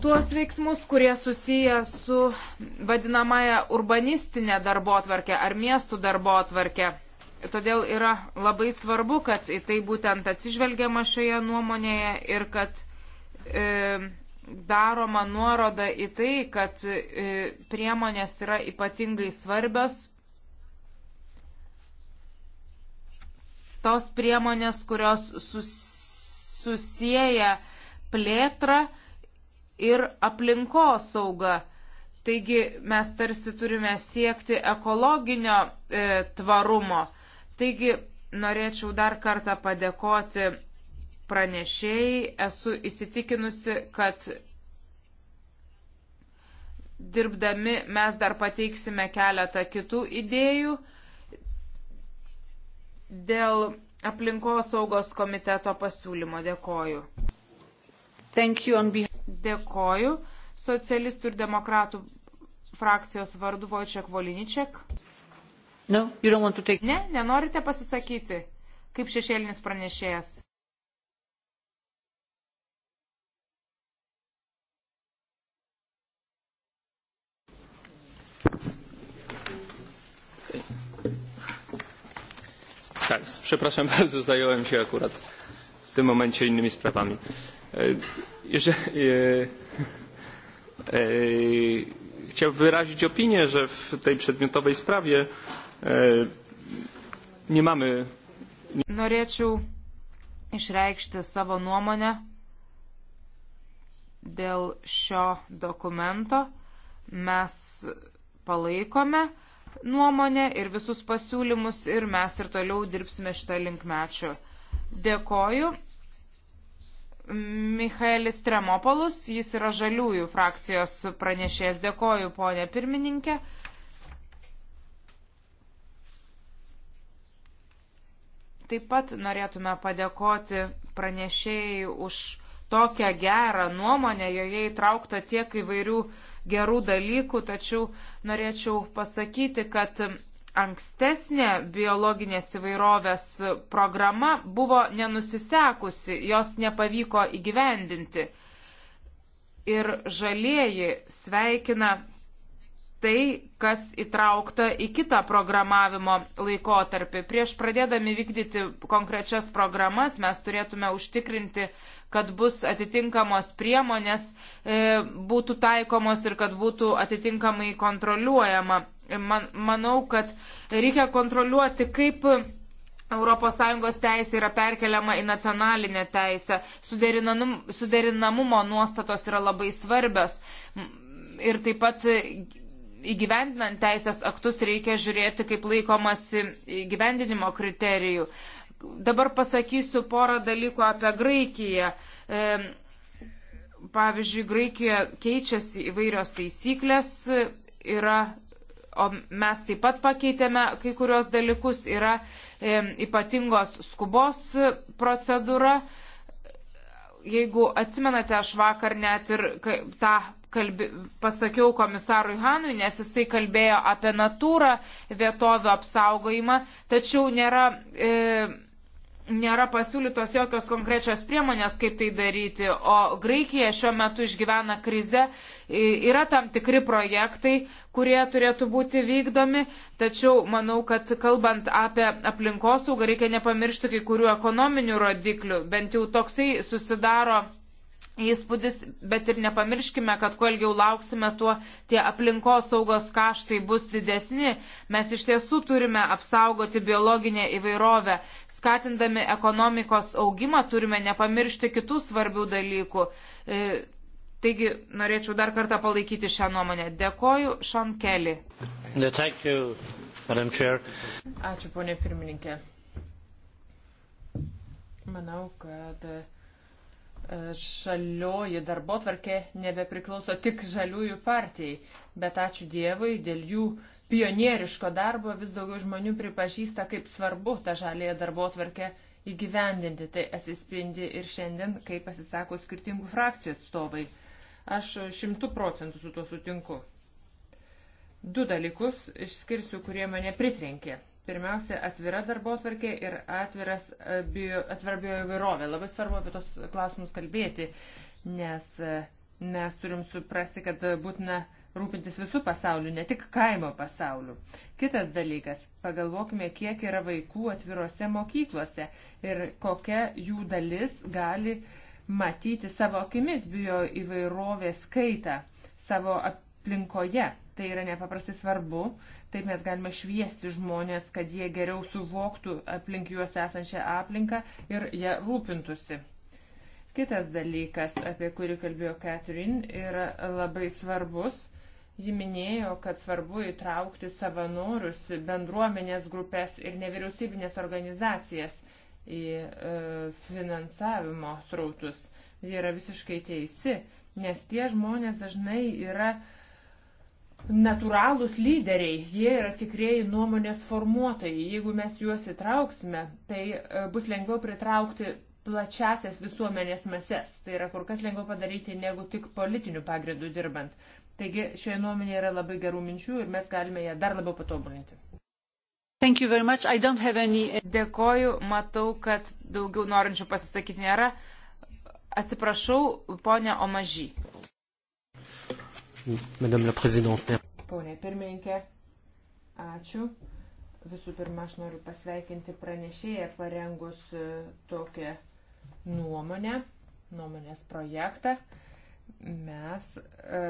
tuos veiksmus, kurie susiję su vadinamąją urbanistinę darbo atvarkę ar miestų darbo atvarkę. Todėl yra labai svarbu, kad į tai būtent atsižvelgiama šioje nuomonėje ir kad e, daroma nuoroda į tai, kad e, priemonės yra ypatingai svarbios. Tos priemonės, kurios sus, susiję plėtrą, ir aplinkosaugą. Taigi mes tarsi turime siekti ekologinio e, tvarumo. Taigi norėčiau dar kartą padėkoti pranešėjai. Esu įsitikinusi, kad dirbdami mes dar pateiksime keletą kitų idėjų dėl aplinkos saugos komiteto pasiūlymo. Dėkoju. Dėkoju. Socialistų ir demokratų frakcijos vardu Vojčiak Voliničiak. No, take... Ne, nenorite pasisakyti, kaip šešėlinis pranešėjas. Tak, przepraszam bardzo, zająłem się akurat w tym momencie innymi sprawami. Że, e, e, e, chciałbym wyrazić opinię, że w tej przedmiotowej sprawie e, nie mamy. Norėčiau išreikšti savo nuomonę dėl šio dokumento. Mes palaikome nuomonę ir visus pasiūlymus ir mes ir toliau dirbsime šitą linkmečio. Dėkoju. Michaelis Tremopolus, jis yra žaliųjų frakcijos pranešėjas. Dėkoju, ponė pirmininkė. Taip pat norėtume padėkoti pranešėjai už tokią gerą nuomonę, joje įtraukta tiek įvairių gerų dalykų, tačiau norėčiau pasakyti, kad ankstesnė biologinės įvairovės programa buvo nenusisekusi, jos nepavyko įgyvendinti. Ir žalieji sveikina tai, kas įtraukta į kitą programavimo laikotarpį. Prieš pradėdami vykdyti konkrečias programas mes turėtume užtikrinti, kad bus atitinkamos priemonės, e, būtų taikomos ir kad būtų atitinkamai kontroliuojama Man, manau, kad reikia kontroliuoti, kaip ES teisė yra perkeliama į nacionalinę teisę. Suderinanum, suderinamumo nuostatos yra labai svarbios. Ir taip pat įgyvendinant teisės aktus reikia žiūrėti, kaip laikomasi įgyvendinimo kriterijų. Dabar pasakysiu porą dalykų apie Graikiją. E, pavyzdžiui, Graikijoje keičiasi įvairios taisyklės, yra o mes taip pat pakeitėme kai kurios dalykus, yra e, ypatingos skubos procedūra. Jeigu atsimenate, aš vakar net ir tą kalbi, pasakiau komisarui Hanui, nes jisai kalbėjo apie natūrą vietovių apsaugojimą, tačiau nėra. E, nėra pasiūlytos jokios konkrečios priemonės, kaip tai daryti, o Graikija šiuo metu išgyvena krizę, yra tam tikri projektai, kurie turėtų būti vykdomi, tačiau manau, kad kalbant apie aplinkosaugą, reikia nepamiršti kai kurių ekonominių rodiklių, bent jau toksai susidaro įspūdis, bet ir nepamirškime, kad kuo ilgiau lauksime, tuo tie aplinkos saugos kaštai bus didesni. Mes iš tiesų turime apsaugoti biologinę įvairovę. Skatindami ekonomikos augimą turime nepamiršti kitų svarbių dalykų. E, taigi norėčiau dar kartą palaikyti šią nuomonę. Dėkoju, Šan Kelly. Ačiū, ponė pirmininkė. Manau, kad uh, žalioji darbo tvarkė nebepriklauso tik žaliųjų partijai, bet ačiū Dievui, dėl jų pionieriško darbo vis daugiau žmonių pripažįsta, kaip svarbu tą žalėją darbo tvarkę įgyvendinti. Tai atsispindi ir šiandien, kai pasisako skirtingų frakcijų atstovai. Aš šimtų procentų su tuo sutinku. Du dalykus išskirsiu, kurie mane pritrenkė. Pirmiausia, atvira darbo atvarkė ir atviras e, bio, atvira bioįvairovė. Labai svarbu apie tos klausimus kalbėti, nes e, mes turim suprasti, kad būtina rūpintis visų pasaulių, ne tik kaimo pasaulių. Kitas dalykas, pagalvokime, kiek yra vaikų atvirose mokyklose ir kokia jų dalis gali matyti savo akimis bio įvairovės kaitą savo aplinkoje. Tai yra nepaprastai svarbu. Taip mes galime šviesti žmonės, kad jie geriau suvoktų aplink juos esančią aplinką ir ją rūpintusi. Kitas dalykas, apie kurį kalbėjo Katrin, yra labai svarbus. Ji minėjo, kad svarbu įtraukti savanorius, bendruomenės grupės ir nevyriausybinės organizacijas į e, finansavimo srautus. Ji yra visiškai teisi, nes tie žmonės dažnai yra e, natūralūs lyderiai, jie yra tikrieji nuomonės formuotojai. Jeigu mes juos įtrauksime, tai e, bus lengviau pritraukti plačiasias visuomenės mases. Tai yra kur kas lengviau padaryti negu tik politinių pagrindų dirbant. Taigi šioje nuomonėje yra labai gerų minčių ir mes galime ją dar labiau patobulinti. Any... Eh, Dėkoju, matau, kad daugiau norinčių pasisakyti nėra. Atsiprašau, ponia Omažy. Madame la Prezidentė. Pone pirmininkė, ačiū. Visų pirma, aš noriu pasveikinti pranešėją parengus e, tokią nuomonę, nuomonės projektą. Mes e,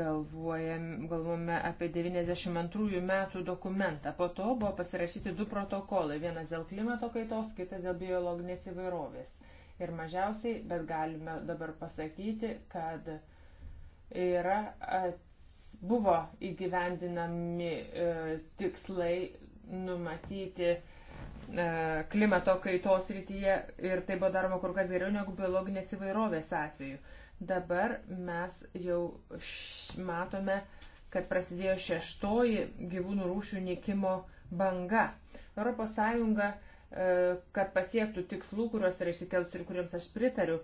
galvojame apie 92 metų dokumentą. Po to buvo pasirašyti du protokolai. Vienas dėl klimato kaitos, kitas dėl biologinės įvairovės. Ir mažiausiai, bet galime dabar pasakyti, kad e, yra, buvo įgyvendinami e, tikslai numatyti e, klimato kaitos rytyje ir tai buvo daroma kur kas geriau negu biologinės įvairovės atveju. Dabar mes jau matome, kad prasidėjo šeštoji gyvūnų rūšių nikimo banga. ES, e, kad pasiektų tikslų, kuriuos yra išsikeltus ir kuriems aš pritariu,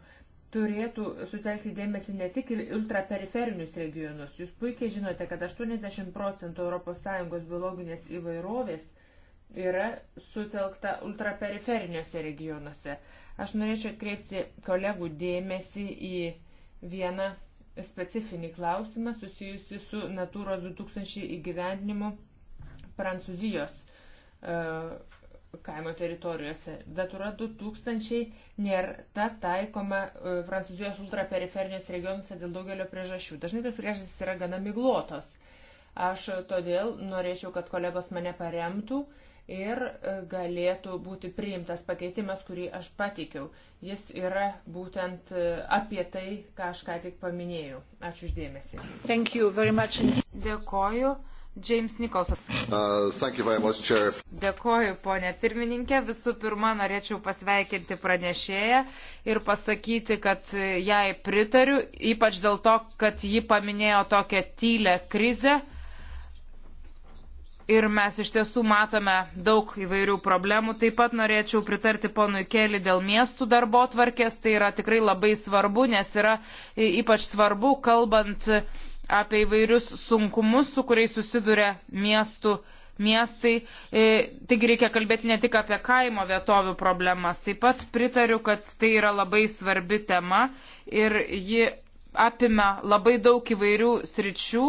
turėtų sutelkti dėmesį ne tik į ultraperiferinius regionus. Jūs puikiai žinote, kad 80 procentų ES biologinės įvairovės yra sutelkta ultraperiferiniuose regionuose. Aš norėčiau atkreipti kolegų dėmesį į vieną specifinį klausimą susijusi su Natūros 2000 įgyvendinimu Prancūzijos uh, kaimo teritorijose. Natura 2000 nėra ta taikoma e, Prancūzijos ultraperiferinius regionuose dėl daugelio priežasčių. Dažnai tos priežastys yra gana miglotos. Aš todėl norėčiau, kad kolegos mane paremtų ir e, galėtų būti priimtas pakeitimas, kurį aš patikiau. Jis yra būtent e, apie tai, ką aš ką tik paminėjau. Ačiū uždėmesi. Dėkoju. James Nicholson. Uh, much, Chair. Dėkoju, ponė pirmininkė. Visų pirma, norėčiau pasveikinti pranešėją ir pasakyti, kad jai pritariu, ypač dėl to, kad ji paminėjo tokią tylę krizę. Ir mes iš tiesų matome daug įvairių problemų. Taip pat norėčiau pritarti ponui Kelį dėl miestų darbo tvarkės. Tai yra tikrai labai svarbu, nes yra ypač svarbu, kalbant apie įvairius sunkumus, su kuriais susiduria miestų, miestai. E, taigi reikia kalbėti ne tik apie kaimo vietovių problemas. Taip pat pritariu, kad tai yra labai svarbi tema ir ji apima labai daug įvairių sričių,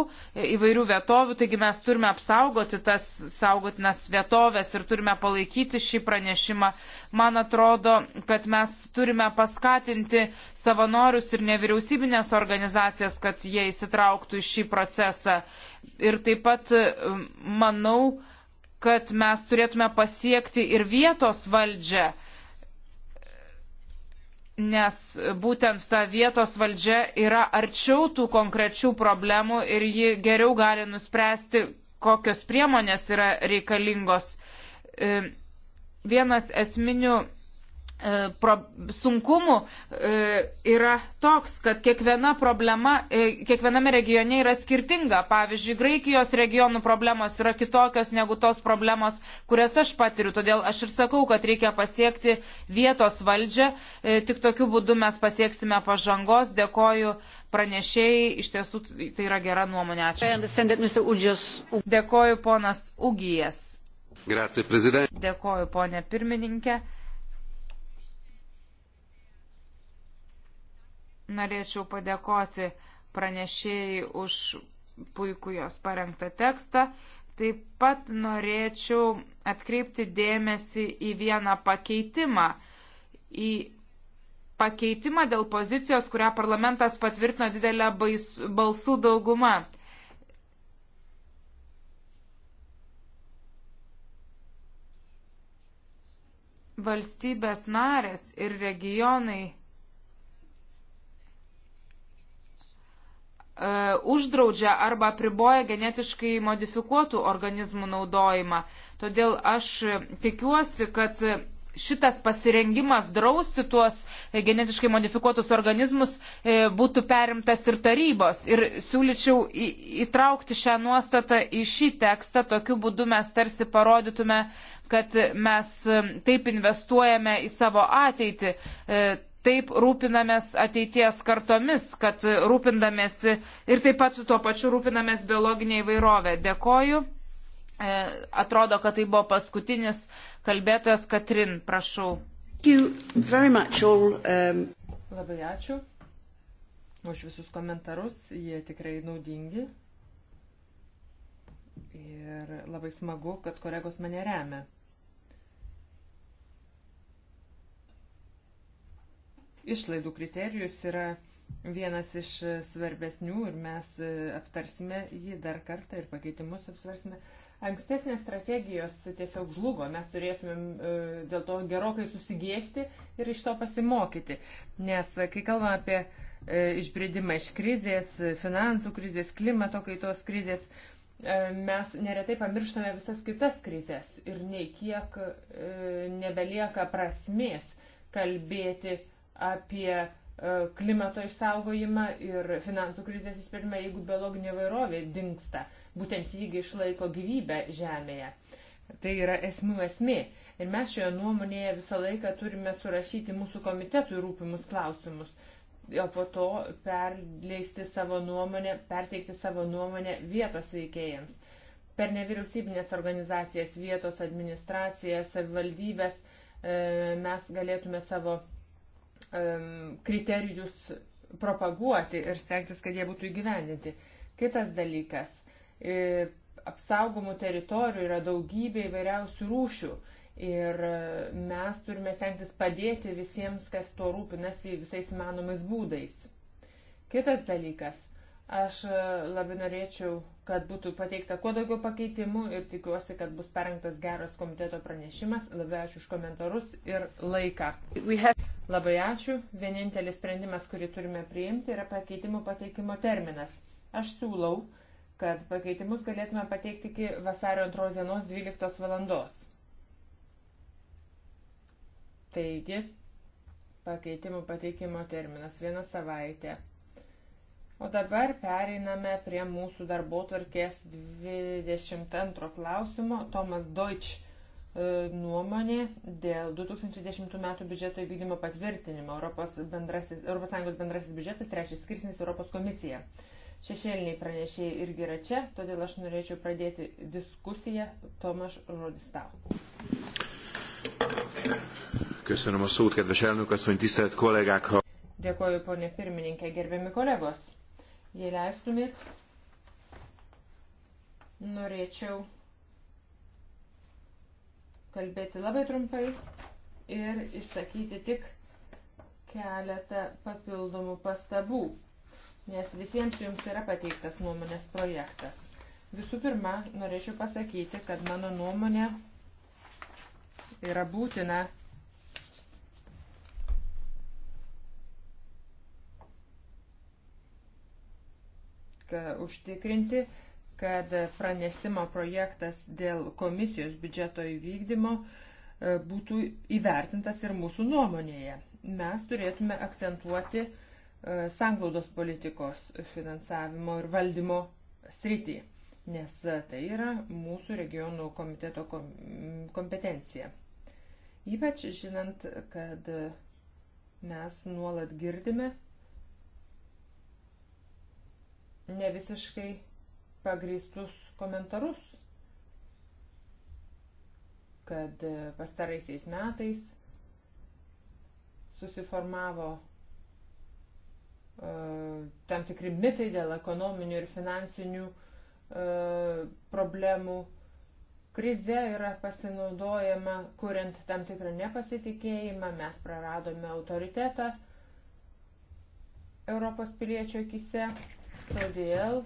įvairių vietovių, taigi mes turime apsaugoti tas saugotinas vietovės ir turime palaikyti šį pranešimą. Man atrodo, kad mes turime paskatinti savanorius ir nevyriausybinės organizacijas, kad jie įsitrauktų į šį procesą. Ir taip pat manau, kad mes turėtume pasiekti ir vietos valdžią nes būtent ta vietos valdžia yra arčiau tų konkrečių problemų ir ji geriau gali nuspręsti, kokios priemonės yra reikalingos. E, vienas esminių E, pro, sunkumų e, yra toks, kad kiekviena problema e, kiekviename regione yra skirtinga. Pavyzdžiui, Graikijos regionų problemos yra kitokios negu tos problemos, kurias aš patiriu. Todėl aš ir sakau, kad reikia pasiekti vietos valdžią. Tik tokiu būdu mes pasieksime pažangos. Dėkoju pranešėjai. Iš tiesų, tai yra gera nuomonė. Ačiū. Dėkoju ponas Ugijas. Grazie, Dėkoju ponė pirmininkė. Norėčiau padėkoti pranešėjai už puikų jos parengtą tekstą. Taip pat norėčiau atkreipti dėmesį į vieną pakeitimą. Į pakeitimą dėl pozicijos, kurią parlamentas patvirtino didelę bais, balsų daugumą. Valstybės narės ir regionai E, uždraudžia arba priboja genetiškai modifikuotų organizmų naudojimą. Todėl aš tikiuosi, kad šitas pasirengimas drausti tuos genetiškai modifikuotus organizmus e, būtų perimtas ir tarybos. Ir siūlyčiau įtraukti šią nuostatą į šį tekstą, tokiu būdu mes tarsi parodytume, kad mes e, taip investuojame į savo ateitį taip rūpinamės ateities kartomis, kad rūpindamėsi ir taip pat su tuo pačiu rūpinamės biologinė įvairovė. Dėkoju. E, atrodo, kad tai buvo paskutinis kalbėtojas Katrin, prašau. All, um... Labai ačiū už visus komentarus, jie tikrai naudingi. Ir labai smagu, kad kolegos mane remia. Išlaidų kriterijus yra vienas iš svarbesnių ir mes e, aptarsime jį dar kartą ir pakeitimus apsvarsime. Ankstesnės strategijos tiesiog žlugo, mes turėtumėm e, dėl to gerokai susigėsti ir iš to pasimokyti. Nes e, kai kalbame apie išbridimą iš krizės, finansų krizės, klimato kaitos krizės, mes neretai pamirštame visas kitas krizės ir nei kiek nebelieka prasmės kalbėti apie e, klimato išsaugojimą ir finansų krizės išspirimą, jeigu biologinė vairovė dinksta, būtent jį išlaiko gyvybę Žemėje. Tai yra esmių esmė. Ir mes šioje nuomonėje visą laiką turime surašyti mūsų komitetui rūpimus klausimus, o po to perleisti savo nuomonę, perteikti savo nuomonę vietos veikėjams. Per nevyriausybinės organizacijas, vietos administracijas, savivaldybės e, mes galėtume savo kriterijus propaguoti ir stengtis, kad jie būtų įgyvendinti. Kitas dalykas e, - apsaugomų teritorijų yra daugybė įvairiausių rūšių ir e, mes turime stengtis padėti visiems, kas tuo rūpinasi visais manomais būdais. Kitas dalykas Aš e, labai norėčiau, kad būtų pateikta kuo daugiau pakeitimų ir tikiuosi, kad bus parengtas geras komiteto pranešimas. Labai ačiū už komentarus ir laiką. Have... Labai ačiū. Vienintelis sprendimas, kurį turime priimti, yra pakeitimų pateikimo terminas. Aš siūlau, kad pakeitimus galėtume pateikti iki vasario 2 dienos 12 valandos. Taigi, pakeitimų pateikimo terminas vieną savaitę. O dabar pereiname prie mūsų darbo tvarkės 22 klausimo. Tomas Deutsch e, nuomonė dėl 2010 m. biudžeto įvykdymo patvirtinimo Europos, bendrasis, Europos Sąjungos bendrasis biudžetas trečias skirsnis Europos komisija. Šešėliniai pranešėjai irgi yra čia, todėl aš norėčiau pradėti diskusiją. Tomas, žodis tau. Köszönöm a szót, kedves elnök asszony, tisztelt kollégák! Dėkoju, ponė pirmininkė, gerbiami kolegos. Jei leistumėt, norėčiau kalbėti labai trumpai ir išsakyti tik keletą papildomų pastabų, nes visiems jums yra pateiktas nuomonės projektas. Visų pirma, norėčiau pasakyti, kad mano nuomonė yra būtina ka, e, užtikrinti, kad pranešimo projektas dėl komisijos biudžeto įvykdymo e, būtų įvertintas ir mūsų nuomonėje. Mes turėtume akcentuoti e, sanglaudos politikos finansavimo ir valdymo sritį, nes tai yra mūsų regionų komiteto kompetencija. Ypač žinant, kad mes nuolat girdime nevisiškai pagristus komentarus, kad pastaraisiais metais susiformavo e, tam tikri mitai dėl ekonominių ir finansinių e, problemų. Krize yra pasinaudojama, kuriant tam tikrą nepasitikėjimą, mes praradome autoritetą Europos piliečio akise Todėl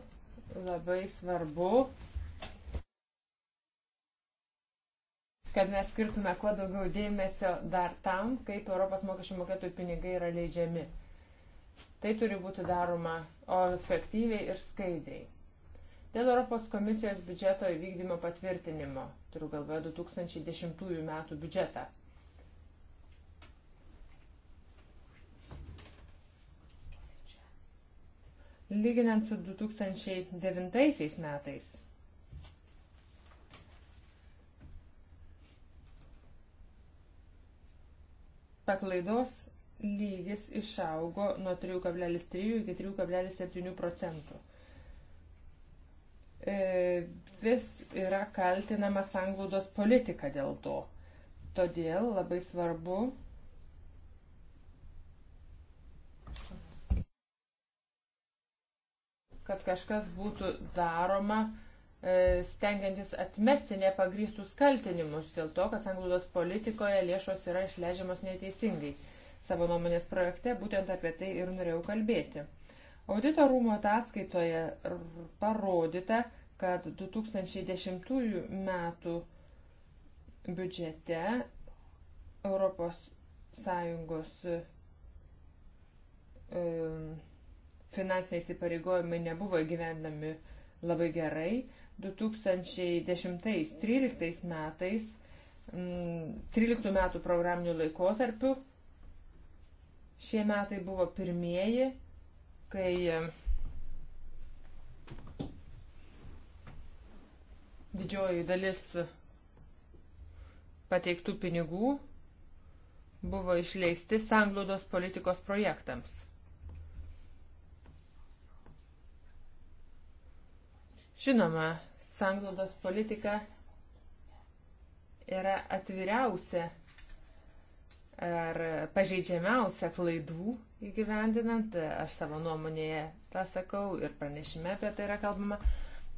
labai svarbu, kad mes skirtume kuo daugiau dėmesio dar tam, kaip Europos mokesčių mokėtojų pinigai yra leidžiami. Tai turi būti daroma efektyviai ir skaidriai. Dėl Europos komisijos biudžeto įvykdymo patvirtinimo, turiu galvoje 2010 metų biudžetą, lyginant su 2009 metais. Paklaidos lygis išaugo nuo 3,3 iki 3,7 procentų. E, vis yra kaltinama sanglaudos politika dėl to. Todėl labai svarbu kad kažkas būtų daroma e, stengiantis atmesti nepagrįstus kaltinimus dėl to, kad sanglaudos politikoje lėšos yra išleidžiamos neteisingai. Savo nuomonės projekte būtent apie tai ir norėjau kalbėti. Audito rūmo ataskaitoje parodyta, kad 2010 metų biudžete Europos Sąjungos um, finansiniai įsipareigojimai nebuvo įgyvendami labai gerai. 2010-2013 metais, 13 mm, metų programinių laikotarpių, šie metai buvo pirmieji, kai e, didžioji dalis pateiktų pinigų buvo išleisti sanglaudos politikos projektams. Žinoma, sanglaudos politika yra atviriausia ar pažeidžiamiausia klaidų įgyvendinant. Aš savo nuomonėje tą sakau ir pranešime apie tai yra kalbama,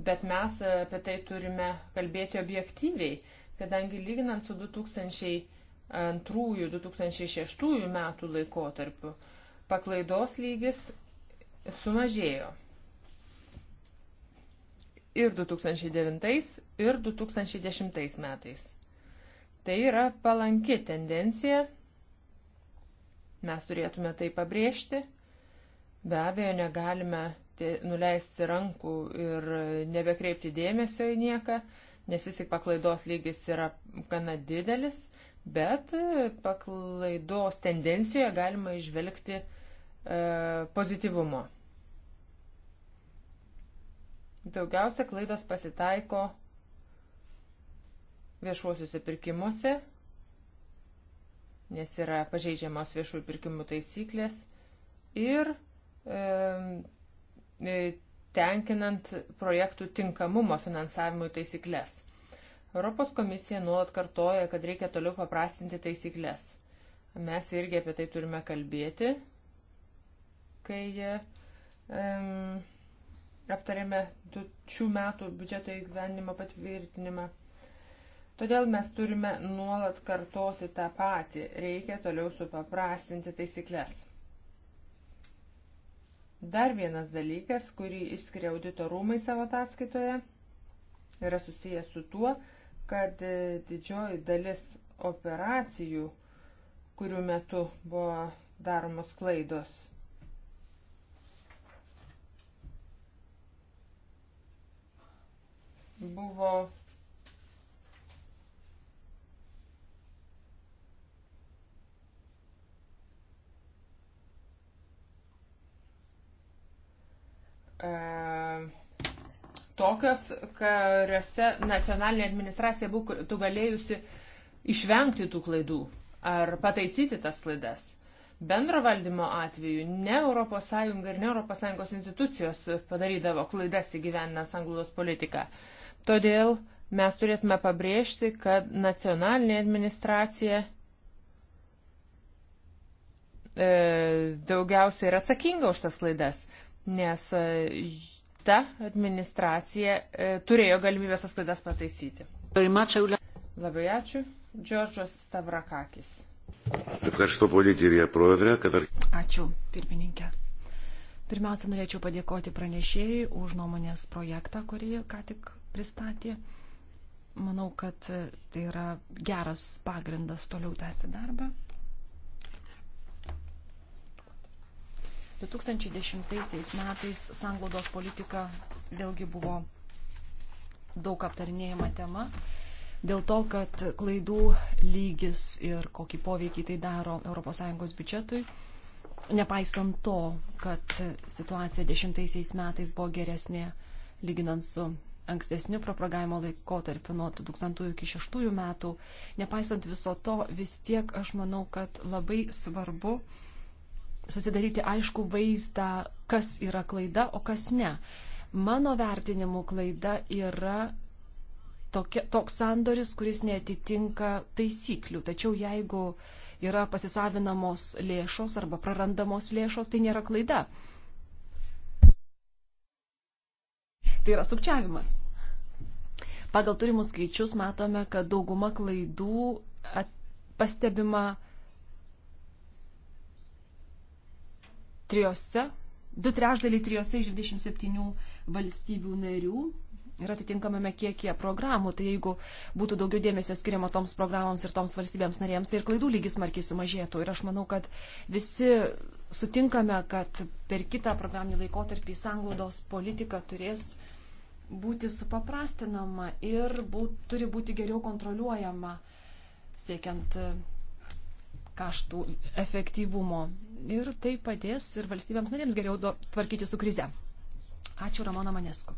bet mes apie tai turime kalbėti objektyviai, kadangi lyginant su 2002-2006 metų laikotarpiu paklaidos lygis sumažėjo ir 2009 ir 2010 metais. Tai yra palanki tendencija, mes turėtume tai pabrėžti, be abejo negalime nuleisti rankų ir nebekreipti dėmesio į nieką, nes vis tik paklaidos lygis yra gana didelis, bet e, paklaidos tendencijoje galima išvelgti e, pozityvumo. Daugiausia klaidos pasitaiko viešuosiuose pirkimuose, nes yra pažeidžiamos viešųjų pirkimų taisyklės ir e, tenkinant projektų tinkamumo finansavimui taisyklės. Europos komisija nuolat kartoja, kad reikia toliau paprastinti taisyklės. Mes irgi apie tai turime kalbėti, kai um, e, aptarėme šių metų biudžeto įgyvenimo patvirtinimą. Todėl mes turime nuolat kartoti tą patį. Reikia toliau supaprastinti taisyklės. Dar vienas dalykas, kurį išskiria audito rūmai savo ataskaitoje, yra susijęs su tuo, kad e, didžioji dalis operacijų, kurių metu buvo daromos klaidos, buvo e, tokios, kuriuose nacionalinė administracija būtų galėjusi išvengti tų klaidų ar pataisyti tas klaidas. Bendro valdymo atveju ne ES ir ne ES institucijos padarydavo klaidas įgyvendinant sanglaudos politiką. Uh, Todėl mes turėtume pabrėžti, kad nacionalinė administracija e, daugiausiai yra atsakinga už tas klaidas, nes e, ta administracija e, turėjo galimybę tas klaidas pataisyti. Labai ačiū. Džordžas Stavrakakis. Ačiū, pirmininkė. Pirmiausia, norėčiau padėkoti pranešėjai už nuomonės projektą, kurį ką tik pristatė. Manau, kad tai yra geras pagrindas toliau tęsti darbą. 2010 metais sanglaudos politika vėlgi buvo daug aptarinėjama tema dėl to, kad klaidų lygis ir kokį poveikį tai daro ES biudžetui. Nepaisant to, kad situacija dešimtaisiais metais buvo geresnė lyginant su ankstesniu propagavimo laikotarpiu nuo 2000 iki 2006 metų. Nepaisant viso to, vis tiek aš manau, kad labai svarbu susidaryti aišku vaizdą, kas yra klaida, o kas ne. Mano vertinimu klaida yra tokia, toks sandoris, kuris netitinka taisyklių. Tačiau jeigu yra pasisavinamos lėšos arba prarandamos lėšos, tai nėra klaida. tai yra sukčiavimas. Pagal turimus skaičius matome, kad dauguma klaidų at, pastebima trijose, du trešdaliai trijose iš 27 valstybių narių ir atitinkamame kiekie programų. Tai jeigu būtų daugiau dėmesio skiriama toms programoms ir toms valstybėms narėms, tai ir klaidų lygis smarkiai sumažėtų. Ir aš manau, kad visi sutinkame, kad per kitą programinį laikotarpį sanglaudos politika turės būti supaprastinama ir būt, turi būti geriau kontroliuojama, siekiant e, kaštų efektyvumo. Ir tai padės ir valstybėms narėms geriau do, tvarkyti su krize. Ačiū Ramona Manesku.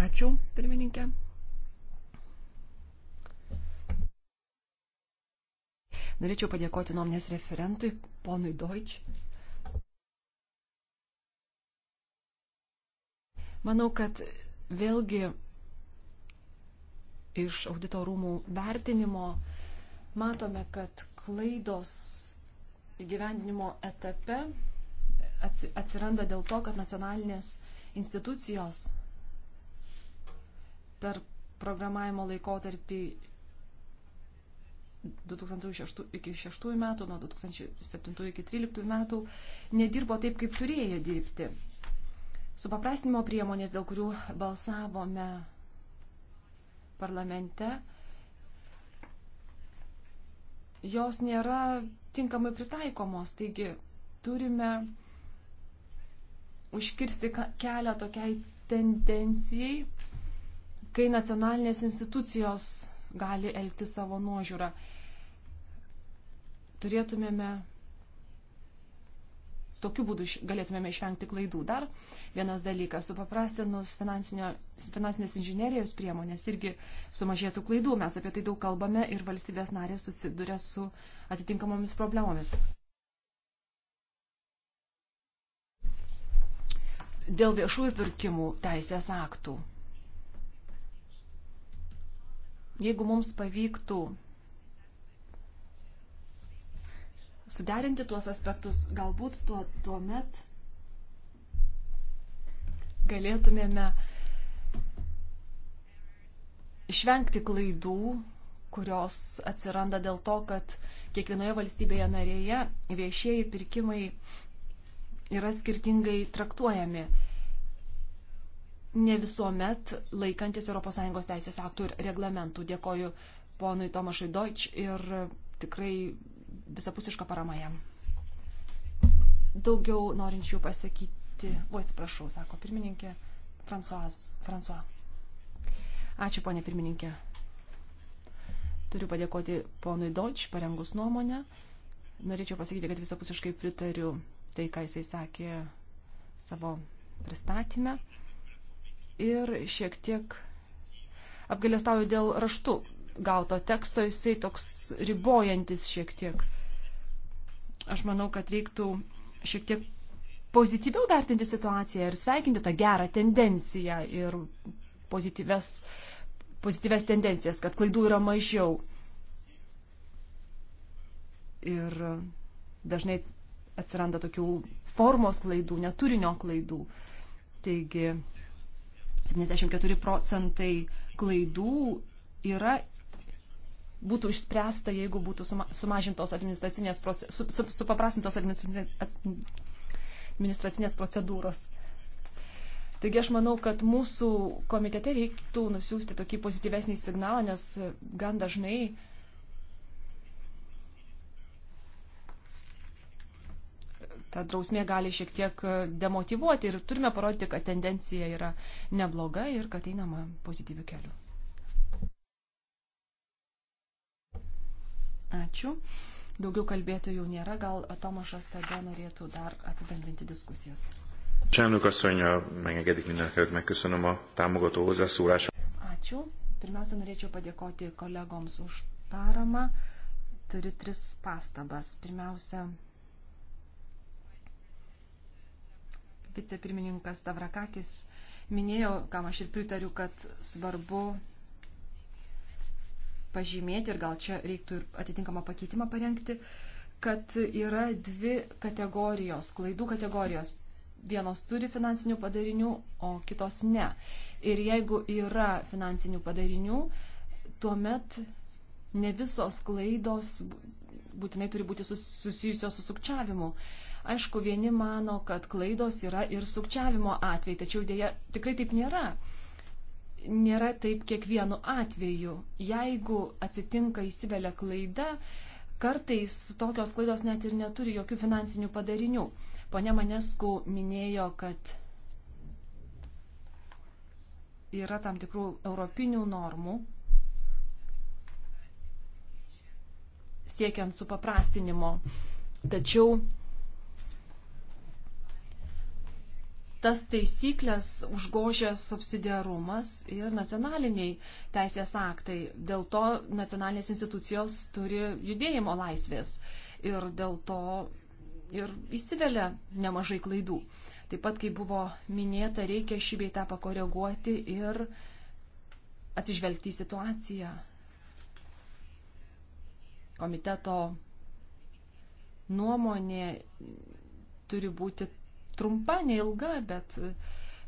Ačiū, pirmininkė. Norėčiau padėkoti nuomonės referentui, ponui Deutsch Manau, kad vėlgi iš audito rūmų vertinimo matome, kad klaidos įgyvendinimo etape atsiranda dėl to, kad nacionalinės institucijos per programavimo laikotarpį 2006 iki 2006 metų, nuo 2007 iki 2013 metų nedirbo taip, kaip turėjo dirbti supaprastinimo priemonės, dėl kurių balsavome parlamente, jos nėra tinkamai pritaikomos. Taigi turime užkirsti kelią tokiai tendencijai, kai nacionalinės institucijos gali elgti savo nuožiūrą. Turėtumėme tokiu būdu galėtumėme išvengti klaidų. Dar vienas dalykas, supaprastinus finansinės inžinierijos priemonės irgi sumažėtų klaidų. Mes apie tai daug kalbame ir valstybės narės susiduria su atitinkamomis problemomis. Dėl viešųjų pirkimų teisės aktų. Jeigu mums pavyktų suderinti tuos aspektus, galbūt tuo, tuo met galėtumėme išvengti klaidų, kurios atsiranda dėl to, kad kiekvienoje valstybėje narėje viešieji pirkimai yra skirtingai traktuojami. Ne visuomet laikantis ES teisės aktų ir reglamentų. Dėkoju ponui Tomašui Deutsch ir tikrai visapusiška parama jam. Daugiau norinčių pasakyti, o atsiprašau, sako pirmininkė Fransuas, Fransua. Ačiū, ponė pirmininkė. Turiu padėkoti ponui Deutsch, parengus nuomonę. Norėčiau pasakyti, kad visapusiškai pritariu tai, ką jisai sakė savo pristatymę. Ir šiek tiek apgailestauju dėl raštų gauto teksto, jisai toks ribojantis šiek tiek. Aš manau, kad reiktų šiek tiek pozityviau vertinti situaciją ir sveikinti tą gerą tendenciją ir pozityves, pozityves tendencijas, kad klaidų yra mažiau. Ir dažnai atsiranda tokių formos klaidų, neturinio klaidų. Taigi 74 procentai klaidų yra būtų išspręsta, jeigu būtų sumažintos administracinės, su, su, supaprastintos administracinės procedūros. Taigi aš manau, kad mūsų komitete reiktų nusiųsti tokį pozityvesnį signalą, nes gan dažnai ta drausmė gali šiek tiek demotivuoti ir turime parodyti, kad tendencija yra nebloga ir kad einama pozityviu keliu. Ačiū. Daugiau kalbėtojų nėra, gal Tomašas tada norėtų dar apibendrinti diskusijas. Csámnok asszony, megengedik mindenkinek, megköszönöm a támogató hozzászólását. Ačiū. Pirmiausia, norėčiau padėkoti kolegoms už paramą. Turiu tris pastabas. Pirmiausia, vicepirmininkas Davrakakis minėjo, kam aš ir pritariu, kad svarbu pažymėti ir gal čia reiktų ir atitinkamą pakeitimą parengti, kad yra dvi kategorijos, klaidų kategorijos. Vienos turi finansinių padarinių, o kitos ne. Ir jeigu yra finansinių padarinių, tuomet ne visos klaidos būtinai turi būti susijusios su sukčiavimu. Aišku, vieni mano, kad klaidos yra ir sukčiavimo atvejai, tačiau dėja tikrai taip nėra nėra taip kiekvienu atveju. Jeigu atsitinka įsivelia klaida, kartais tokios klaidos net ir neturi jokių finansinių padarinių. Pone Manesku minėjo, kad yra tam tikrų europinių normų siekiant supaprastinimo. Tačiau tas taisyklės užgožia subsidiarumas ir nacionaliniai teisės aktai. Dėl to nacionalinės institucijos turi judėjimo laisvės ir dėl to ir įsivelia nemažai klaidų. Taip pat, kaip buvo minėta, reikia šį beitą pakoreguoti ir atsižvelgti į situaciją. Komiteto nuomonė turi būti trumpa, neilga, bet e,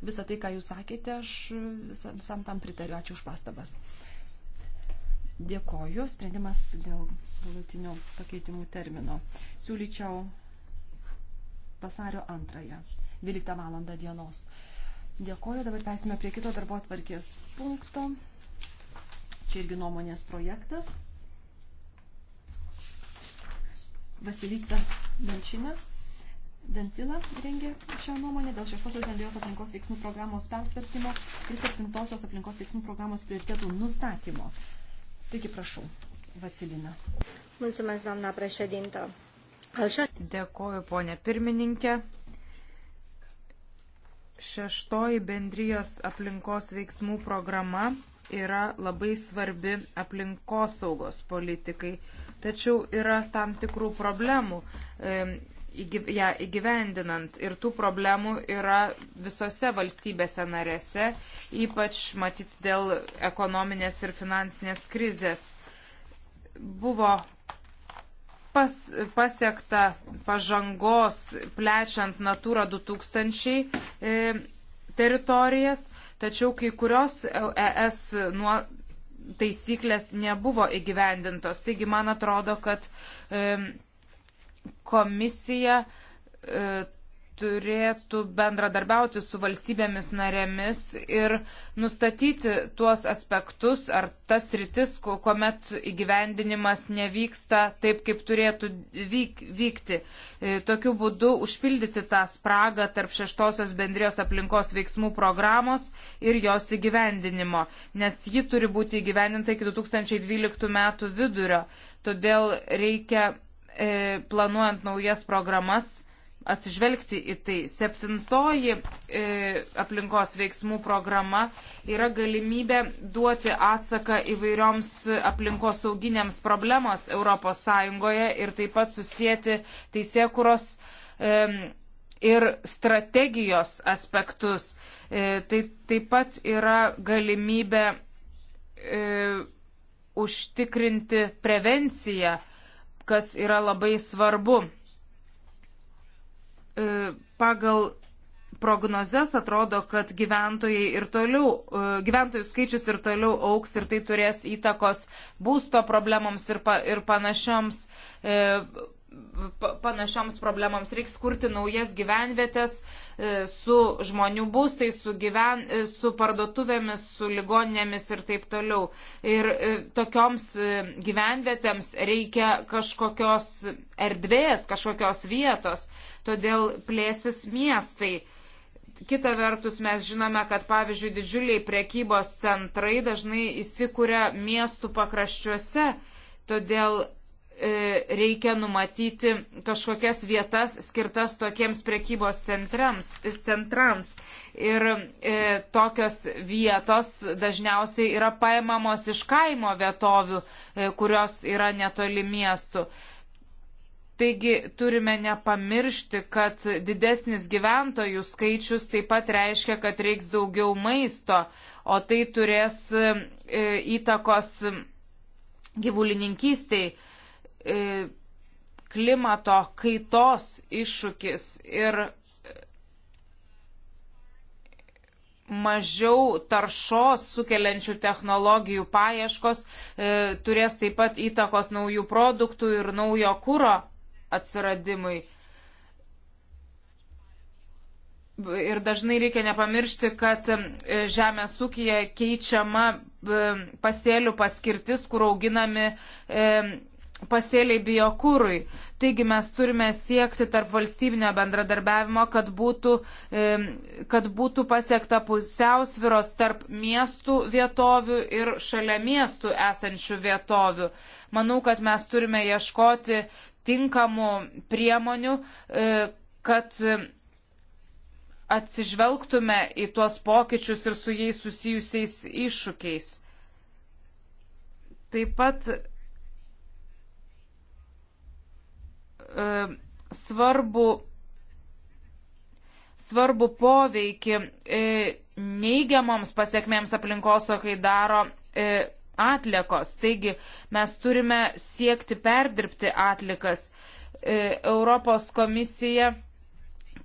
visą tai, ką jūs sakėte, aš e, visam, visam tam pritariu. Ačiū už pastabas. Dėkoju. Sprendimas dėl galutinių pakeitimų termino. Siūlyčiau vasario antrąją, 12 val. dienos. Dėkoju, dabar pesime prie kito darbo atvarkės punkto. Čia irgi nuomonės projektas. Vasilica Melčinė. Dancila rengė šią nuomonę dėl šeštosios bendrijos aplinkos veiksmų programos persvarstymo ir septintosios aplinkos veiksmų programos prioritėtų nustatymo. Taigi prašau, Vacilina. Mulțumesc, doamna președintă. Dėkoju, ponė pirmininkė. Šeštoji bendrijos aplinkos veiksmų programa yra labai svarbi aplinkosaugos politikai. Tačiau yra tam tikrų problemų ją įgyvendinant. Ir tų problemų yra visose valstybėse narėse, ypač matyt dėl ekonominės ir finansinės krizės. Buvo pas, pasiekta pažangos plečiant Natūra 2000 e, teritorijas, tačiau kai kurios ES e nuo taisyklės nebuvo įgyvendintos. Taigi man atrodo, kad e, komisija e, turėtų bendradarbiauti su valstybėmis narėmis ir nustatyti tuos aspektus ar tas rytis, kuomet įgyvendinimas nevyksta taip, kaip turėtų vyk, vykti. E, tokiu būdu užpildyti tą spragą tarp šeštosios bendrijos aplinkos veiksmų programos ir jos įgyvendinimo, nes ji turi būti įgyvendinta iki 2012 metų vidurio. Todėl reikia E, planuojant naujas programas, atsižvelgti į tai. Septintoji e, aplinkos veiksmų programa yra galimybė duoti atsaką įvairioms aplinkos sauginiams problemos ES ir taip pat susijęti teisėkuros e, ir strategijos aspektus. E, tai taip pat yra galimybė e, užtikrinti prevenciją kas yra labai svarbu. E, pagal prognozes atrodo, kad gyventojai ir toliau, e, gyventojų skaičius ir toliau auks ir tai turės įtakos būsto problemoms ir, pa, ir panašioms e, panašioms problemams. Reiks kurti naujas gyvenvietės e, su žmonių būstais, su, gyven, e, su parduotuvėmis, su ligoninėmis ir taip toliau. Ir e, tokioms gyvenvietėms reikia kažkokios erdvės, kažkokios vietos. Todėl plėsis miestai. Kita vertus, mes žinome, kad pavyzdžiui didžiuliai priekybos centrai dažnai įsikūrė miestų pakraščiuose. Todėl E, reikia numatyti kažkokias vietas skirtas tokiems prekybos centrams. centrams. Ir e, tokios vietos dažniausiai yra paimamos iš kaimo vietovių, e, kurios yra netoli miestų. Taigi turime nepamiršti, kad didesnis gyventojų skaičius taip pat reiškia, kad reiks daugiau maisto, o tai turės e, įtakos gyvulininkystiai. E, E, klimato kaitos iššūkis ir mažiau taršos sukeliančių technologijų paieškos e, turės taip pat įtakos naujų produktų ir naujo kūro atsiradimui. Ir dažnai reikia nepamiršti, kad e, žemės ūkija keičiama e, pasėlių paskirtis, kur auginami e, pasėliai biokūrui. Taigi mes turime siekti tarp valstybinio bendradarbiavimo, kad būtų, kad būtų pasiekta pusiausviros tarp miestų vietovių ir šalia miestų esančių vietovių. Manau, kad mes turime ieškoti tinkamų priemonių, e, kad atsižvelgtume į tuos pokyčius ir su jais susijusiais iššūkiais. Taip pat E, svarbu, svarbu poveikį e, neigiamoms pasiekmėms aplinkosaugai daro e, atliekos. Taigi mes turime siekti perdirbti atlikas. Europos komisija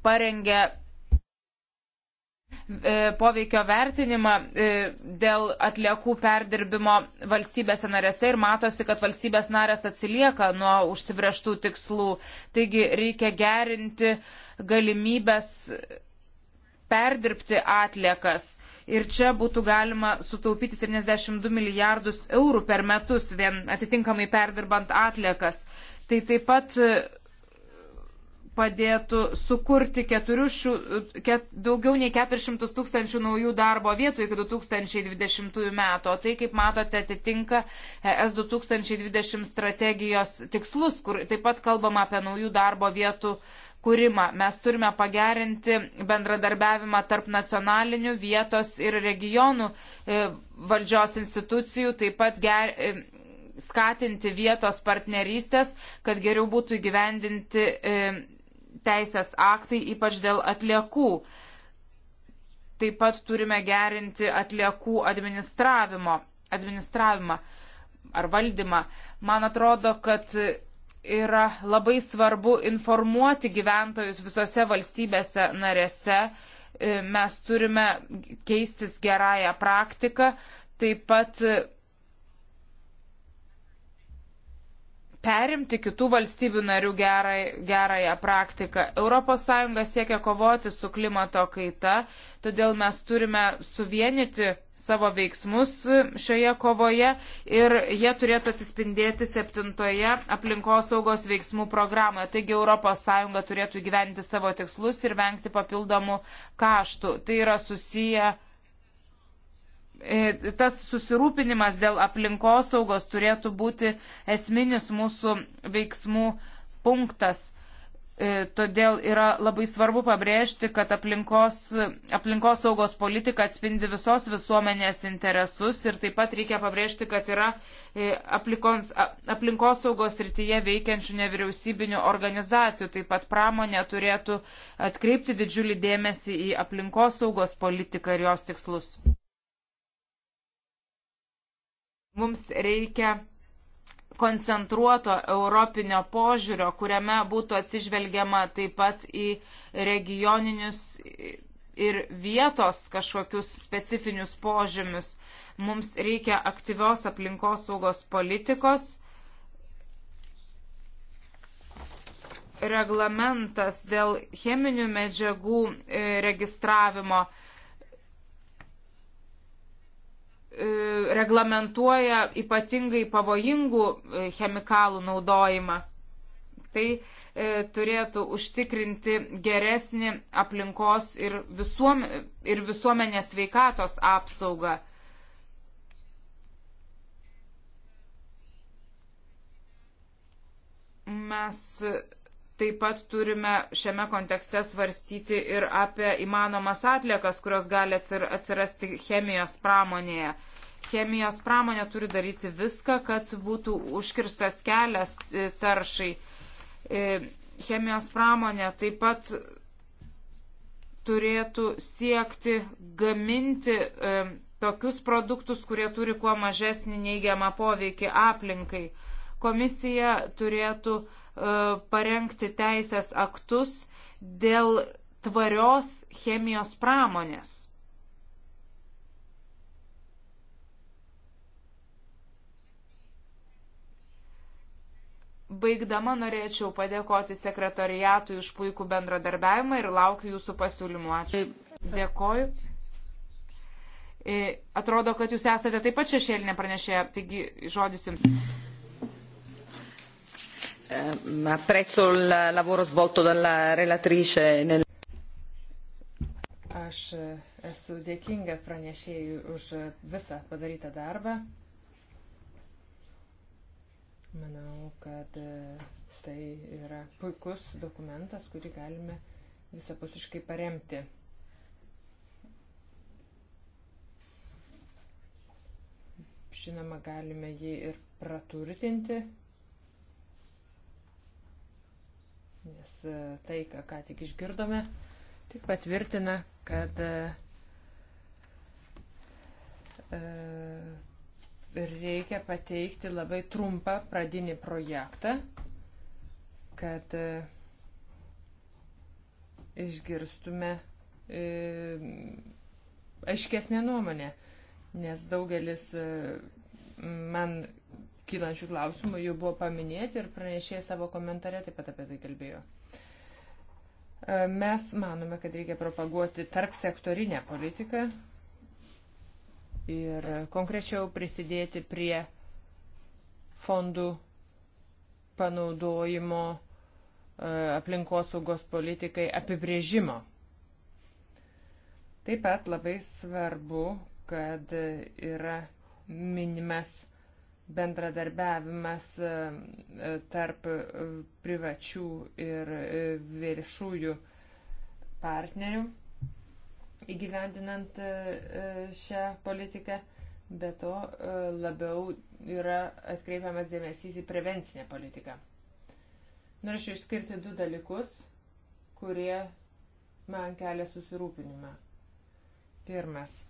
parengė E, poveikio vertinimą e, dėl atliekų perdirbimo valstybėse narėse ir matosi, kad valstybės narės atsilieka nuo užsibrieštų tikslų. Taigi reikia gerinti galimybės perdirbti atliekas. Ir čia būtų galima sutaupyti 72 milijardus eurų per metus vien atitinkamai perdirbant atliekas. Tai taip pat padėtų sukurti 400, ket, daugiau nei 400 tūkstančių naujų darbo vietų iki 2020 metų. O tai, kaip matote, atitinka ES 2020 strategijos tikslus, kur taip pat kalbama apie naujų darbo vietų kūrimą. Mes turime pagerinti bendradarbiavimą tarp nacionalinių vietos ir regionų e, valdžios institucijų, taip pat ger, e, skatinti vietos partnerystės, kad geriau būtų įgyvendinti e, teisės aktai, ypač dėl atliekų. Taip pat turime gerinti atliekų administravimo, administravimą ar valdymą. Man atrodo, kad yra labai svarbu informuoti gyventojus visose valstybėse narėse. E, mes turime keistis gerąją praktiką, taip pat perimti kitų valstybių narių gerai, gerąją praktiką. ES siekia kovoti su klimato kaita, todėl mes turime suvienyti savo veiksmus šioje kovoje ir jie turėtų atsispindėti septintoje aplinkosaugos veiksmų programoje. Taigi ES turėtų gyventi savo tikslus ir vengti papildomų kaštų. Tai yra susiję E, tas susirūpinimas dėl aplinkosaugos turėtų būti esminis mūsų veiksmų punktas. E, todėl yra labai svarbu pabrėžti, kad aplinkos, aplinkos saugos politika atspindi visos visuomenės interesus ir taip pat reikia pabrėžti, kad yra e, aplinkos, aplinkos saugos rytyje veikiančių nevyriausybinių organizacijų. Taip pat pramonė turėtų atkreipti didžiulį dėmesį į aplinkos saugos politiką ir jos tikslus. Mums reikia koncentruoto europinio požiūrio, kuriame būtų atsižvelgiama taip pat į regioninius ir vietos kažkokius specifinius požymius. Mums reikia aktyvios aplinkosaugos politikos. Reglamentas dėl cheminių medžiagų e, registravimo E, reglamentuoja ypatingai pavojingų e, chemikalų naudojimą. Tai e, turėtų užtikrinti geresnį aplinkos ir, visuom, ir visuomenės veikatos apsaugą. Mes taip pat turime šiame kontekste svarstyti ir apie įmanomas atliekas, kurios gali atsirasti chemijos pramonėje. Chemijos pramonė turi daryti viską, kad būtų užkirstas kelias e, taršai. E, chemijos pramonė taip pat turėtų siekti gaminti e, tokius produktus, kurie turi kuo mažesnį neigiamą poveikį aplinkai. Komisija turėtų e, E, parengti teisės aktus dėl tvarios chemijos pramonės. Baigdama norėčiau padėkoti sekretariatui už puikų bendradarbiavimą ir laukiu jūsų pasiūlymų. Ačiū. Dėkoju. E, atrodo, kad jūs esate taip pat šešėlinė pranešėja, taigi žodis jums. Ehm, apprezzo il lavoro svolto dalla relatrice. Nel... Aš esu dėkinga pranešėjai už visą padarytą darbą. Manau, kad e, tai yra puikus dokumentas, kurį galime visapusiškai paremti. Žinoma, galime jį ir praturtinti nes e, tai, ką, ką tik išgirdome, tik patvirtina, kad e, e, reikia pateikti labai trumpą pradinį projektą, kad išgirstume aiškesnę nuomonę, nes daugelis man kylančių klausimų jau buvo paminėti ir pranešėjai savo komentare taip pat apie tai kalbėjo. E, mes manome, kad reikia propaguoti tarp sektorinę politiką ir konkrečiau prisidėti prie fondų panaudojimo e, aplinkosaugos politikai apibrėžimo. Taip pat labai svarbu, kad yra minimas bendradarbiavimas e, e, tarp privačių ir e, viešųjų partnerių įgyvendinant šią politiką, bet to labiau yra atkreipiamas dėmesys į prevencinę politiką. Norėčiau išskirti du dalykus, kurie man kelia susirūpinimą. Pirmas –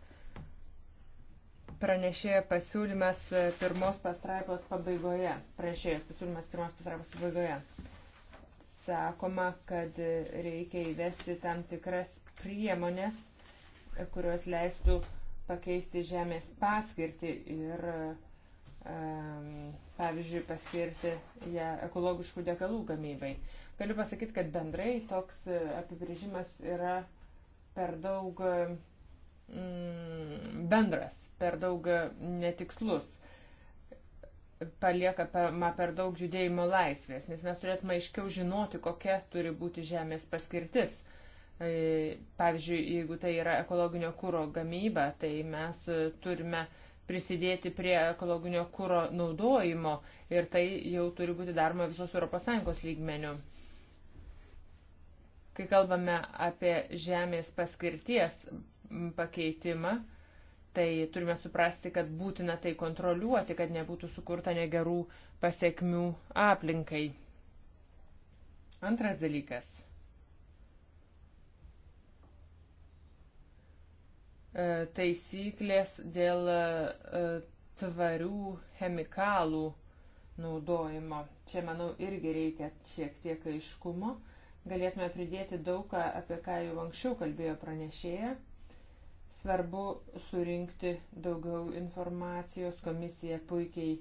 pranešėjo pasiūlymas pirmos pastraipos pabaigoje. Pranešėjos pasiūlymas pirmos pastraipos pabaigoje. Sakoma, kad reikia įvesti tam tikras priemonės, kurios leistų pakeisti žemės paskirtį ir, um, pavyzdžiui, paskirti ją ekologiškų degalų gamybai. Galiu pasakyti, kad bendrai toks apibrėžimas yra per daug mm, bendras per daug e, netikslus, palieka per daug judėjimo laisvės, nes mes turėtume aiškiau žinoti, kokia turi būti žemės paskirtis. E, pavyzdžiui, jeigu tai yra ekologinio kūro gamyba, tai mes e, turime prisidėti prie ekologinio kūro naudojimo ir tai jau turi būti daroma visos ES lygmenių. Kai kalbame apie žemės paskirties pakeitimą, tai turime suprasti, kad būtina tai kontroliuoti, kad nebūtų sukurta negerų pasiekmių aplinkai. Antras dalykas. E, taisyklės dėl e, tvarių chemikalų naudojimo. Čia, manau, irgi reikia šiek tiek aiškumo. Galėtume pridėti daug, apie ką jau anksčiau kalbėjo pranešėja Svarbu surinkti daugiau informacijos. Komisija puikiai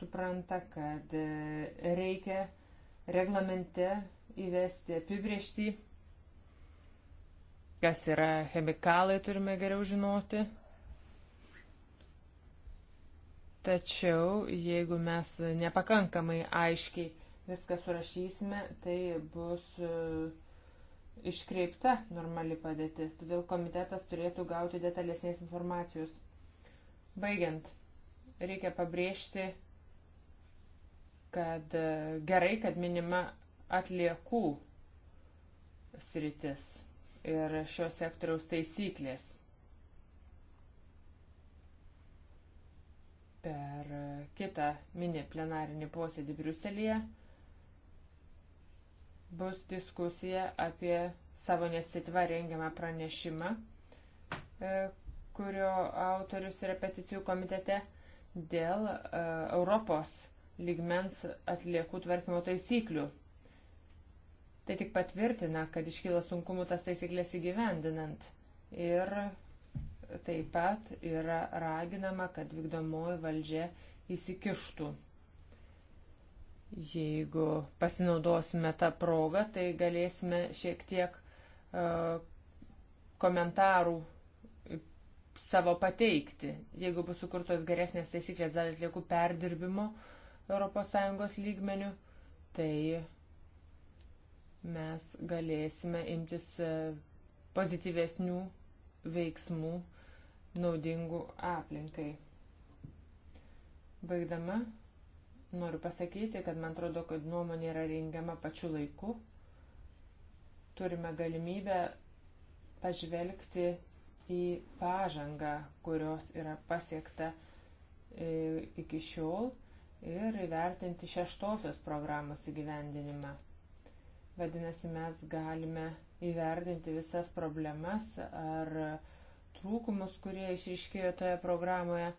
supranta, kad e, reikia reglamente įvesti apibriešti, kas yra chemikalai, turime geriau žinoti. Tačiau, jeigu mes nepakankamai aiškiai viską surašysime, tai bus uh, iškreipta normali padėtis, todėl komitetas turėtų gauti detalesnės informacijos. Baigiant, reikia pabrėžti, kad e, gerai, kad minima atliekų sritis ir šio sektoriaus taisyklės. Per e, kitą mini plenarinį posėdį Briuselėje bus diskusija apie savo nesitvą rengiamą pranešimą, e, kurio autorius yra peticijų komitete dėl e, Europos lygmens atliekų tvarkymo taisyklių. Tai tik patvirtina, kad iškyla sunkumų tas taisyklės įgyvendinant. Ir taip pat yra raginama, kad vykdomoji valdžia įsikištų Jeigu pasinaudosime tą progą, tai galėsime šiek tiek uh, komentarų savo pateikti. Jeigu bus sukurtos geresnės taisyklės dėl atliekų perdirbimo ES lygmenių, tai mes galėsime imtis e, pozityvesnių veiksmų naudingų aplinkai. Baigdama, Noriu pasakyti, kad man atrodo, kad nuomonė yra rengiama pačiu laiku. Turime galimybę pažvelgti į pažangą, kurios yra pasiekta e, iki šiol ir įvertinti šeštosios programos įgyvendinimą. Vadinasi, mes galime įvertinti visas problemas ar trūkumus, kurie išryškėjo toje programoje,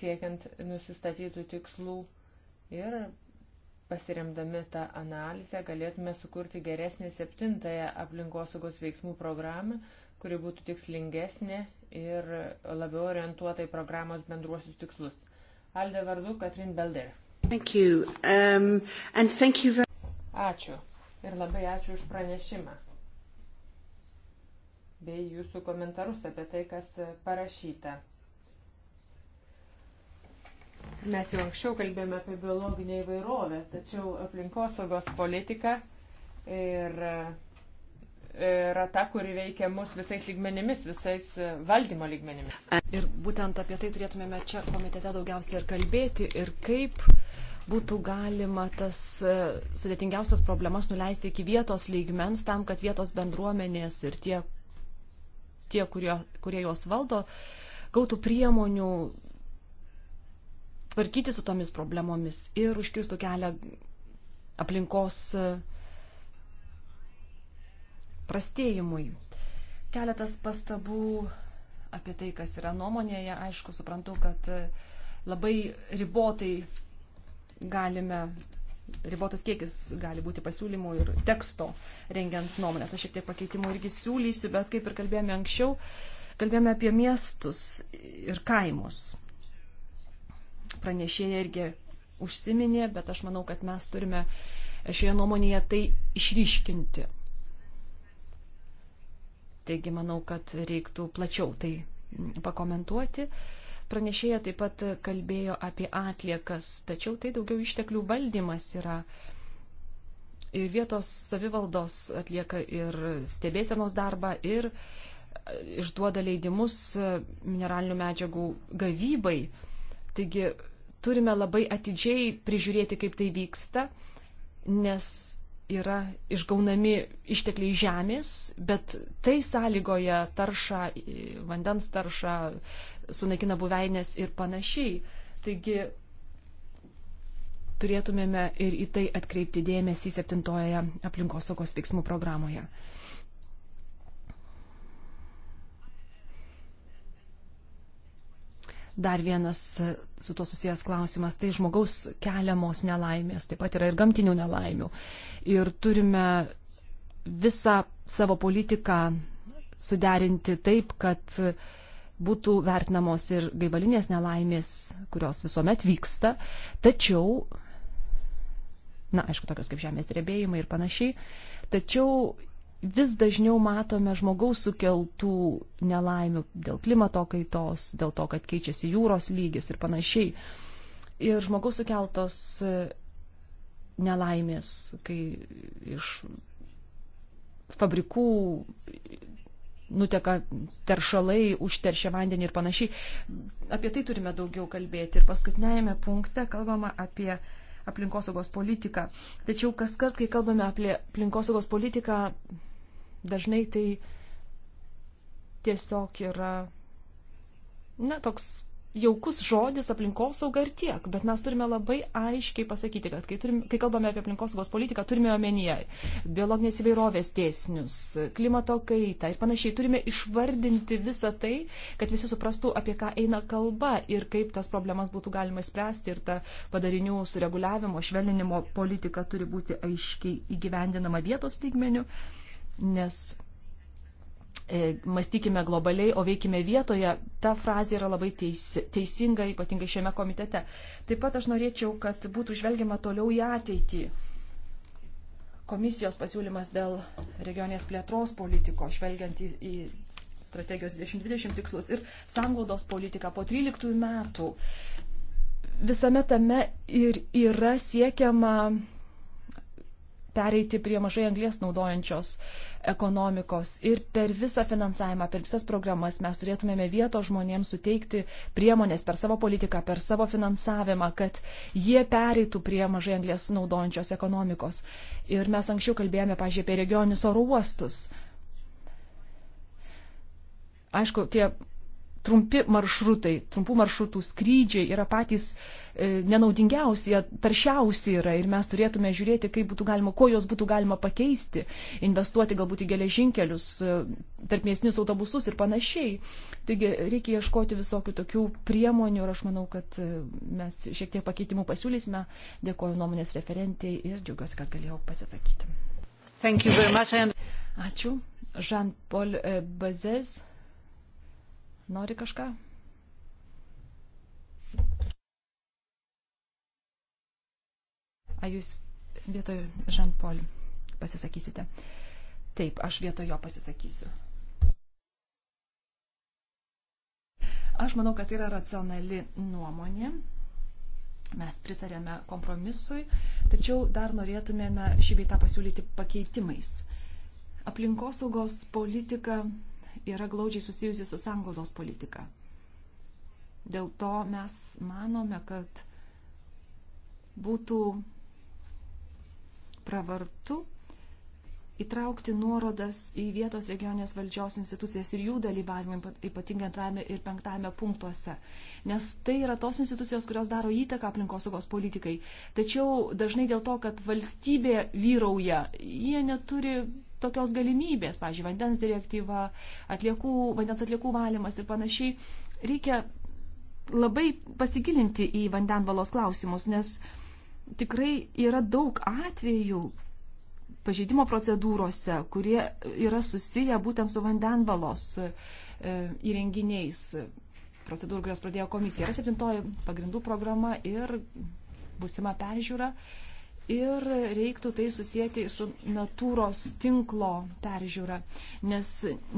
siekiant nusistatytų tikslų ir pasiremdami tą analizę galėtume sukurti geresnį septintąją aplinkosaugos veiksmų programą, kuri būtų tikslingesnė ir labiau orientuota į programos bendruosius tikslus. Alde vardu Katrin Belder. Thank you. Um, and thank you very... Ačiū. Ir labai ačiū už pranešimą. Bei jūsų komentarus apie tai, kas parašyta. Mes jau anksčiau kalbėjome apie biologinę įvairovę, tačiau aplinkosaugos politika ir yra ta, kuri veikia mus visais lygmenimis, visais e, valdymo lygmenimis. Ir būtent apie tai turėtumėme čia komitete daugiausiai ir kalbėti ir kaip būtų galima tas e, sudėtingiausias problemas nuleisti iki vietos lygmens tam, kad vietos bendruomenės ir tie, tie kurie, kurie juos valdo, gautų priemonių tvarkyti su tomis problemomis ir užkirstų kelią aplinkos e, prastėjimui. Keletas pastabų apie tai, kas yra nuomonėje. Aišku, suprantu, kad e, labai ribotai galime, ribotas kiekis gali būti pasiūlymų ir teksto rengiant nuomonės. Aš šiek tiek pakeitimų irgi siūlysiu, bet kaip ir kalbėjome anksčiau, kalbėjome apie miestus ir kaimus pranešėja irgi užsiminė, bet aš manau, kad mes turime šioje nuomonėje tai išryškinti. Taigi manau, kad reiktų plačiau tai pakomentuoti. Pranešėja taip pat kalbėjo apie atliekas, tačiau tai daugiau išteklių valdymas yra. Ir vietos savivaldos atlieka ir stebėsenos darbą, ir išduoda leidimus mineralinių medžiagų gavybai Taigi turime labai atidžiai prižiūrėti, kaip tai vyksta, nes yra išgaunami ištekliai žemės, bet tai sąlygoja taršą, vandens taršą, sunaikina buveinės ir panašiai. Taigi turėtumėme ir į tai atkreipti dėmesį septintoje aplinkosaugos veiksmų programoje. Dar vienas e, su to susijęs klausimas - tai žmogaus keliamos nelaimės, taip pat yra ir gamtinių nelaimių. Ir turime visą savo politiką suderinti taip, kad būtų vertinamos ir gaivalinės nelaimės, kurios visuomet vyksta, tačiau, na, aišku, tokios kaip žemės drebėjimai ir panašiai, tačiau vis dažniau matome žmogaus sukeltų nelaimių dėl klimato kaitos, dėl to, kad keičiasi jūros lygis ir panašiai. Ir žmogaus sukeltos e, nelaimės, kai iš fabrikų nuteka teršalai, užteršia vandenį ir panašiai. Apie tai turime daugiau kalbėti. Ir paskutinėjame punkte kalbama apie aplinkosaugos politiką. Tačiau kas kart, kai kalbame apie aplinkosaugos politiką, Dažnai tai tiesiog yra, na, toks jaukus žodis aplinkosauga ir tiek, bet mes turime labai aiškiai pasakyti, kad kai, turime, kai kalbame apie aplinkosaugos politiką, turime omenyje biologinės įvairovės dėsnius, klimato kaitą ir panašiai. Turime išvardinti visą tai, kad visi suprastų, apie ką eina kalba ir kaip tas problemas būtų galima spręsti ir ta padarinių sureguliavimo, švelninimo politika turi būti aiškiai įgyvendinama vietos lygmeniu. Uh, nes e, mąstykime globaliai, o veikime vietoje, ta frazė yra labai teisi, teisinga, ypatingai šiame komitete. Taip pat aš norėčiau, kad būtų žvelgiama toliau į ateitį. Komisijos pasiūlymas dėl regionės plėtros politiko, žvelgiant į, į strategijos 2020 tikslus ir sanglaudos politiką po 13 metų. Visame tame ir yra siekiama pereiti prie mažai anglės naudojančios ekonomikos. Ir per visą finansavimą, per visas programas mes turėtumėme vietos žmonėms suteikti priemonės per savo politiką, per savo finansavimą, kad jie pereitų prie mažai anglės naudojančios ekonomikos. Ir mes anksčiau kalbėjome, pažiūrėjau, apie regioninius oro uostus. Aišku, tie trumpi maršrutai, trumpų maršrutų skrydžiai yra patys e, nenaudingiausi, taršiausi yra ir mes turėtume žiūrėti, kaip būtų galima, ko jos būtų galima pakeisti, investuoti galbūt į geležinkelius, e, tarpmėsnius autobusus ir panašiai. Taigi reikia ieškoti visokių tokių priemonių ir aš manau, kad e, mes šiek tiek pakeitimų pasiūlysime. Dėkoju nuomonės referentiai ir džiaugiuosi, kad galėjau pasisakyti. Ačiū. Jean-Paul e, Bazes Nori kažką? A jūs vietoj Žan Pol pasisakysite? Taip, aš vietoj jo pasisakysiu. Aš manau, kad tai yra racionali nuomonė. Mes pritarėme kompromisui, tačiau dar norėtumėme šį beitą pasiūlyti pakeitimais. Aplinkosaugos politika yra glaudžiai susijusi su sanglaudos politika. Dėl to mes manome, kad būtų pravartu įtraukti nuorodas į vietos regionės valdžios institucijas ir jų dalyvavimą, ypatingai antrajame ir penktame punktuose. Nes tai yra tos institucijos, kurios daro įtaką aplinkosaugos politikai. Tačiau dažnai dėl to, kad valstybė vyrauja, jie neturi tokios galimybės, pavyzdžiui, vandens direktyva, atliekų, vandens atliekų valymas ir panašiai. Reikia labai pasigilinti į vandenvalos klausimus, nes tikrai yra daug atvejų pažeidimo procedūrose, kurie yra susiję būtent su vandenvalos e, įrenginiais procedūrų, kurias pradėjo komisija. Yra septintoji pagrindų programa ir būsima peržiūra. Uh, ir reiktų tai susijęti ir su natūros tinklo peržiūra, nes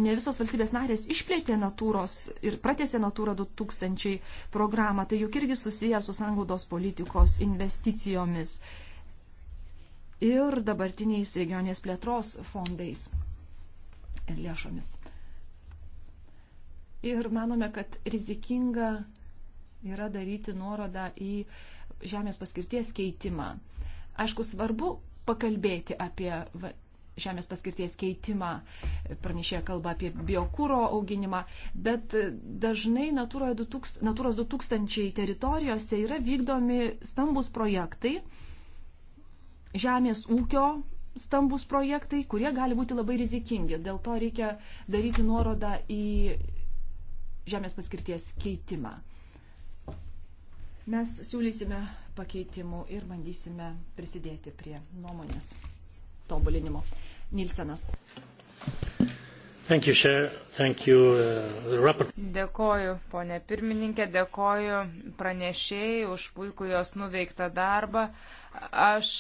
ne visos valstybės narės išplėtė natūros ir pratėsė natūrą 2000 programą, tai juk irgi susiję su sanglaudos politikos investicijomis ir dabartiniais regionės plėtros fondais ir lėšomis. Ir manome, kad rizikinga yra daryti nuorodą į žemės paskirties keitimą Aišku, svarbu pakalbėti apie žemės paskirties keitimą, pranešėja kalba apie biokūro auginimą, bet dažnai Natūros 2000, Natūros 2000 teritorijose yra vykdomi stambus projektai, žemės ūkio stambus projektai, kurie gali būti labai rizikingi. Dėl to reikia daryti nuorodą į žemės paskirties keitimą. Mes siūlysime pakeitimų ir bandysime prisidėti prie nuomonės tobulinimo. Nilsenas. Thank you, Chair. Thank you, uh, dėkoju, ponė pirmininkė, dėkoju pranešėjai už puikų jos nuveiktą darbą. Aš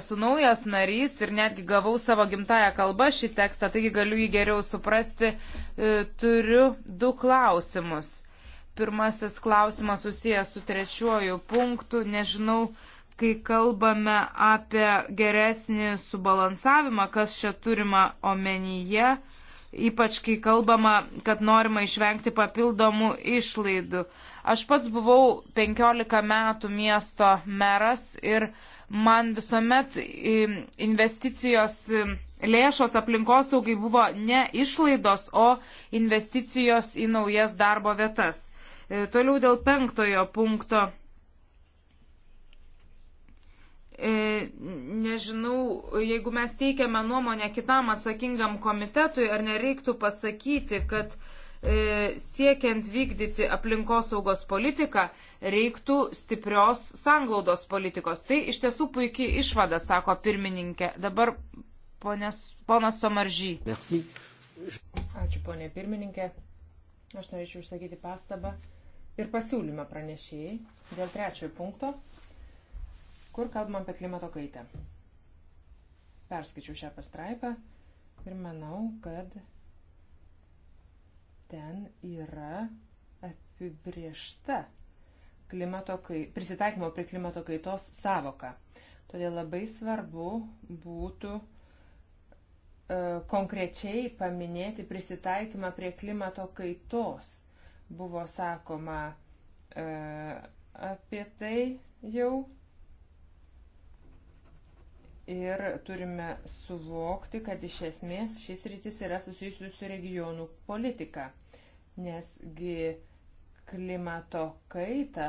esu naujas narys ir netgi gavau savo gimtają kalbą šį tekstą, taigi galiu jį geriau suprasti. E, turiu du klausimus pirmasis klausimas susijęs su trečiuoju punktu. Nežinau, kai kalbame apie geresnį subalansavimą, kas čia turima omenyje, ypač kai kalbama, kad norima išvengti papildomų išlaidų. Aš pats buvau 15 metų miesto meras ir man visuomet investicijos lėšos aplinkosaugai buvo ne išlaidos, o investicijos į naujas darbo vietas. E, toliau dėl penktojo punkto. E, nežinau, jeigu mes teikiame nuomonę kitam atsakingam komitetui, ar nereiktų pasakyti, kad e, siekiant vykdyti aplinkosaugos politiką, reiktų stiprios sanglaudos politikos. Tai iš tiesų puikiai išvada, sako pirmininkė. Dabar ponės, ponas Somaržy. Merci. Ačiū, ponė pirmininkė. Aš norėčiau išsakyti pastabą ir pasiūlymą pranešėjai dėl trečiojo punkto, kur kalbam apie klimato kaitą. Perskaičiu šią pastraipą ir manau, kad ten yra apibriešta klimato kai, prisitaikymo prie klimato kaitos savoka. Todėl labai svarbu būtų e, konkrečiai paminėti prisitaikymą prie klimato kaitos buvo sakoma e, apie tai jau. Ir turime suvokti, kad iš esmės šis rytis yra susijusi su regionų politika, nesgi klimato kaitą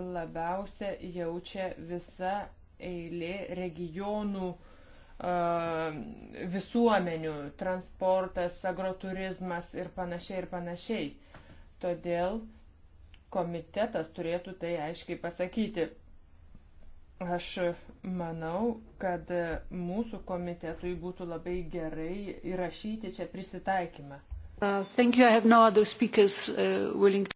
labiausia jaučia visa eilė regionų e, visuomenių, transportas, agroturizmas ir panašiai ir panašiai. Todėl komitetas turėtų tai aiškiai pasakyti. Aš manau, kad mūsų komitetui būtų labai gerai įrašyti čia prisitaikymą. Uh, no speakers, uh, willing...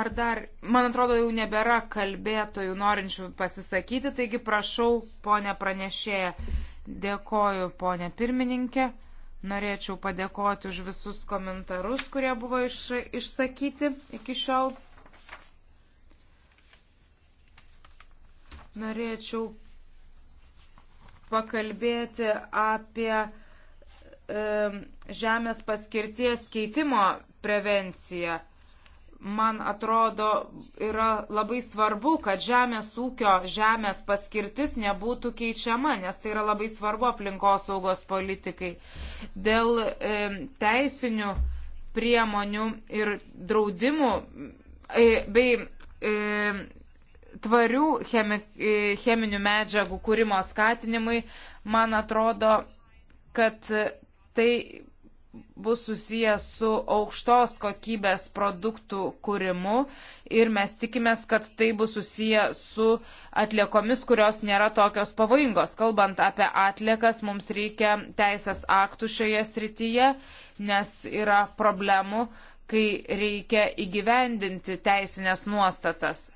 Ar dar, man atrodo, jau nebėra kalbėtojų norinčių pasisakyti, taigi prašau, ponė pranešėja, dėkoju, ponė pirmininkė. Uh, Norėčiau padėkoti už visus komentarus, kurie buvo iš, išsakyti iki šiol. Norėčiau pakalbėti apie e, žemės paskirties keitimo prevenciją man atrodo, yra labai svarbu, kad žemės ūkio žemės paskirtis nebūtų keičiama, nes tai yra labai svarbu aplinkosaugos politikai. Dėl e, teisinių priemonių ir draudimų e, bei e, tvarių chemi, e, cheminių medžiagų kūrimo skatinimui, man atrodo, kad tai bus susijęs su aukštos kokybės produktų kūrimu ir mes tikimės, kad tai bus susiję su atliekomis, kurios nėra tokios pavojingos. Kalbant apie atliekas, mums reikia teisės aktų šioje srityje, nes yra problemų, kai reikia įgyvendinti teisinės nuostatas.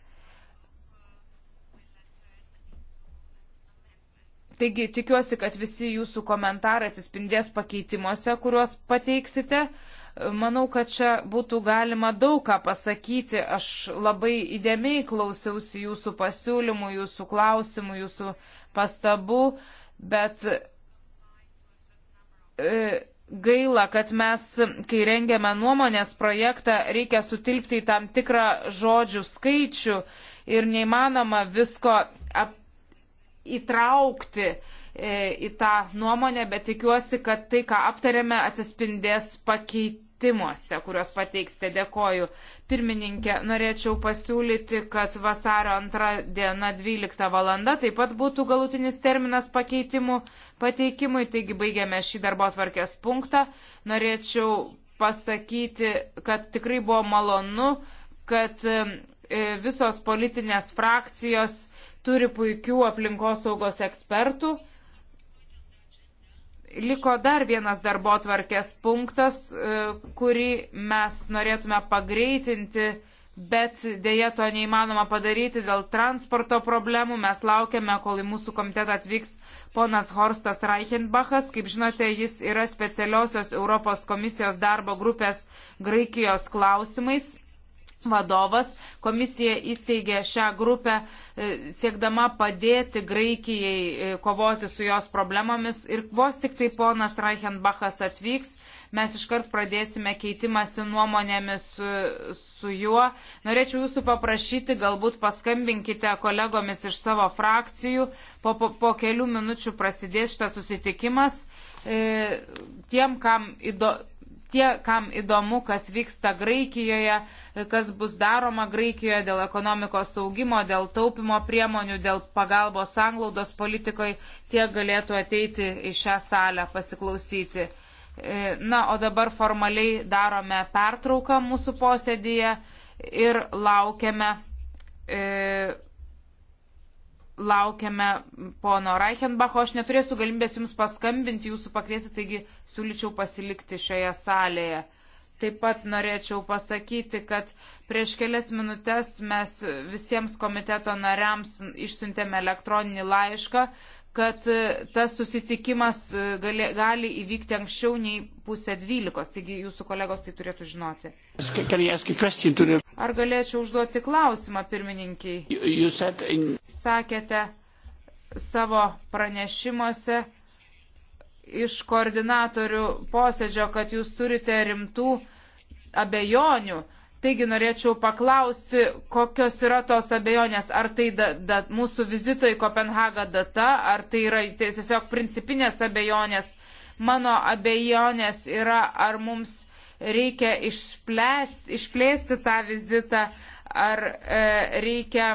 Taigi tikiuosi, kad visi jūsų komentarai atsispindės pakeitimuose, kuriuos pateiksite. Manau, kad čia būtų galima daug ką pasakyti. Aš labai įdėmiai klausiausi jūsų pasiūlymų, jūsų klausimų, jūsų pastabų, bet e, gaila, kad mes, kai rengiame nuomonės projektą, reikia sutilpti į tam tikrą žodžių skaičių ir neįmanoma visko aptarti įtraukti e, į tą nuomonę, bet tikiuosi, kad tai, ką aptarėme, atsispindės pakeitimuose, kuriuos pateiksite. Dėkoju. Pirmininkė, norėčiau pasiūlyti, kad vasario 2 diena 12 valanda taip pat būtų galutinis terminas pakeitimų pateikimui, taigi baigėme šį darbo atvarkės punktą. Norėčiau pasakyti, kad tikrai buvo malonu, kad e, visos politinės frakcijos turi puikių aplinkosaugos ekspertų. Liko dar vienas darbo tvarkės punktas, e, kurį mes norėtume pagreitinti, bet dėja to neįmanoma padaryti dėl transporto problemų. Mes laukiame, kol į mūsų komitetą atvyks ponas Horstas Reichenbachas. Kaip žinote, jis yra specialiosios Europos komisijos darbo grupės Graikijos klausimais vadovas. Komisija įsteigė šią grupę e, siekdama padėti Graikijai e, kovoti su jos problemomis ir vos tik tai ponas Reichenbachas atvyks. Mes iškart pradėsime keitimąsi nuomonėmis su, su juo. Norėčiau jūsų paprašyti, galbūt paskambinkite kolegomis iš savo frakcijų. Po, po, po kelių minučių prasidės šitas susitikimas. E, tiem, kam įdomu tie, kam įdomu, kas vyksta Graikijoje, kas bus daroma Graikijoje dėl ekonomikos saugimo, dėl taupimo priemonių, dėl pagalbos sanglaudos politikoje, tie galėtų ateiti į šią salę pasiklausyti. E, na, o dabar formaliai darome pertrauką mūsų posėdėje ir laukiame. E, laukiame pono Reichenbacho. Aš neturėsiu galimybės jums paskambinti, jūsų pakviesti, taigi siūlyčiau pasilikti šioje salėje. Taip pat norėčiau pasakyti, kad prieš kelias minutės mes visiems komiteto nariams išsiuntėme elektroninį laišką, kad e, tas susitikimas e, gali, gali įvykti anksčiau nei pusę dvylikos, taigi jūsų kolegos tai turėtų žinoti. Ar galėčiau užduoti klausimą pirmininkiai? Sakėte savo pranešimuose iš koordinatorių posėdžio, kad jūs turite rimtų abejonių Taigi norėčiau paklausti, kokios yra tos abejonės, ar tai da, da, mūsų vizito į Kopenhagą data, ar tai yra tai tiesiog principinės abejonės. Mano abejonės yra, ar mums reikia išplės, išplėsti tą vizitą, ar e, reikia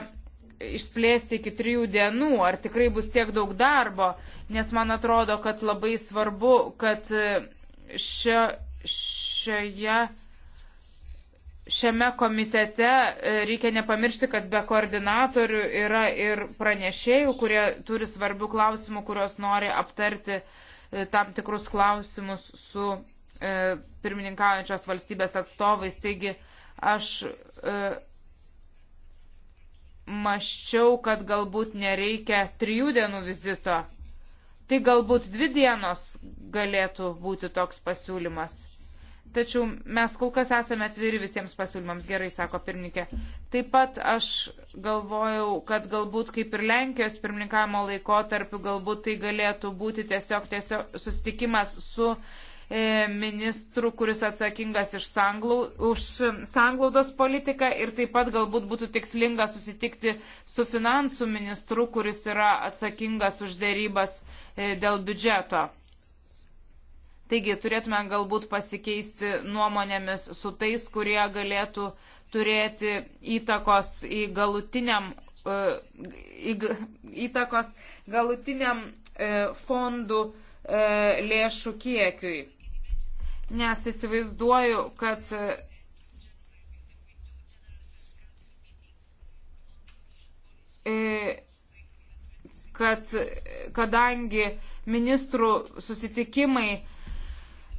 išplėsti iki trijų dienų, ar tikrai bus tiek daug darbo, nes man atrodo, kad labai svarbu, kad e, šio, šioje šiame komitete e, reikia nepamiršti, kad be koordinatorių yra ir pranešėjų, kurie turi svarbių klausimų, kuriuos nori aptarti e, tam tikrus klausimus su e, pirmininkaujančios valstybės atstovais. Taigi aš e, maščiau, kad galbūt nereikia trijų dienų vizito. Tai galbūt dvi dienos galėtų būti toks pasiūlymas. Tačiau mes kol kas esame atviri visiems pasiūlymams, gerai sako pirmininkė. Taip pat aš galvojau, kad galbūt kaip ir Lenkijos pirmininkavimo laikotarpiu, galbūt tai galėtų būti tiesiog, tiesiog susitikimas su e, ministru, kuris atsakingas sanglau, už sanglaudos politiką ir taip pat galbūt būtų tikslinga susitikti su finansų ministru, kuris yra atsakingas už dėrybas e, dėl biudžeto. Taigi turėtume galbūt pasikeisti nuomonėmis su tais, kurie galėtų turėti įtakos į galutiniam, e, į, įtakos galutiniam e, fondų e, lėšų kiekiui. Nes įsivaizduoju, kad kad kadangi ministrų susitikimai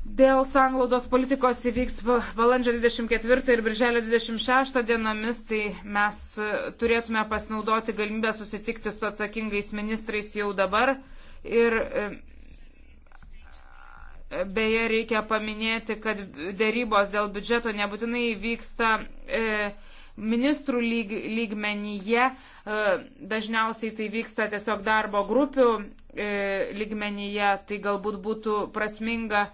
dėl sanglaudos politikos įvyks valandžio 24 ir birželio 26 dienomis, tai mes e, turėtume pasinaudoti galimybę susitikti su atsakingais ministrais jau dabar. Ir e, beje, reikia paminėti, kad dėrybos dėl biudžeto nebūtinai vyksta. E, ministrų lyg, lygmenyje, e, dažniausiai tai vyksta tiesiog darbo grupių lygmenyje, tai galbūt būtų prasminga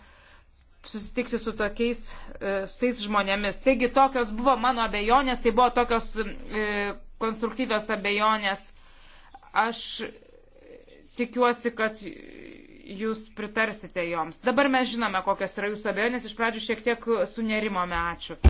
susitikti su tokiais, e, su tais žmonėmis. Taigi tokios buvo mano abejonės, tai buvo tokios e, konstruktyvios abejonės. Aš tikiuosi, kad jūs pritarsite joms. Dabar mes žinome, kokios yra jūsų abejonės. Iš pradžių šiek tiek sunerimome. Ačiū.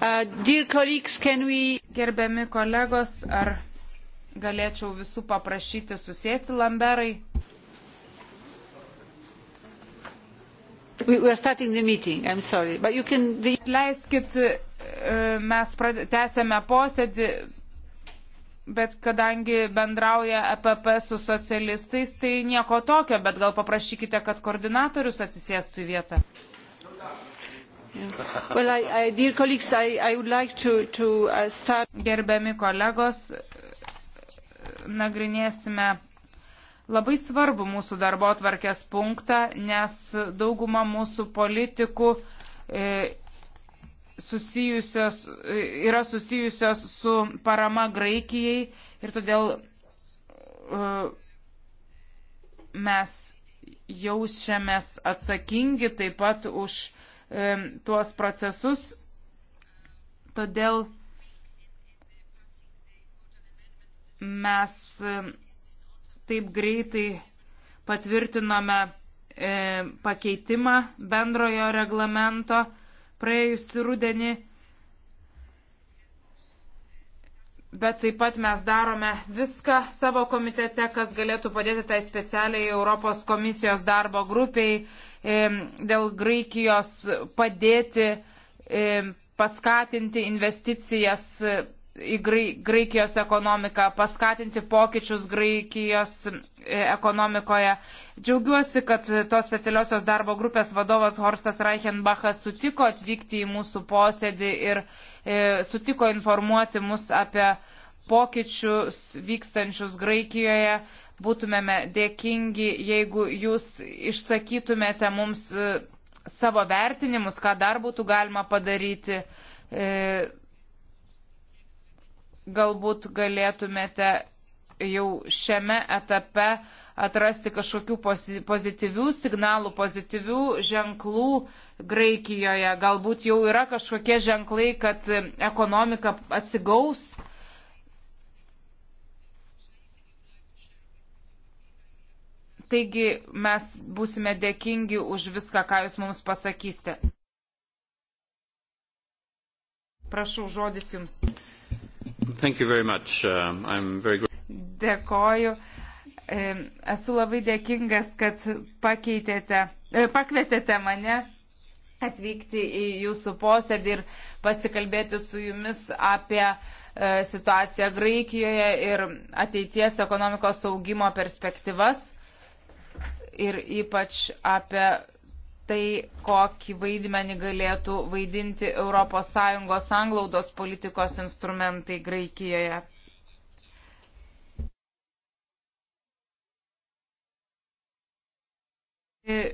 Uh, we... Gerbiami kolegos, ar galėčiau visų paprašyti susėsti Lamberai? Meeting, sorry, can... Leiskit, uh, mes tęsėme posėdį, bet kadangi bendrauja EPP su socialistais, tai nieko tokio, bet gal paprašykite, kad koordinatorius atsisėstų į vietą. Well, I, I, dear colleagues, I, I would like to, to uh, start... Gerbiami kolegos, nagrinėsime labai svarbu mūsų darbo atvarkės punktą, nes dauguma mūsų politikų e, susijusios, e, yra susijusios su parama Graikijai ir todėl e, mes jaučiamės atsakingi taip pat už e, tuos procesus. Todėl mes e, taip greitai patvirtinome e, pakeitimą bendrojo reglamento praėjusį rudenį bet taip pat mes darome viską savo komitete, kas galėtų padėti tai specialiai Europos komisijos darbo grupiai dėl Graikijos padėti paskatinti investicijas į Graikijos ekonomiką, paskatinti pokyčius Graikijos e, ekonomikoje. Džiaugiuosi, kad tos specialiosios darbo grupės vadovas Horstas Reichenbachas sutiko atvykti į mūsų posėdį ir e, sutiko informuoti mus apie pokyčius vykstančius Graikijoje. Būtumėme dėkingi, jeigu jūs išsakytumėte mums e, savo vertinimus, ką dar būtų galima padaryti. E, galbūt galėtumėte jau šiame etape atrasti kažkokių pozityvių signalų, pozityvių ženklų Graikijoje. Galbūt jau yra kažkokie ženklai, kad ekonomika atsigaus. Taigi mes būsime dėkingi už viską, ką jūs mums pasakysite. Prašau, žodis jums. Very... Uh, Dėkoju. E, esu labai dėkingas, kad pakeitėte, e, pakvietėte mane atvykti į jūsų posėdį ir pasikalbėti su jumis apie e, situaciją Graikijoje ir ateities ekonomikos augimo perspektyvas ir ypač apie tai, kokį vaidmenį galėtų vaidinti ES anglaudos politikos instrumentai Graikijoje.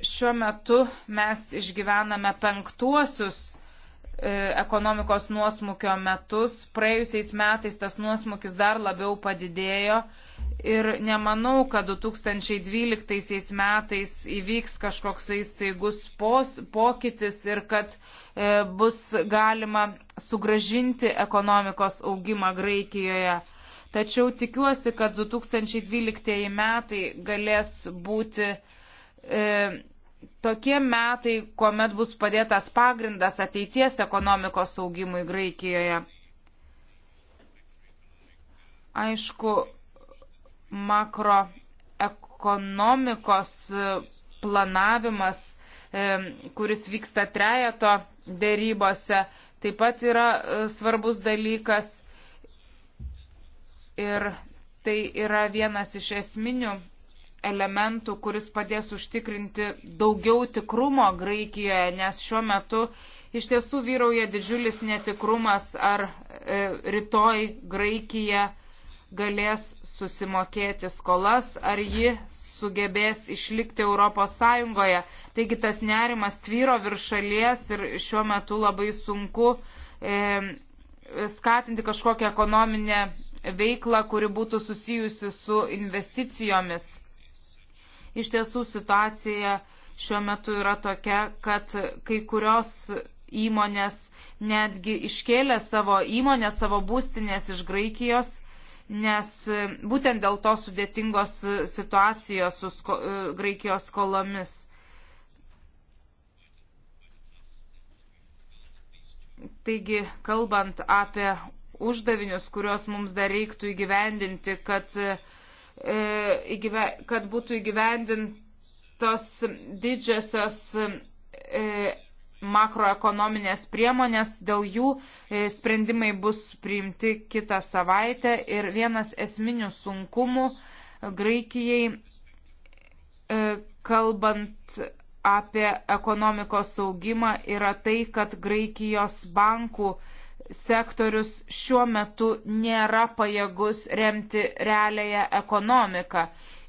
Šiuo metu mes išgyvename penktuosius e, ekonomikos nuosmukio metus. Praėjusiais metais tas nuosmukis dar labiau padidėjo ir nemanau, kad 2012 metais įvyks kažkoksai staigus pos, pokytis ir kad e, bus galima sugražinti ekonomikos augimą Graikijoje. Tačiau tikiuosi, kad 2012 metai galės būti e, tokie metai, kuomet bus padėtas pagrindas ateities ekonomikos augimui Graikijoje. Aišku, makroekonomikos planavimas, e, kuris vyksta trejato dėrybose, taip pat yra e, svarbus dalykas ir tai yra vienas iš esminių elementų, kuris padės užtikrinti daugiau tikrumo Graikijoje, nes šiuo metu iš tiesų vyrauja didžiulis netikrumas, ar e, rytoj Graikija e, galės susimokėti skolas, ar ji sugebės išlikti Europos Sąjungoje. Taigi tas nerimas tvyro virš šalies ir šiuo metu labai sunku e, skatinti kažkokią ekonominę veiklą, kuri būtų susijusi su investicijomis. Iš tiesų situacija šiuo metu yra tokia, kad kai kurios įmonės netgi iškėlė savo įmonės, savo būstinės iš Graikijos nes e, būtent dėl to sudėtingos e, situacijos su sko, e, Graikijos skolomis. Taigi, kalbant apie uždavinius, kuriuos mums dar reiktų įgyvendinti, kad, e, įgyve, kad būtų įgyvendintos didžiosios e, makroekonominės priemonės, dėl jų e, sprendimai bus priimti kitą savaitę ir vienas esminių sunkumų e, Graikijai, e, kalbant apie ekonomikos saugimą, yra tai, kad Graikijos bankų sektorius šiuo metu nėra pajėgus remti realiąją ekonomiką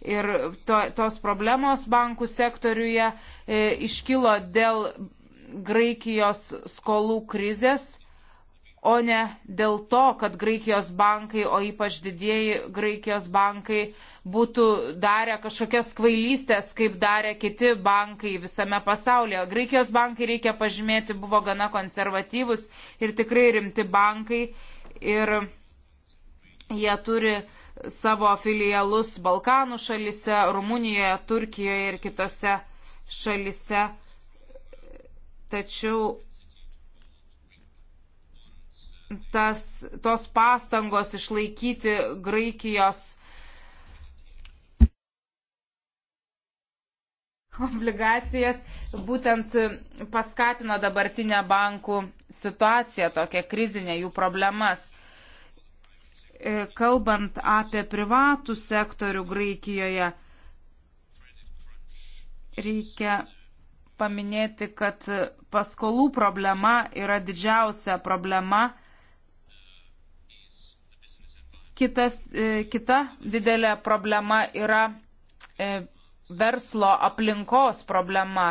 ir to, tos problemos bankų sektoriuje e, iškilo dėl Graikijos skolų krizės, o ne dėl to, kad Graikijos bankai, o ypač didieji Graikijos bankai, būtų darę kažkokias kvailystės, kaip darė kiti bankai visame pasaulyje. Graikijos bankai, reikia pažymėti, buvo gana konservatyvus ir tikrai rimti bankai. Ir jie turi savo filialus Balkanų šalise, Rumunijoje, Turkijoje ir kitose šalise. Tačiau tas, tos pastangos išlaikyti Graikijos obligacijas būtent paskatino dabartinę bankų situaciją, tokią krizinę jų problemas. E, kalbant apie privatų sektorių Graikijoje, reikia paminėti, kad paskolų problema yra didžiausia problema. Kitas, e, kita didelė problema yra e, verslo aplinkos problema.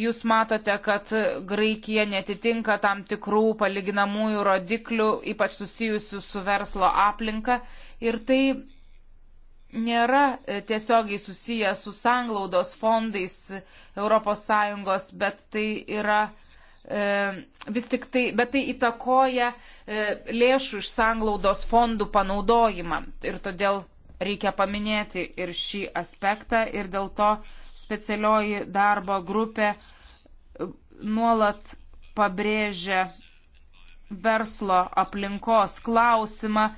Jūs matote, kad Graikija netitinka tam tikrų palyginamųjų rodiklių, ypač susijusių su verslo aplinka. Ir tai nėra e, tiesiogiai susiję su sanglaudos fondais ES, bet tai yra e, vis tik tai, bet tai įtakoja e, lėšų iš sanglaudos fondų panaudojimą. Ir todėl reikia paminėti ir šį aspektą ir dėl to specialioji darbo grupė e, nuolat pabrėžia verslo aplinkos klausimą,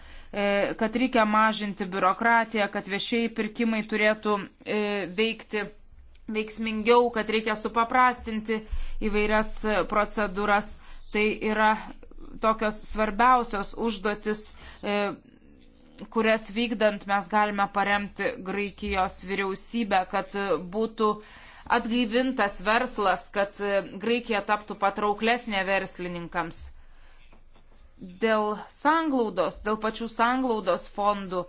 kad reikia mažinti biurokratiją, kad viešiai pirkimai turėtų veikti veiksmingiau, kad reikia supaprastinti įvairias procedūras. Tai yra tokios svarbiausios užduotis, e, kurias vykdant mes galime paremti Graikijos vyriausybę, kad būtų atgaivintas verslas, kad e, Graikija taptų patrauklesnė verslininkams. Dėl sanglaudos, dėl pačių sanglaudos fondų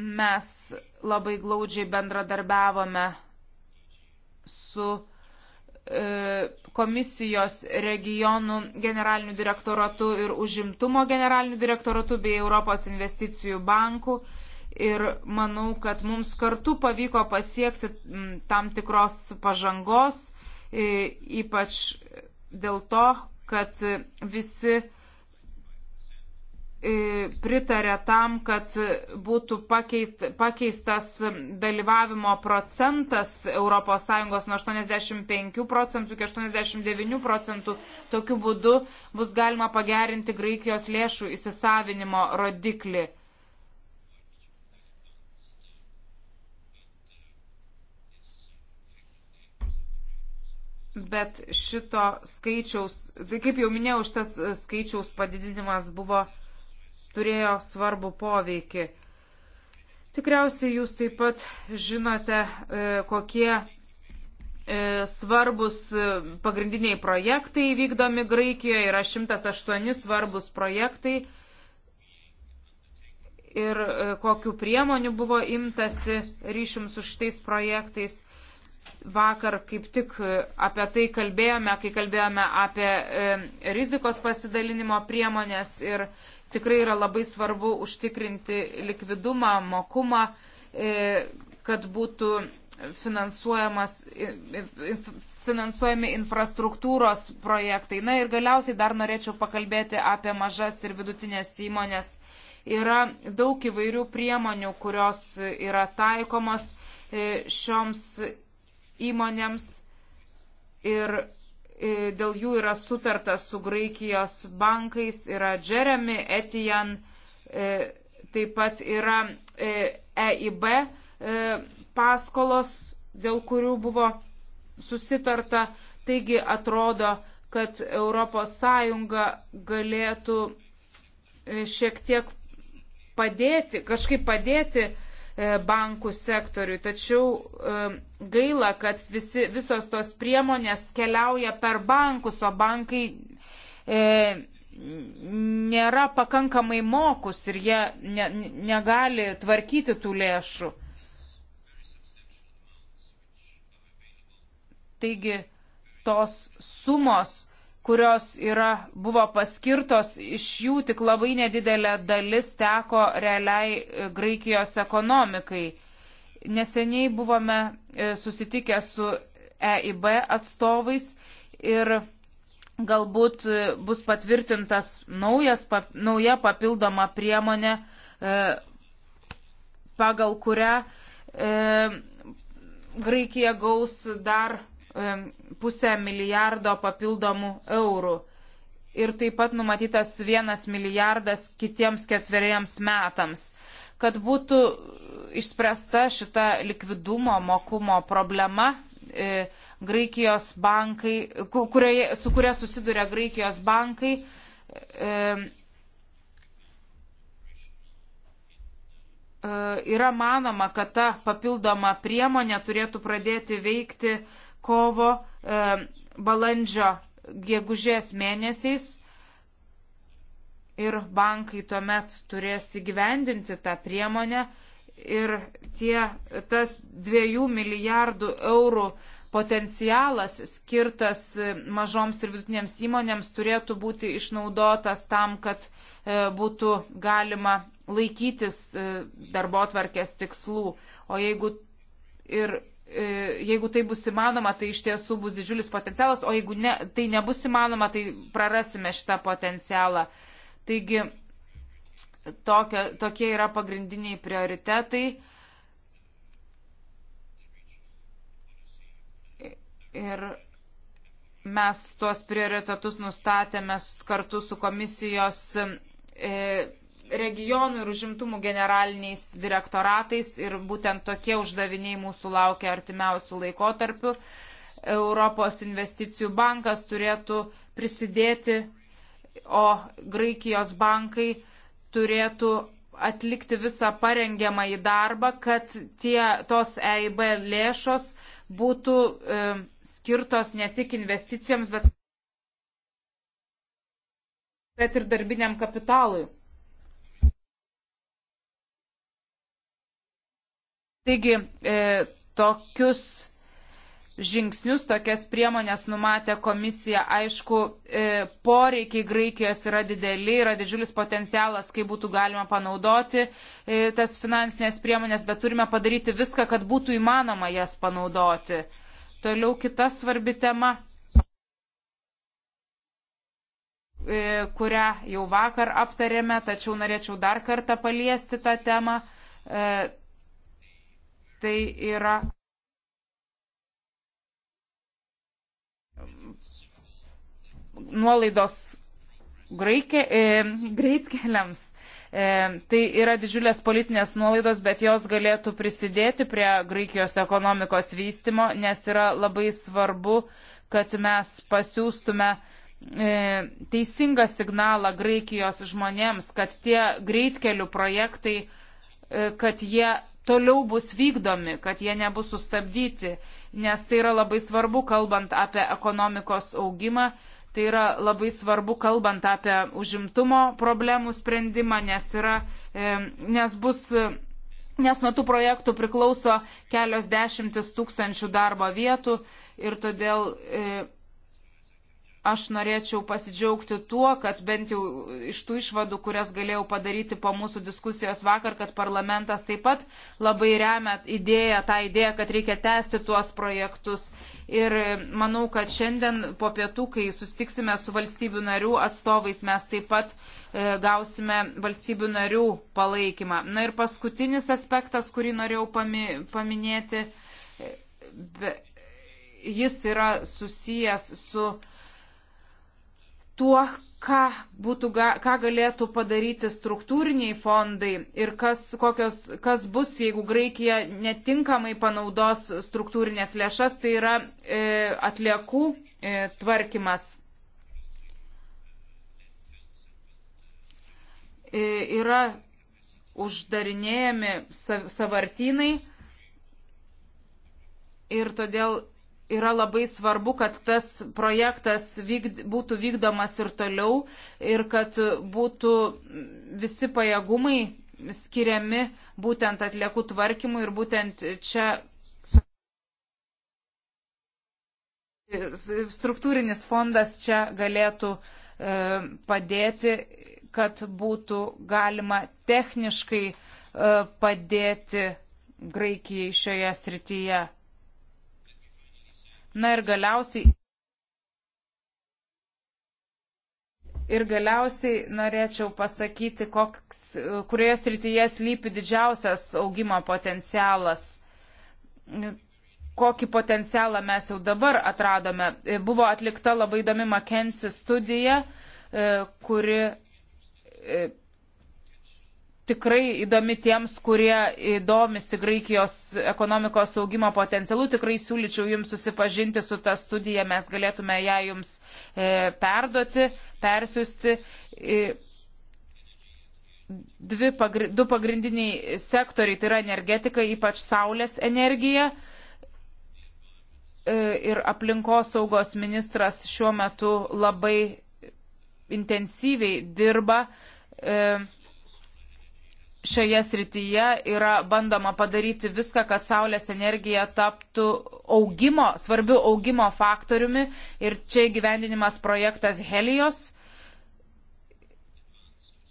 Mes labai glaudžiai bendradarbiavome su e, komisijos regionų generalinių direktoratų ir užimtumo generalinių direktoratų bei Europos investicijų bankų. Ir manau, kad mums kartu pavyko pasiekti tam tikros pažangos, ypač dėl to, kad visi E, pritarė tam, kad būtų pakeist, pakeistas dalyvavimo procentas ES nuo 85 procentų iki 89 procentų. Tokiu būdu bus galima pagerinti Graikijos lėšų įsisavinimo rodiklį. Bet šito skaičiaus, tai kaip jau minėjau, šitas skaičiaus padidinimas buvo turėjo svarbų poveikį. Tikriausiai jūs taip pat žinote, e, kokie e, svarbus e, pagrindiniai projektai vykdomi Graikijoje. Yra 108 svarbus projektai ir kokiu priemoniu buvo imtasi ryšim su šitais projektais. Vakar kaip tik apie tai kalbėjome, kai kalbėjome apie rizikos pasidalinimo priemonės ir tikrai yra labai svarbu užtikrinti likvidumą, mokumą, e, kad būtų finansuojami infrastruktūros projektai. Na ir galiausiai dar norėčiau pakalbėti apie mažas ir vidutinės įmonės. Yra daug įvairių priemonių, kurios yra taikomos e, šioms įmonėms ir E, dėl jų yra sutarta su Graikijos bankais, yra Jeremy, Etijan, e, taip pat yra EIB e paskolos, dėl kurių buvo susitarta. Taigi atrodo, kad ES galėtų šiek tiek padėti, kažkaip padėti E, bankų sektoriui. Tačiau e, gaila, kad visi, visos tos priemonės keliauja per bankus, o bankai e, nėra pakankamai mokus ir jie ne, negali tvarkyti tų lėšų. Taigi tos sumos, kurios yra, buvo paskirtos, iš jų tik labai nedidelė dalis teko realiai e, Graikijos ekonomikai. Neseniai buvome e, susitikę su EIB atstovais ir galbūt e, bus patvirtintas naujas, pap, nauja papildoma priemonė, e, pagal kurią e, Graikija gaus dar pusę milijardo papildomų eurų. Ir taip pat numatytas vienas milijardas kitiems ketveriems metams. Kad būtų išspręsta šita likvidumo mokumo problema, e, Graikijos bankai, kurioje, su kuria susiduria Graikijos bankai, e, e, yra manoma, kad ta papildoma priemonė turėtų pradėti veikti kovo, e, balandžio, gegužės mėnesiais ir bankai tuomet turės įgyvendinti tą priemonę ir tie, tas dviejų milijardų eurų potencialas skirtas e, mažoms ir vidutinėms įmonėms turėtų būti išnaudotas tam, kad e, būtų galima laikytis darbo tvarkės tikslų. O jeigu ir E, jeigu tai bus įmanoma, tai iš tiesų bus didžiulis potencialas, o jeigu ne, tai nebus įmanoma, tai prarasime šitą potencialą. Taigi tokio, tokie yra pagrindiniai prioritetai. Ir mes tuos prioritetus nustatėme kartu su komisijos e, regionų ir užimtumų generaliniais direktoratais ir būtent tokie uždaviniai mūsų laukia artimiausių laikotarpių. Europos investicijų bankas turėtų prisidėti, o Graikijos bankai turėtų atlikti visą parengiamą į darbą, kad tie, tos EIB lėšos būtų e, skirtos ne tik investicijoms, bet, bet ir darbiniam kapitalui. Taigi, e, tokius žingsnius, tokias priemonės numatė komisija. Aišku, e, poreikiai Graikijos yra dideli, yra didžiulis potencialas, kaip būtų galima panaudoti e, tas finansinės priemonės, bet turime padaryti viską, kad būtų įmanoma jas panaudoti. Toliau kita svarbi tema e, kurią jau vakar aptarėme, tačiau norėčiau dar kartą paliesti tą temą. E, Tai yra nuolaidos graikė, e, greitkeliams. E, tai yra didžiulės politinės nuolaidos, bet jos galėtų prisidėti prie Graikijos ekonomikos vystimo, nes yra labai svarbu, kad mes pasiūstume e, teisingą signalą Graikijos žmonėms, kad tie greitkelių projektai, e, kad jie toliau bus vykdomi, kad jie nebus sustabdyti, nes tai yra labai svarbu, kalbant apie ekonomikos augimą, tai yra labai svarbu, kalbant apie užimtumo problemų sprendimą, nes, yra, e, nes bus. E, nes nuo tų projektų priklauso kelios dešimtis tūkstančių darbo vietų ir todėl e, aš norėčiau pasidžiaugti tuo, kad bent jau iš tų išvadų, kurias galėjau padaryti po mūsų diskusijos vakar, kad parlamentas taip pat labai remia idėją, tą idėją, kad reikia tęsti tuos projektus. Ir manau, kad šiandien po pietų, kai sustiksime su valstybių narių atstovais, mes taip pat e, gausime valstybių narių palaikymą. Na ir paskutinis aspektas, kurį norėjau pami paminėti, e, be, jis yra susijęs su tuo, ką, būtų, ką galėtų padaryti struktūriniai fondai ir kas, kokios, kas bus, jeigu Graikija netinkamai panaudos struktūrinės lėšas, tai yra e, atliekų e, tvarkymas. E, yra uždarinėjami sav, savartinai ir todėl yra labai svarbu, kad tas projektas vykd, būtų vykdomas ir toliau ir kad būtų visi pajėgumai skiriami būtent atliekų tvarkymui ir būtent čia struktūrinis fondas čia galėtų e, padėti, kad būtų galima techniškai e, padėti Graikijai šioje srityje. Na ir galiausiai. Ir galiausiai norėčiau pasakyti, koks, kurioje srityje slypi didžiausias augimo potencialas. Kokį potencialą mes jau dabar atradome. Buvo atlikta labai įdomi McKenzie studija, kuri tikrai įdomi tiems, kurie įdomisi Graikijos ekonomikos augimo potencialu. Tikrai siūlyčiau jums susipažinti su tą studiją, mes galėtume ją jums e, perduoti, persiųsti. E, Dvi, pagri, du pagrindiniai sektoriai, tai yra energetika, ypač saulės energija. E, ir aplinkosaugos ministras šiuo metu labai intensyviai dirba. E, šioje srityje yra bandoma padaryti viską, kad saulės energija taptų augimo, svarbiu augimo faktoriumi ir čia gyvendinimas projektas Helios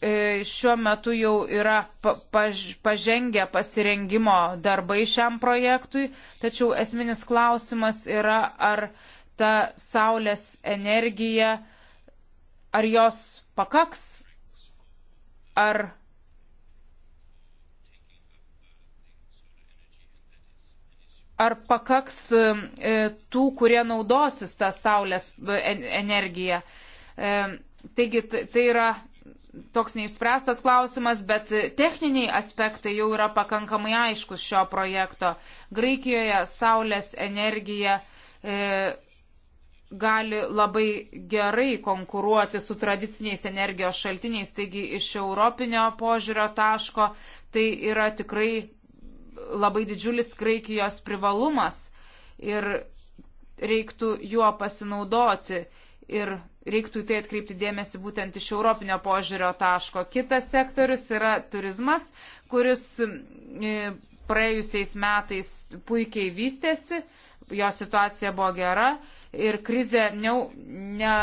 e, šiuo metu jau yra pažengę pasirengimo darbai šiam projektui, tačiau esminis klausimas yra, ar ta saulės energija, ar jos pakaks, ar ar pakaks e, e, tų, kurie naudosis tą saulės e, energiją. Taigi tai yra toks neišspręstas klausimas, bet techniniai aspektai jau yra pakankamai aiškus šio projekto. Graikijoje saulės energija e, gali labai gerai konkuruoti su tradiciniais energijos šaltiniais, taigi iš europinio požiūrio taško tai yra tikrai labai didžiulis Graikijos privalumas ir reiktų juo pasinaudoti ir reiktų į tai atkreipti dėmesį būtent iš europinio požiūrio taško. Kitas sektorius yra turizmas, kuris e, praėjusiais metais puikiai vystėsi, jo situacija buvo gera ir krizė ne, ne,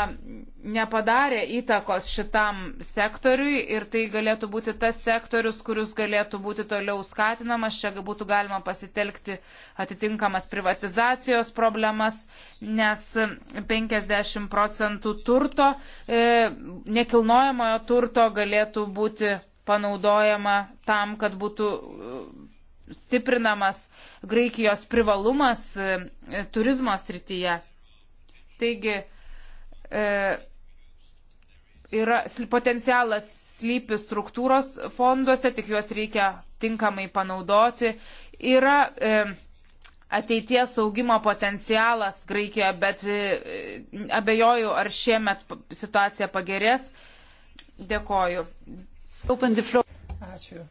nepadarė įtakos šitam sektoriui ir tai galėtų būti tas sektorius, kuris galėtų būti toliau skatinamas. Čia būtų galima pasitelkti atitinkamas privatizacijos problemas, nes 50 procentų turto, e, nekilnojamojo turto galėtų būti panaudojama tam, kad būtų e, stiprinamas Graikijos privalumas e, turizmo srityje. Taigi, e, yra potencialas slypi struktūros fonduose, tik juos reikia tinkamai panaudoti. Yra e, ateities augimo potencialas Graikijoje, bet e, abejoju, ar šiemet situacija pagerės. Dėkoju. Ačiū.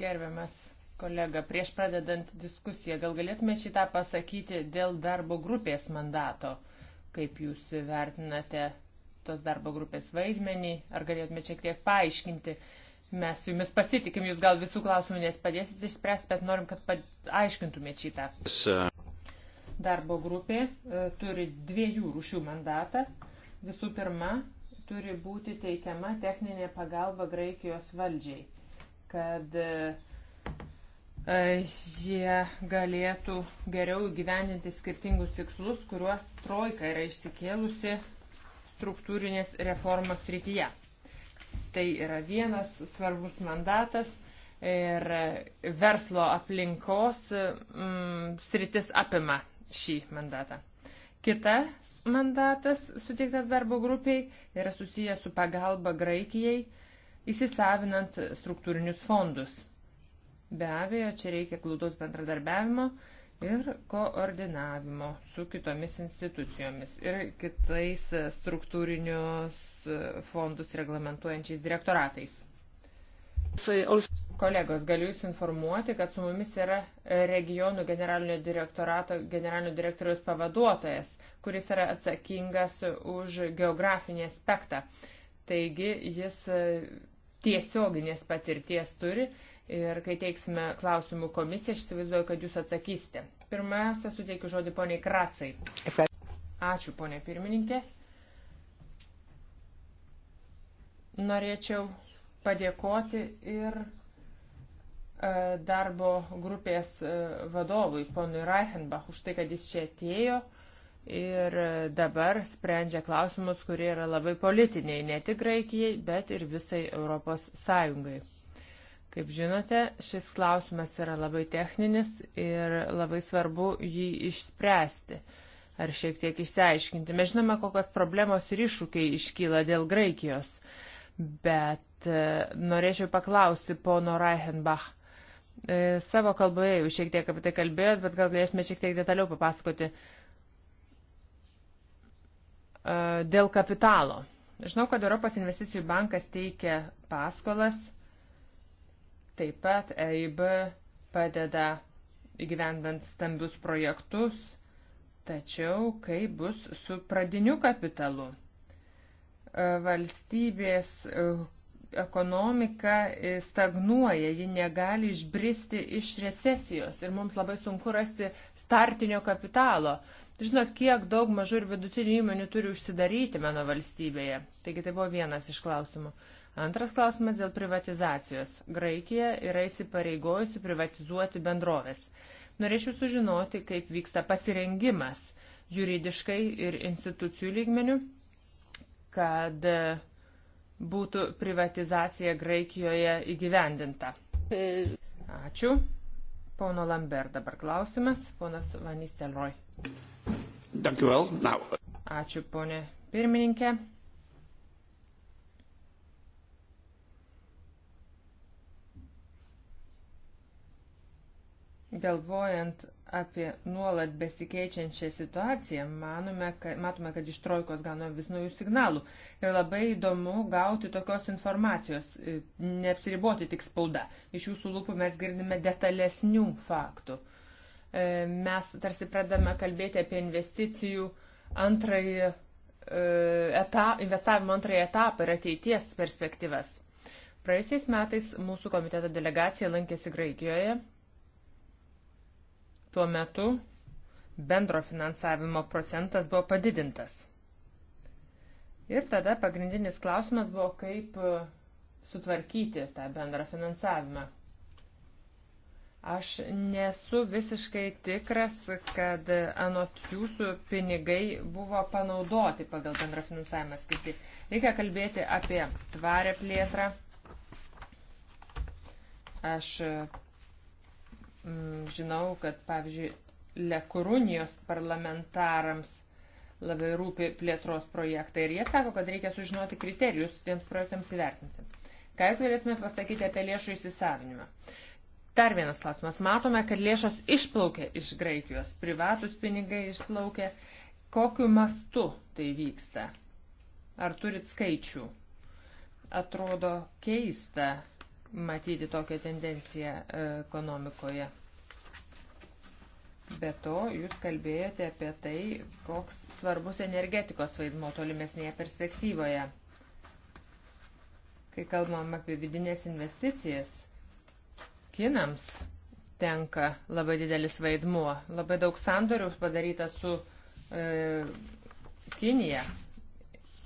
Gerbiamas kolega, prieš pradedant diskusiją, gal galėtume šitą pasakyti dėl darbo grupės mandato. Kaip jūs vertinate tos darbo grupės vaidmenį? Ar galėtumėte šiek tiek paaiškinti? Mes jumis pasitikim, jūs gal visų klausimų nespėdėsit išspręsti, bet norim, kad aiškintumėte šitą. Uh, darbo grupė e, turi dviejų rūšių mandatą. Visų pirma, turi būti teikiama techninė pagalba Graikijos valdžiai, kad e, jie galėtų geriau gyveninti skirtingus tikslus, kuriuos trojka yra išsikėlusi struktūrinės reformos rytyje. Tai yra vienas svarbus mandatas ir verslo aplinkos mm, sritis apima šį mandatą. Kitas mandatas suteiktas darbo grupiai yra susijęs su pagalba Graikijai įsisavinant struktūrinius fondus. Be abejo, čia reikia glaudaus bendradarbiavimo ir koordinavimo su kitomis institucijomis ir kitais struktūrinius fondus reglamentuojančiais direktoratais. Kolegos, galiu Jūs informuoti, kad su mumis yra regionų generalinio direktorato generalinio direktoriaus pavaduotojas, kuris yra atsakingas už geografinį aspektą. Taigi jis tiesioginės patirties turi ir kai teiksime klausimų komisiją, aš įsivaizduoju, kad jūs atsakysite. Pirmiausia, suteikiu žodį poniai Kracai. Ačiū, ponė pirmininkė. Norėčiau padėkoti ir e, darbo grupės e, vadovui, ponui Reichenbach, už tai, kad jis čia atėjo ir e, dabar sprendžia klausimus, kurie yra labai politiniai, ne tik Graikijai, bet ir visai Europos Sąjungai. Kaip žinote, šis klausimas yra labai techninis ir labai svarbu jį išspręsti ar šiek tiek išsiaiškinti. Mes žinome, kokios problemos ir iššūkiai iškyla dėl Graikijos, bet e, norėčiau paklausti pono Reichenbach. E, savo kalboje jau šiek tiek apie tai kalbėjot, bet gal galėtume šiek tiek detaliau papasakoti e, dėl kapitalo. Žinau, kad Europos investicijų bankas teikia paskolas Taip pat EIB padeda įgyvendant stambius projektus, tačiau kaip bus su pradiniu kapitalu? E, valstybės e, ekonomika e, stagnuoja, ji negali išbristi iš recesijos ir mums labai sunku rasti startinio kapitalo. Žinot, kiek daug mažų ir vidutinių įmonių turi užsidaryti mano valstybėje. Taigi tai buvo vienas iš klausimų. Antras klausimas dėl privatizacijos. Graikija yra įsipareigojusi privatizuoti bendrovės. Norėčiau sužinoti, kaip vyksta pasirengimas juridiškai ir institucijų lygmenių, kad būtų privatizacija Graikijoje įgyvendinta. Ačiū. Pono Lambert dabar klausimas. Ponas Vanistelroj. Ačiū, ponė pirmininkė. Galvojant apie nuolat besikeičiančią situaciją, manome, kad, matome, kad iš trojkos gauname vis naujų signalų. Ir labai įdomu gauti tokios informacijos, e, neapsiriboti tik spauda. Iš jūsų lūpų mes girdime detalesnių faktų. E, mes tarsi pradame kalbėti apie investicijų antrąjį e, etap, investavimo antrąjį etapą ir ateities perspektyvas. Praėjusiais metais mūsų komiteto delegacija lankėsi Graikijoje Tuo metu bendro finansavimo procentas buvo padidintas. Ir tada pagrindinis klausimas buvo, kaip e, sutvarkyti tą bendrą finansavimą. Aš nesu visiškai tikras, kad anot jūsų pinigai buvo panaudoti pagal bendrą finansavimą skirti. Reikia kalbėti apie tvarę plėtrą. Aš Mm, žinau, kad, pavyzdžiui, Lekurunijos parlamentarams labai rūpi plėtros projektai ir jie sako, kad reikia sužinoti kriterijus tiems projektams įvertinti. Ką jūs galėtumėte pasakyti apie lėšų įsisavinimą? Dar vienas klausimas. Matome, kad lėšos išplaukė iš Graikijos, privatus pinigai išplaukė. Kokiu mastu tai vyksta? Ar turit skaičių? Atrodo keista, matyti tokią tendenciją e, ekonomikoje. Be to, jūs kalbėjote apie tai, koks svarbus energetikos vaidmo tolimesnėje perspektyvoje. Kai kalbam apie vidinės investicijas, kinams tenka labai didelis vaidmuo. Labai daug sandorių padaryta su e, Kinija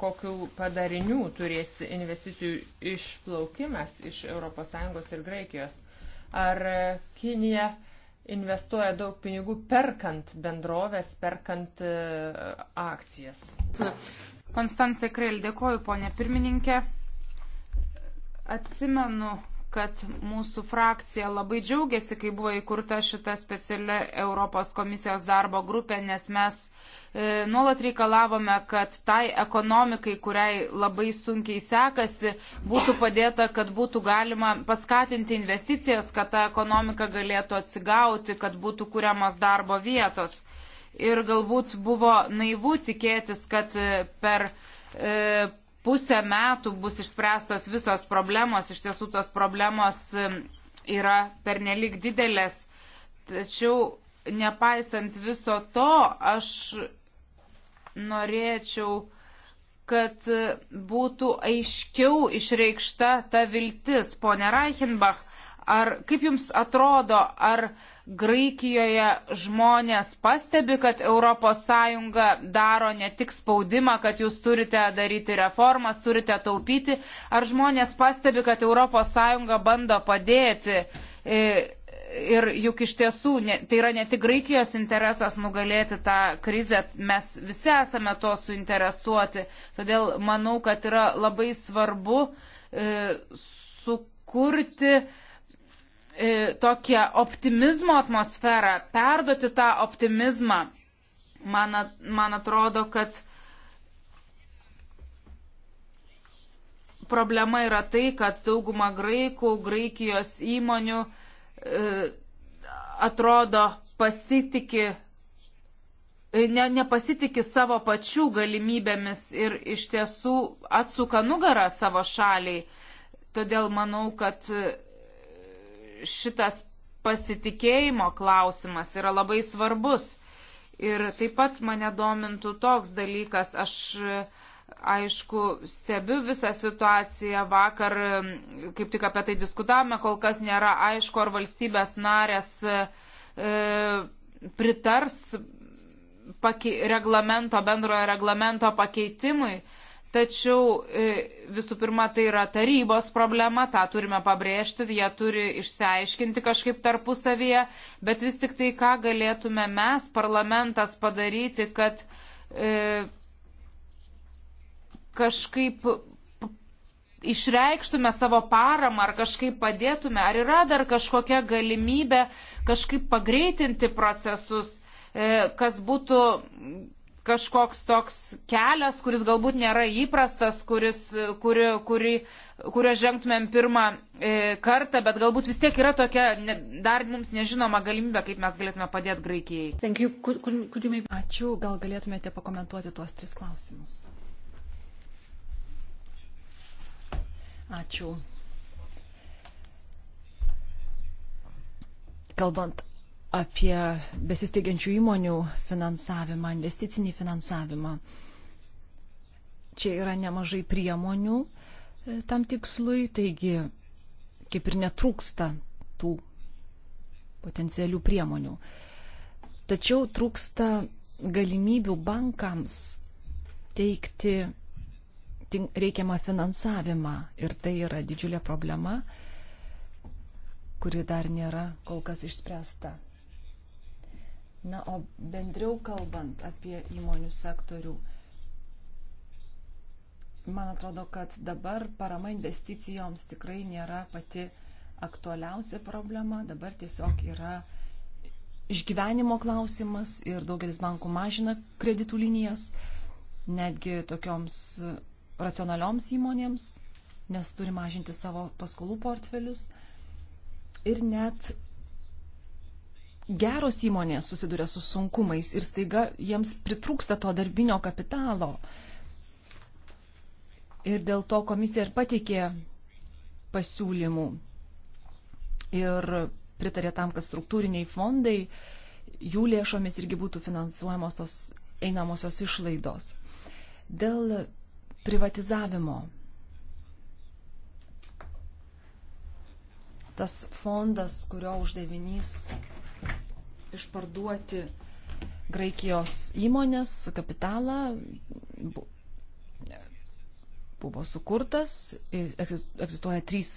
kokiu padarinių turės investicijų išplaukimas iš ES ir Graikijos. Ar Kinija investuoja daug pinigų perkant bendrovės, perkant e, akcijas? Konstancija Kreil, dėkoju, ponė pirmininkė. Atsimenu kad mūsų frakcija labai džiaugiasi, kai buvo įkurta šita speciali Europos komisijos darbo grupė, nes mes e, nuolat reikalavome, kad tai ekonomikai, kuriai labai sunkiai sekasi, būtų padėta, kad būtų galima paskatinti investicijas, kad ta ekonomika galėtų atsigauti, kad būtų kuriamos darbo vietos. Ir galbūt buvo naivu tikėtis, kad e, per e, pusę metų bus išspręstos visos problemos, iš tiesų tos problemos yra pernelik didelės. Tačiau nepaisant viso to, aš norėčiau, kad būtų aiškiau išreikšta ta viltis. Pone Reichenbach Ar kaip jums atrodo, ar Graikijoje žmonės pastebi, kad ES daro ne tik spaudimą, kad jūs turite daryti reformas, turite taupyti, ar žmonės pastebi, kad ES bando padėti? E, ir juk iš tiesų ne, tai yra ne tik Graikijos interesas nugalėti tą krizę, mes visi esame to suinteresuoti. Todėl manau, kad yra labai svarbu e, sukurti e, E, tokią optimizmo atmosferą, perduoti tą optimizmą. Man, man atrodo, kad problema yra tai, kad dauguma graikų, graikijos įmonių e, atrodo pasitiki, e, ne, nepasitiki savo pačių galimybėmis ir iš tiesų atsuka nugarą savo šaliai. Todėl manau, kad šitas pasitikėjimo klausimas yra labai svarbus. Ir taip pat mane domintų toks dalykas, aš aišku stebiu visą situaciją, vakar kaip tik apie tai diskutavome, kol kas nėra aišku, ar valstybės narės e, pritars pake, reglamento, bendrojo reglamento pakeitimui. E, Tačiau e, visų pirma, tai yra tarybos problema, tą turime pabrėžti, jie turi išsiaiškinti kažkaip tarpusavyje, bet vis tik tai, ką galėtume mes, parlamentas, padaryti, kad e, kažkaip išreikštume savo paramą ar kažkaip padėtume, ar yra dar kažkokia galimybė kažkaip pagreitinti procesus, e, kas būtų kažkoks toks kelias, kuris galbūt nėra įprastas, kuris, kuri, kuri, kurio žengtumėm pirmą e, kartą, bet galbūt vis tiek yra tokia ne, dar mums nežinoma galimybė, kaip mes galėtume padėti Graikijai. Could, could you... Ačiū, gal galėtumėte pakomentuoti tuos tris klausimus. Ačiū. Kalbant apie besisteigiančių įmonių finansavimą, investicinį finansavimą. Čia yra nemažai priemonių e, tam tikslui, taigi kaip ir netrūksta tų potencialių priemonių. Tačiau trūksta galimybių bankams teikti reikiamą finansavimą ir tai yra didžiulė problema, kuri dar nėra kol kas išspręsta. Na, o bendriau kalbant apie įmonių sektorių, man atrodo, kad dabar parama investicijoms tikrai nėra pati aktualiausia problema, dabar tiesiog yra išgyvenimo klausimas ir daugelis bankų mažina kreditų linijas, netgi tokioms racionalioms įmonėms, nes turi mažinti savo paskolų portfelius. Ir net geros įmonės susiduria su sunkumais ir staiga jiems pritrūksta to darbinio kapitalo. Ir dėl to komisija ir pateikė pasiūlymų ir pritarė tam, kad struktūriniai fondai jų lėšomis irgi būtų finansuojamos tos einamosios išlaidos. Dėl privatizavimo tas fondas, kurio uždavinys išparduoti Graikijos įmonės kapitalą buvo sukurtas, egzistuoja trys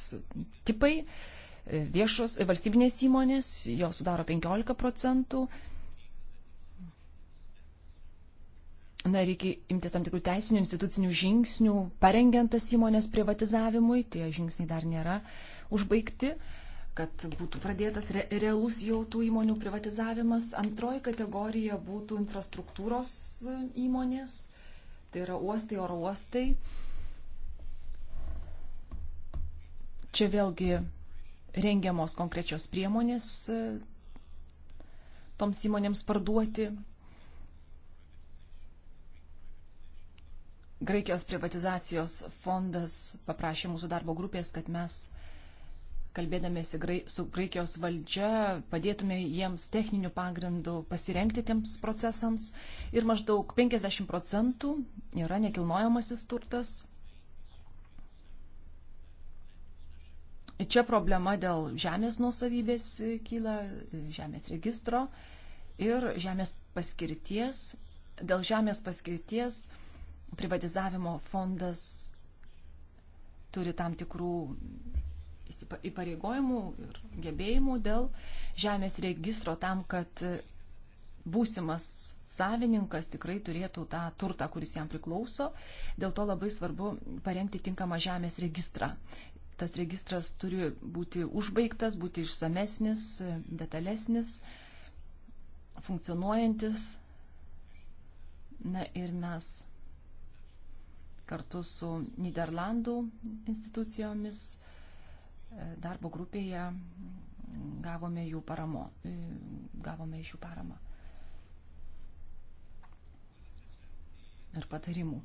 tipai - viešos valstybinės įmonės, jo sudaro 15 procentų. Na, reikia imtis tam tikrų teisinių, institucinių žingsnių, parengiant tas įmonės privatizavimui, tie žingsniai dar nėra užbaigti. Uh, kad būtų pradėtas re, realus jau tų įmonių privatizavimas. Antroji kategorija būtų infrastruktūros e, įmonės, tai yra uostai, oro uostai. Čia vėlgi rengiamos konkrečios priemonės e, toms įmonėms parduoti. Graikijos privatizacijos fondas paprašė mūsų darbo grupės, kad mes kalbėdamėsi su Graikijos valdžia, padėtume jiems techninių pagrindų pasirengti tiems procesams. Ir maždaug 50 procentų yra nekilnojamasis turtas. Čia problema dėl žemės nuosavybės kyla, žemės registro ir žemės paskirties. Dėl žemės paskirties privatizavimo fondas turi tam tikrų įpareigojimų ir gebėjimų dėl žemės registro tam, kad būsimas savininkas tikrai turėtų tą turtą, kuris jam priklauso. Dėl to labai svarbu parengti tinkamą žemės registrą. Tas registras turi būti užbaigtas, būti išsamesnis, detalesnis, funkcionuojantis. Na ir mes kartu su Niderlandų institucijomis darbo grupėje gavome jų paramo, gavome iš jų paramą ir patarimų.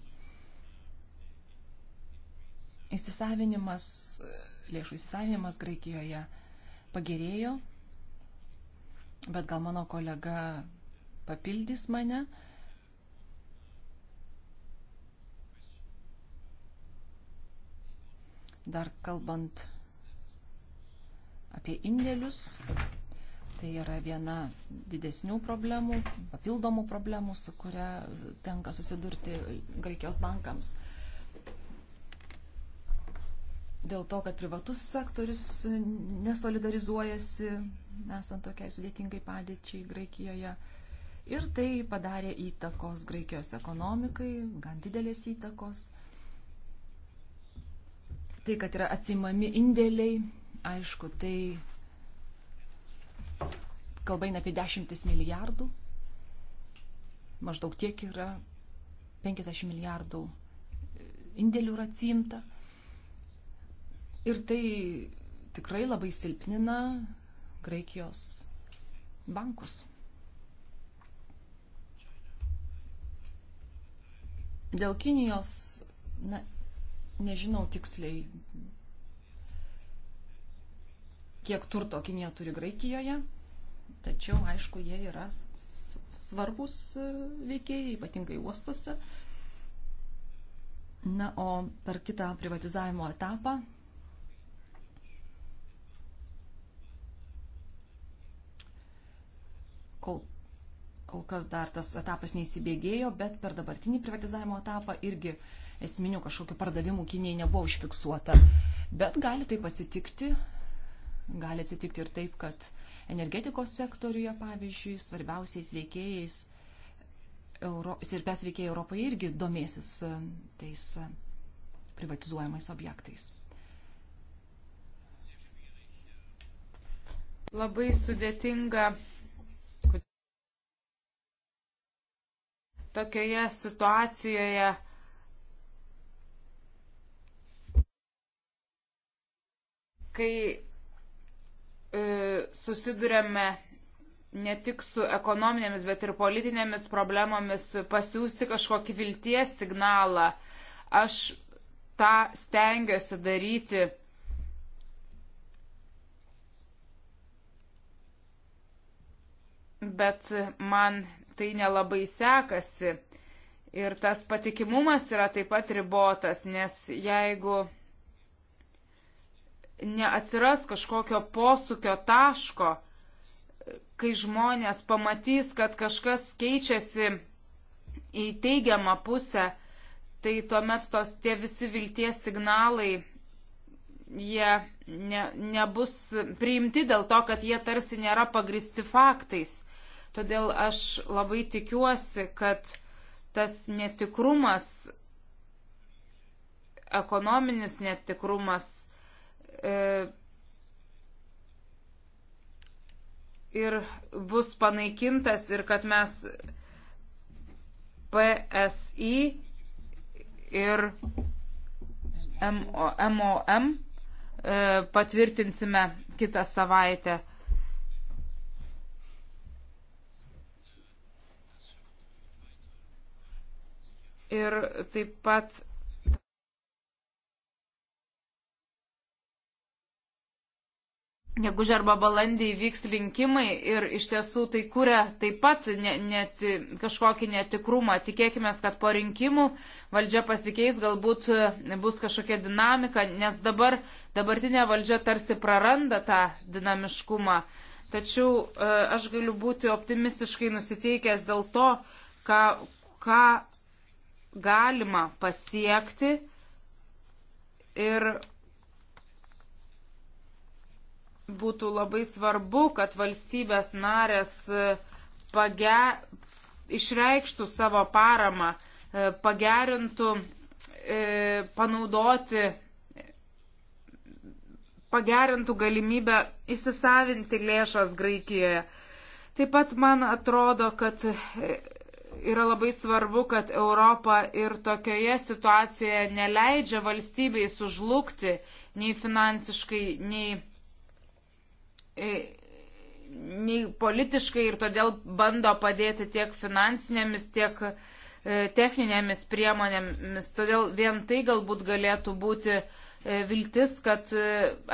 Įsisavinimas, lėšų įsisavinimas Graikijoje pagerėjo, bet gal mano kolega papildys mane. Dar kalbant apie indėlius. Tai yra viena didesnių problemų, papildomų problemų, su kuria tenka susidurti Graikijos bankams. Dėl to, kad privatus sektorius nesolidarizuojasi, esant tokiai sudėtingai padėčiai Graikijoje. Ir tai padarė įtakos Graikijos ekonomikai, gan didelės įtakos. Tai, kad yra atsimami indėliai aišku, tai kalba eina apie dešimtis milijardų, maždaug tiek yra, 50 milijardų indėlių yra atsimta. Ir tai tikrai labai silpnina Graikijos bankus. Dėl Kinijos, na, nežinau tiksliai, kiek turto Kinija turi Graikijoje, tačiau, aišku, jie yra svarbus e, veikėjai, ypatingai uostuose. Na, o per kitą privatizavimo etapą kol, kol kas dar tas etapas neįsibėgėjo, bet per dabartinį privatizavimo etapą irgi esminių kažkokių pardavimų Kinijai nebuvo užfiksuota. Bet gali taip atsitikti, gali atsitikti ir taip, kad energetikos sektoriuje, pavyzdžiui, svarbiausiais veikėjais, Euro, sirpes veikėjai Europoje irgi domėsis e, tais e, privatizuojamais objektais. Labai sudėtinga tokioje situacijoje kai E, susidurėme ne tik su ekonominėmis, bet ir politinėmis problemomis pasiūsti kažkokį vilties signalą. Aš tą stengiuosi daryti. Bet man tai nelabai sekasi. Ir tas patikimumas yra taip pat ribotas, nes jeigu neatsiras kažkokio posūkio taško, kai žmonės pamatys, kad kažkas keičiasi į teigiamą pusę, tai tuomet tos tie visi vilties signalai, jie ne, nebus priimti dėl to, kad jie tarsi nėra pagristi faktais. Todėl aš labai tikiuosi, kad tas netikrumas, ekonominis netikrumas, E, ir bus panaikintas ir kad mes PSI ir MOM e, patvirtinsime kitą savaitę. Ir taip pat gegužė arba balandį vyks rinkimai ir iš tiesų tai kuria taip pat ne, net kažkokį netikrumą. Tikėkime, kad po rinkimų valdžia pasikeis, galbūt e, bus kažkokia dinamika, nes dabar dabartinė valdžia tarsi praranda tą dinamiškumą. Tačiau e, aš galiu būti optimistiškai nusiteikęs dėl to, ką, ką galima pasiekti ir būtų labai svarbu, kad valstybės narės e, page, išreikštų savo paramą, e, pagerintų, e, panaudoti, pagerintų galimybę įsisavinti lėšas Graikijoje. Taip pat man atrodo, kad yra labai svarbu, kad Europa ir tokioje situacijoje neleidžia valstybei sužlugti nei finansiškai, nei E, nei politiškai ir todėl bando padėti tiek finansinėmis, tiek e, techninėmis priemonėmis. Todėl vien tai galbūt galėtų būti e, viltis, kad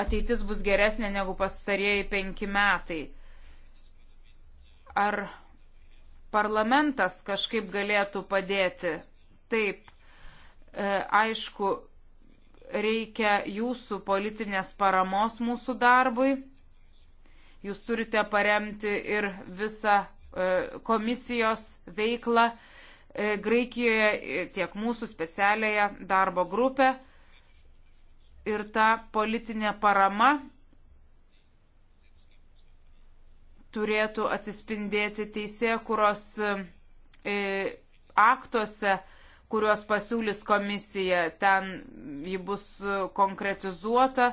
ateitis bus geresnė negu pastarieji penki metai. Ar parlamentas kažkaip galėtų padėti? Taip, aišku, reikia jūsų politinės paramos mūsų darbui jūs turite paremti ir visą e, komisijos veiklą e, Graikijoje, e, tiek mūsų specialiąją darbo grupę. Ir ta politinė parama turėtų atsispindėti teisėkuros aktuose, kuriuos pasiūlys komisija. Ten ji bus konkretizuota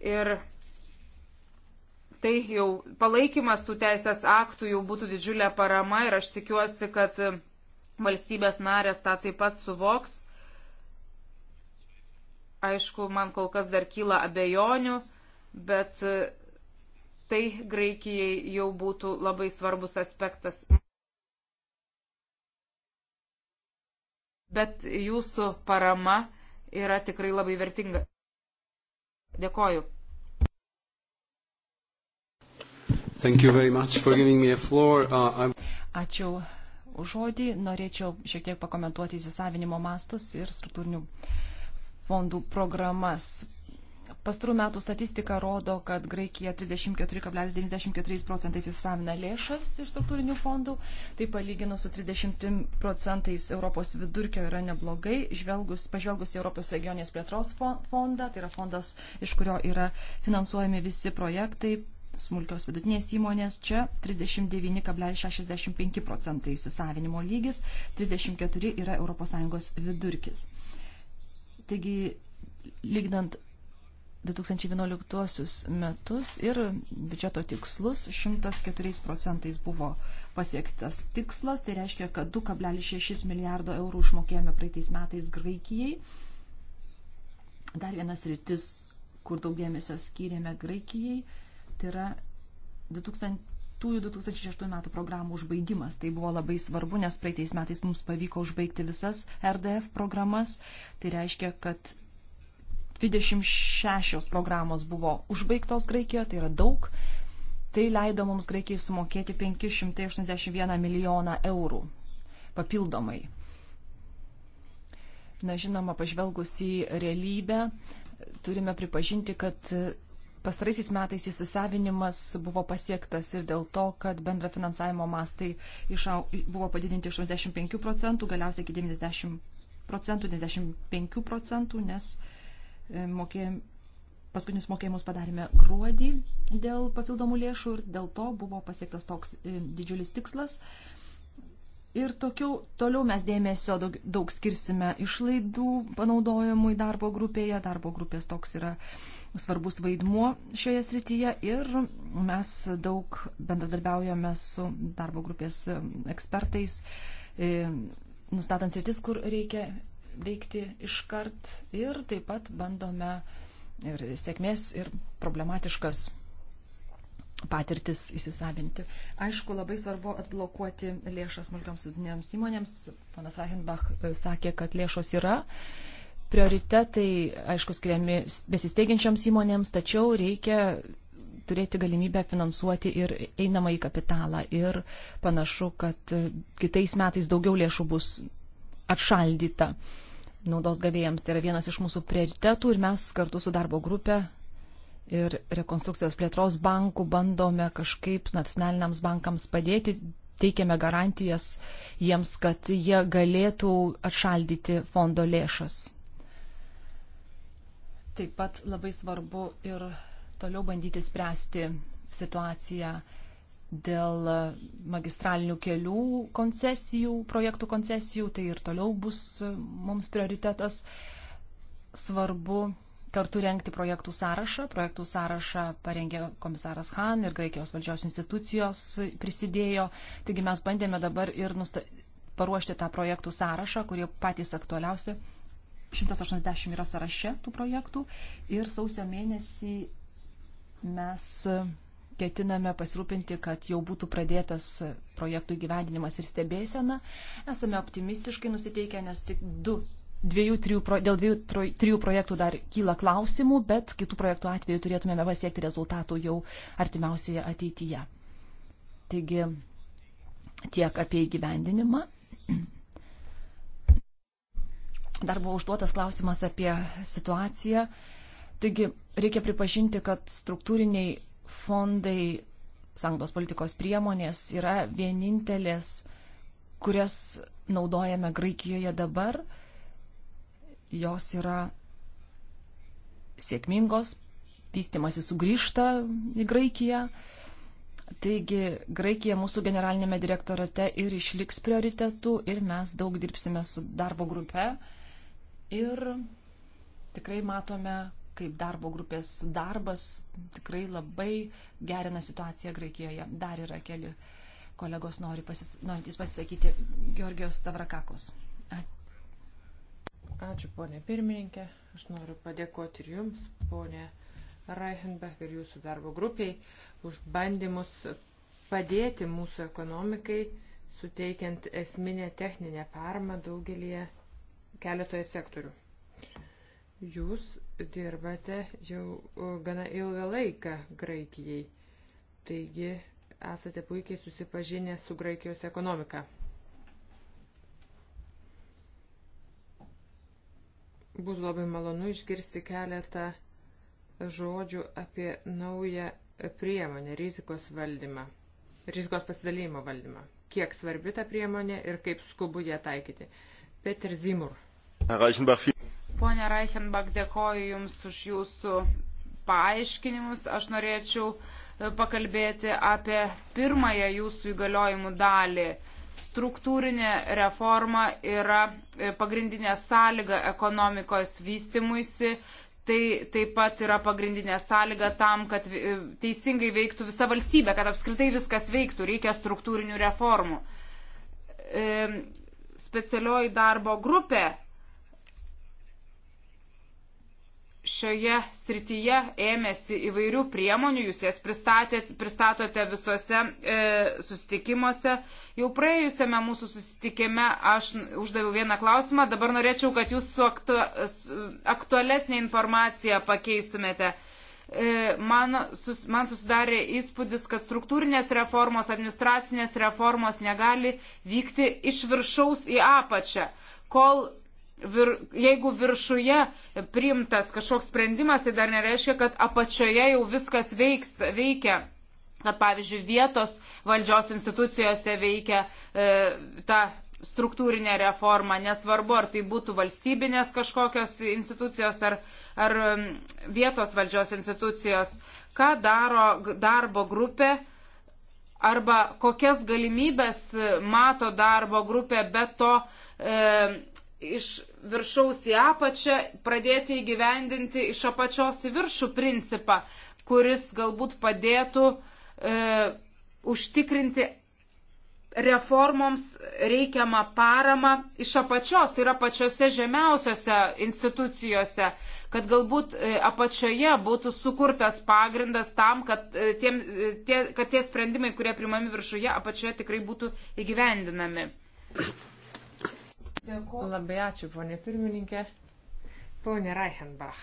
ir tai jau palaikymas tų teisės aktų jau būtų didžiulė parama ir aš tikiuosi, kad valstybės narės tą taip pat suvoks. Aišku, man kol kas dar kyla abejonių, bet tai Graikijai jau būtų labai svarbus aspektas. Bet jūsų parama yra tikrai labai vertinga. Dėkoju. Uh, Ačiū už žodį. Norėčiau šiek tiek pakomentuoti įsisavinimo mastus ir struktūrinių fondų programas. Pastarų metų statistika rodo, kad Graikija 34,94 procentais įsavina lėšas iš struktūrinių fondų. Tai palyginus su 30 procentais Europos vidurkio yra neblogai. Žvelgus, pažvelgus į Europos regionės plėtros fondą, tai yra fondas, iš kurio yra finansuojami visi projektai, smulkios vidutinės įmonės, čia 39,65 procentai įsisavinimo lygis, 34 yra ES vidurkis. Taigi, lygdant 2011 metus ir biudžeto tikslus 104 procentais buvo pasiektas tikslas, tai reiškia, kad 2,6 milijardo eurų išmokėjome praeitais metais Graikijai. Dar vienas rytis, kur daug dėmesio skyrėme Graikijai, tai yra 2000-2006 metų programų užbaigimas. Tai buvo labai svarbu, nes praeitais metais mums pavyko užbaigti visas RDF programas. Tai reiškia, kad 26 programos buvo užbaigtos Graikijoje, tai yra daug. Tai leido mums Graikijai sumokėti 581 milijoną eurų papildomai. Na, žinoma, pažvelgus į realybę, turime pripažinti, kad Pastaraisiais metais įsisavinimas buvo pasiektas ir dėl to, kad bendra finansavimo mastai išau, buvo padidinti 85 procentų, galiausiai iki 90 procentų, 95 procentų, nes e, mokėjom, paskutinius mokėjimus padarėme gruodį dėl papildomų lėšų ir dėl to buvo pasiektas toks e, didžiulis tikslas. Ir tokiu, toliau mes dėmesio daug, daug skirsime išlaidų panaudojimui darbo grupėje. Darbo grupės toks yra uh, svarbus vaidmuo šioje srityje ir mes daug bendradarbiaujame su darbo grupės ekspertais, e, nustatant sritis, kur reikia veikti iškart ir taip pat bandome ir sėkmės ir problematiškas patirtis įsisavinti. Aišku, labai svarbu atblokuoti lėšas mažoms vidinėms įmonėms. Panas Reichenbach e, sakė, kad lėšos yra Prioritetai, aišku, skiriami besisteigiančioms įmonėms, tačiau reikia turėti galimybę finansuoti ir einamą į kapitalą. Ir panašu, kad kitais metais daugiau lėšų bus atšaldyta naudos gavėjams. Tai yra vienas iš mūsų prioritetų ir mes kartu su darbo grupė ir rekonstrukcijos plėtros banku bandome kažkaip nacionaliniams bankams padėti, teikiame garantijas jiems, kad jie galėtų atšaldyti fondo lėšas. Taip pat labai svarbu ir toliau bandyti spręsti situaciją dėl magistralinių kelių koncesijų, projektų koncesijų, tai ir toliau bus mums prioritetas. Svarbu kartu renkti projektų sąrašą. Projektų sąrašą parengė komisaras Han ir Graikijos valdžios institucijos prisidėjo. Taigi mes bandėme dabar ir nusta... paruošti tą projektų sąrašą, kurie patys aktualiausi 180 yra sąraše tų projektų ir sausio mėnesį mes ketiname pasirūpinti, kad jau būtų pradėtas projektų įgyvendinimas ir stebėsena. Esame optimistiškai nusiteikę, nes tik du, dviejų, trijų, dėl dviejų, trijų projektų dar kyla klausimų, bet kitų projektų atveju turėtumėme pasiekti rezultatų jau artimiausioje ateityje. Taigi tiek apie įgyvendinimą. Dar buvo užduotas klausimas apie situaciją. Taigi reikia pripažinti, kad struktūriniai fondai, sanglos politikos priemonės yra vienintelės, kurias naudojame Graikijoje dabar. Jos yra sėkmingos, vystimasi sugrįžta į Graikiją. Taigi Graikija mūsų generalinėme direktorate ir išliks prioritetu ir mes daug dirbsime su darbo grupe Ir tikrai matome, kaip darbo grupės darbas tikrai labai gerina situaciją Graikijoje. Dar yra keli kolegos nori pasis, norintys pasisakyti Georgijos Tavrakakos. Ačiū, ponė pirmininkė. Aš noriu padėkoti ir jums, ponė Reichenbach ir jūsų darbo grupiai, už bandymus padėti mūsų ekonomikai, suteikiant esminę techninę paramą daugelį keletoje sektorių. Jūs dirbate jau gana ilgą laiką Graikijai, taigi esate puikiai susipažinę su Graikijos ekonomika. Bus labai malonu išgirsti keletą žodžių apie naują priemonę rizikos valdymą, rizikos pasidalymo valdymą. Kiek svarbi ta priemonė ir kaip skubu ją taikyti. Peter Zimur. Pone Reichenbach, dėkoju Jums už Jūsų paaiškinimus. Aš norėčiau e, pakalbėti apie pirmąją Jūsų įgaliojimų dalį. Struktūrinė reforma yra e, pagrindinė sąlyga ekonomikos vystimuisi, tai taip pat yra pagrindinė sąlyga tam, kad e, teisingai veiktų visa valstybė, kad apskritai viskas veiktų, reikia struktūrinių reformų. Specialioji darbo grupė šioje srityje ėmėsi įvairių priemonių, jūs jas pristatote visuose e, susitikimuose. Jau praėjusiame mūsų susitikime aš uždaviau vieną klausimą, dabar norėčiau, kad jūs su aktu, aktualesnė informacija pakeistumėte. E, man, sus, man susidarė įspūdis, kad struktūrinės reformos, administracinės reformos negali vykti iš viršaus į apačią, kol vir, jeigu viršuje priimtas kažkoks sprendimas, tai dar nereiškia, kad apačioje jau viskas veiks, veikia. Kad pavyzdžiui vietos valdžios institucijose veikia e, ta struktūrinė reforma, nesvarbu ar tai būtų valstybinės kažkokios institucijos ar, ar vietos valdžios institucijos, ką daro darbo grupė arba kokias galimybės mato darbo grupė be to e, iš viršaus į apačią, pradėti įgyvendinti iš apačios į viršų principą, kuris galbūt padėtų e, užtikrinti reformoms reikiamą paramą iš apačios, tai yra pačiose žemiausiose institucijose kad galbūt e, apačioje būtų sukurtas pagrindas tam, kad e, tie, e, tie, kad tie sprendimai, kurie primami viršuje, apačioje tikrai būtų įgyvendinami. Dėkuoju. Labai ačiū, ponė pirmininkė. Pone Reichenbach,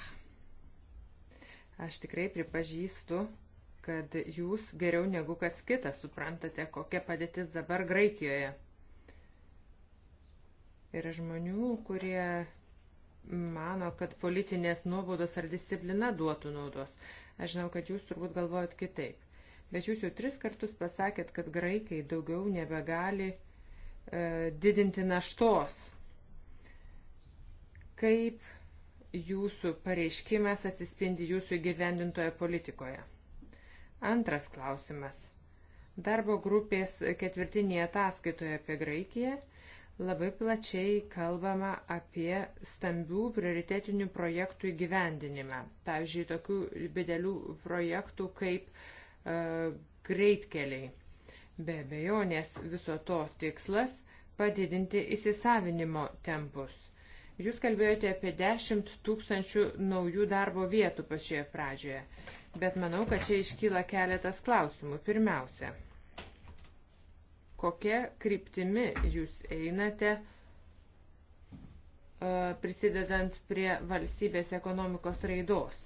aš tikrai pripažįstu, kad jūs geriau negu kas kitas suprantate, kokia padėtis dabar Graikijoje. Yra žmonių, kurie mano, kad politinės nuobaudos ar disciplina duotų naudos. Aš žinau, kad jūs turbūt galvojat kitaip. Bet jūs jau tris kartus pasakėt, kad graikai daugiau nebegali e, didinti naštos. Kaip jūsų pareiškimas atsispindi jūsų gyvendintoje politikoje? Antras klausimas. Darbo grupės ketvirtinėje ataskaitoje apie Graikiją labai plačiai kalbama apie stambių prioritetinių projektų įgyvendinimą. Pavyzdžiui, tokių didelių projektų kaip e, greitkeliai. Be abejo, nes viso to tikslas - padidinti įsisavinimo tempus Jūs kalbėjote apie 10 tūkstančių naujų darbo vietų pačioje pradžioje, bet manau, kad čia iškyla keletas klausimų. Pirmiausia, kokia kryptimi jūs einate e, prisidedant prie valstybės ekonomikos raidos?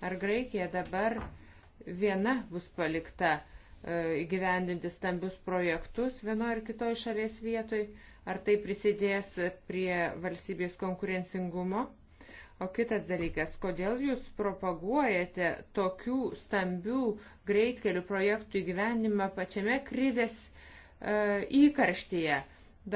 Ar Graikija dabar viena bus palikta e, įgyvendinti stambius projektus vienoje ar kitoje šalies vietoje? Ar tai prisidės prie valstybės konkurencingumo? O kitas dalykas, kodėl jūs propaguojate tokių stambių greitkelių projektų įgyvenimą pačiame krizės e, įkarštyje?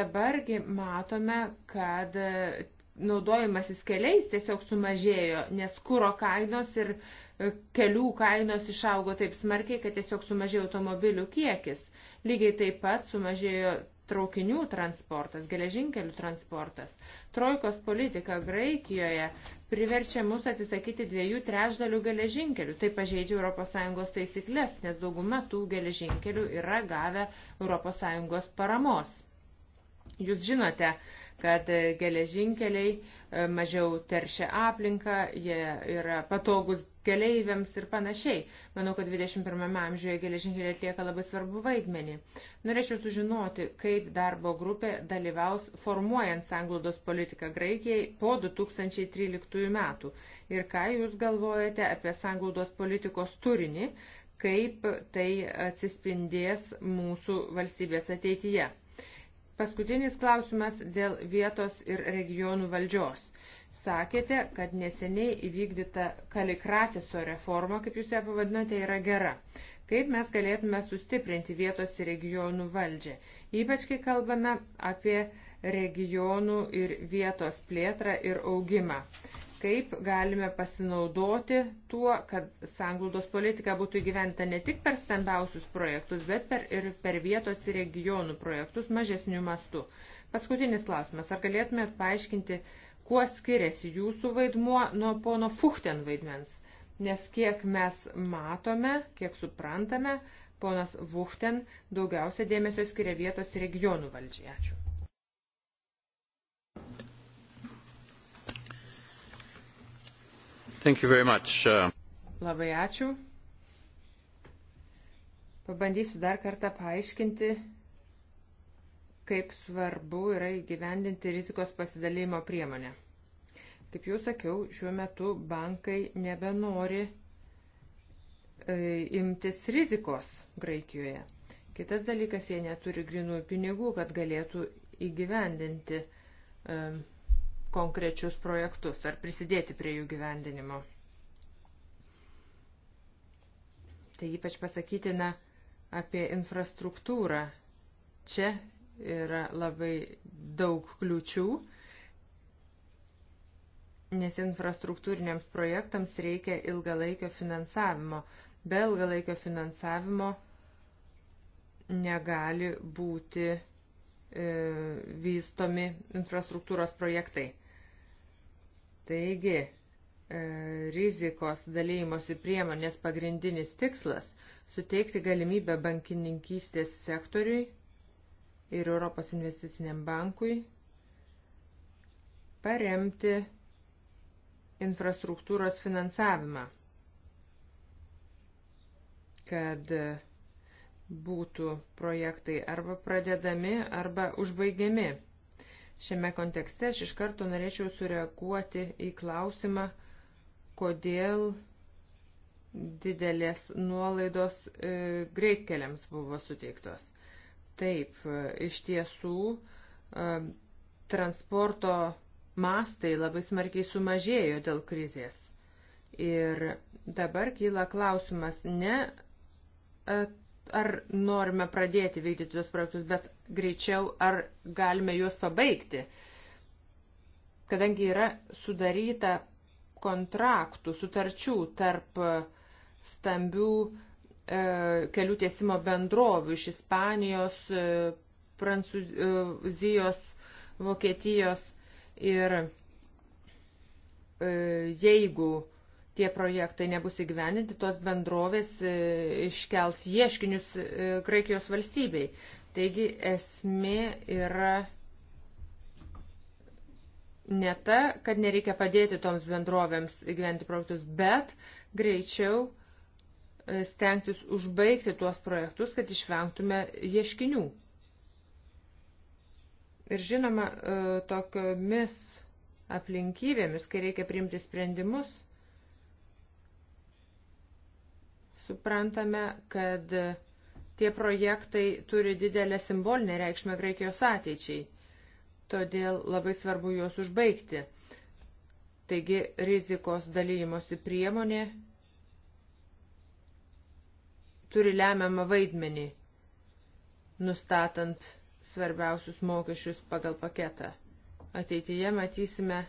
Dabargi matome, kad e, naudojimasis keliais tiesiog sumažėjo, nes kūro kainos ir e, kelių kainos išaugo taip smarkiai, kad tiesiog sumažėjo automobilių kiekis. Lygiai taip pat sumažėjo traukinių transportas, geležinkelių transportas. Trojkos politika Graikijoje priverčia mus atsisakyti dviejų trešdalių geležinkelių. Tai pažeidžia ES taisyklės, nes dauguma tų geležinkelių yra gavę ES paramos. Jūs žinote, kad geležinkeliai e, mažiau teršia aplinką, jie yra patogus keleiviams ir panašiai. Manau, kad 21 amžiuje geležinkeliai atlieka labai svarbu vaidmenį. Norėčiau sužinoti, kaip darbo grupė dalyvaus formuojant sanglaudos politiką Graikijai po 2013 metų ir ką jūs galvojate apie sanglaudos politikos turinį, kaip tai atsispindės mūsų valstybės ateityje. Paskutinis klausimas dėl vietos ir regionų valdžios. Sakėte, kad neseniai įvykdyta Kalikratiso reforma, kaip jūs ją pavadinote, yra gera. Kaip mes galėtume sustiprinti vietos ir regionų valdžią, ypač kai kalbame apie regionų ir vietos plėtrą ir augimą kaip galime pasinaudoti tuo, kad sanglaudos politika būtų įgyventa ne tik per stambiausius projektus, bet per, ir per vietos ir regionų projektus mažesnių mastų. Paskutinis klausimas. Ar galėtumėt paaiškinti, kuo skiriasi jūsų vaidmuo nuo pono Fuchten vaidmens? Nes kiek mes matome, kiek suprantame, ponas Vuchten daugiausia dėmesio skiria vietos regionų valdžiai. Ačiū. Thank you very much. Uh, Labai ačiū. Pabandysiu dar kartą paaiškinti, kaip svarbu yra įgyvendinti rizikos pasidalymo priemonę. Kaip jau sakiau, šiuo metu bankai nebenori e, imtis rizikos Graikijoje. Kitas dalykas, jie neturi grinųjų pinigų, kad galėtų įgyvendinti e, konkrečius projektus ar prisidėti prie jų gyvendinimo. Tai ypač pasakytina apie infrastruktūrą. Čia yra labai daug kliučių, nes infrastruktūriniams projektams reikia ilgalaikio finansavimo. Be ilgalaikio finansavimo negali būti E, vystomi infrastruktūros projektai. Taigi, e, rizikos dalymosi priemonės pagrindinis tikslas - suteikti galimybę bankininkystės sektoriui ir Europos investiciniam bankui paremti infrastruktūros finansavimą, kad būtų projektai arba pradedami, arba užbaigiami. Šiame kontekste aš iš karto norėčiau sureaguoti į klausimą, kodėl didelės nuolaidos e, greitkeliams buvo suteiktos. Taip, e, iš tiesų e, transporto mastai labai smarkiai sumažėjo dėl krizės. Ir dabar kyla klausimas ne at, e, ar norime pradėti vykdyti tuos projektus, bet greičiau ar galime juos pabaigti. Kadangi yra sudaryta kontraktų, sutarčių tarp stambių e, kelių tiesimo bendrovių iš Ispanijos, e, Prancūzijos, e, Vokietijos ir e, jeigu e, tie projektai nebus įgyvendinti, tos bendrovės e, iškels ieškinius e, Graikijos valstybei. Taigi esmė yra ne ta, kad nereikia padėti toms bendrovėms įgyventi projektus, bet greičiau e, stengtis užbaigti tuos projektus, kad išvengtume ieškinių. Ir žinoma, tokiomis aplinkybėmis, kai reikia priimti sprendimus, Suprantame, kad tie projektai turi didelę simbolinę reikšmę Graikijos ateičiai. Todėl labai svarbu juos užbaigti. Taigi rizikos dalymosi priemonė turi lemiamą vaidmenį, nustatant svarbiausius mokesčius pagal paketą. Ateityje matysime,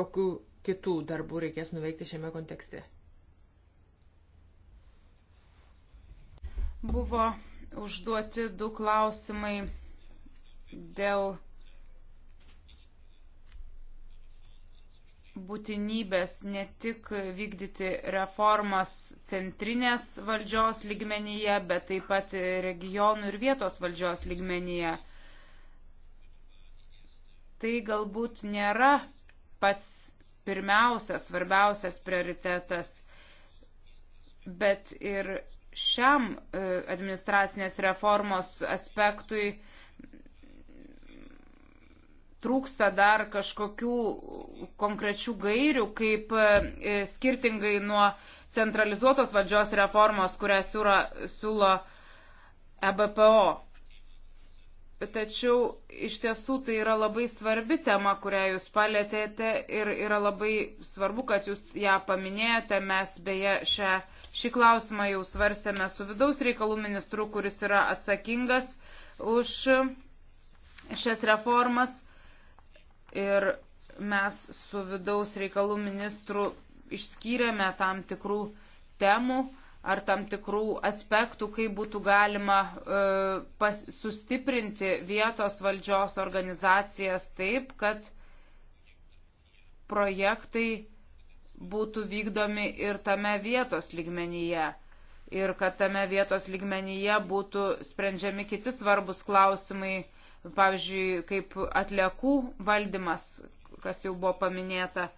kokiu kitų darbų reikės nuveikti šiame kontekste. Buvo užduoti du klausimai dėl būtinybės ne tik vykdyti reformas centrinės valdžios lygmenyje, bet taip pat regionų ir vietos valdžios lygmenyje. Tai galbūt nėra pats pirmiausias, svarbiausias prioritetas, bet ir šiam e, administracinės reformos aspektui trūksta dar kažkokių konkrečių gairių, kaip e, skirtingai nuo centralizuotos valdžios reformos, kurią siūlo EBPO. Tačiau iš tiesų tai yra labai svarbi tema, kurią jūs palėtėte ir yra labai svarbu, kad jūs ją paminėjote. Mes beje šią, šį klausimą jau svarstėme su vidaus reikalų ministru, kuris yra atsakingas už šias reformas. Ir mes su vidaus reikalų ministru išskyrėme tam tikrų temų ar tam tikrų aspektų, kaip būtų galima e, pas, sustiprinti vietos valdžios organizacijas taip, kad projektai būtų vykdomi ir tame vietos lygmenyje. Ir kad tame vietos lygmenyje būtų sprendžiami kiti svarbus klausimai, pavyzdžiui, kaip atliekų valdymas, kas jau buvo paminėta.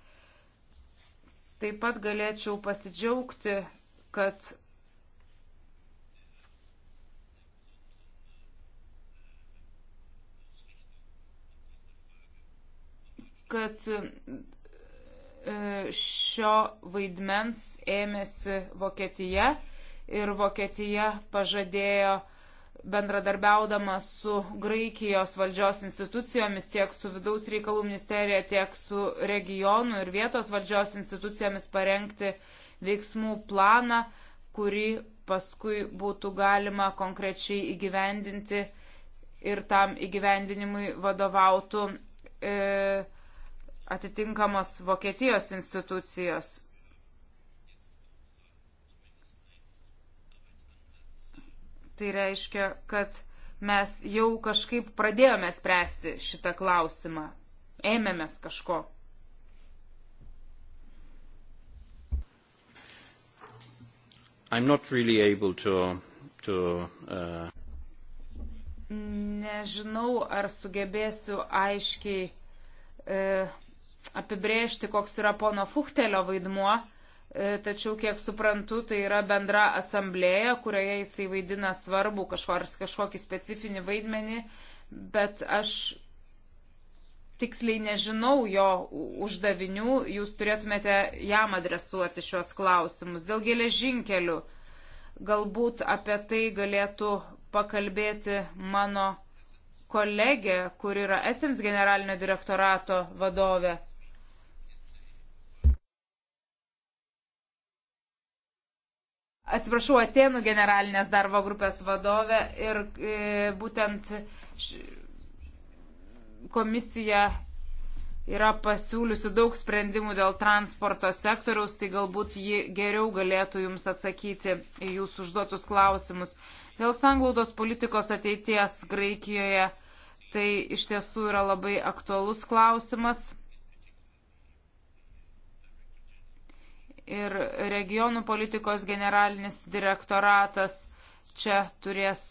Taip pat galėčiau pasidžiaugti kad kad e, šio vaidmens ėmėsi Vokietija ir Vokietija pažadėjo bendradarbiaudama su Graikijos valdžios institucijomis, tiek su vidaus reikalų ministerija, tiek su regionų ir vietos valdžios institucijomis parengti uh, veiksmų planą, kurį paskui būtų galima konkrečiai įgyvendinti ir tam įgyvendinimui vadovautų e, atitinkamos Vokietijos institucijos. Tai reiškia, kad mes jau kažkaip pradėjome spręsti šitą klausimą, ėmėmės kažko. I'm not really able to, to uh... Nežinau, ar sugebėsiu aiškiai e, apibrėžti, koks yra pono Fuchtelio vaidmuo, e, tačiau, kiek suprantu, tai yra bendra asamblėja, kurioje jisai vaidina svarbu kažkokį, kažkokį specifinį vaidmenį, bet aš tiksliai nežinau jo uždavinių, jūs turėtumėte jam adresuoti šios klausimus. Dėl geležinkelių galbūt apie tai galėtų pakalbėti mano kolegė, kur yra Esens generalinio direktorato vadovė. Atsiprašau, Atenų generalinės darbo grupės vadovė ir e, būtent š, komisija yra pasiūliusi daug sprendimų dėl transporto sektoriaus, tai galbūt ji geriau galėtų Jums atsakyti į Jūsų užduotus klausimus. Dėl sanglaudos politikos ateities Graikijoje tai iš tiesų yra labai aktualus klausimas. Ir regionų politikos generalinis direktoratas čia turės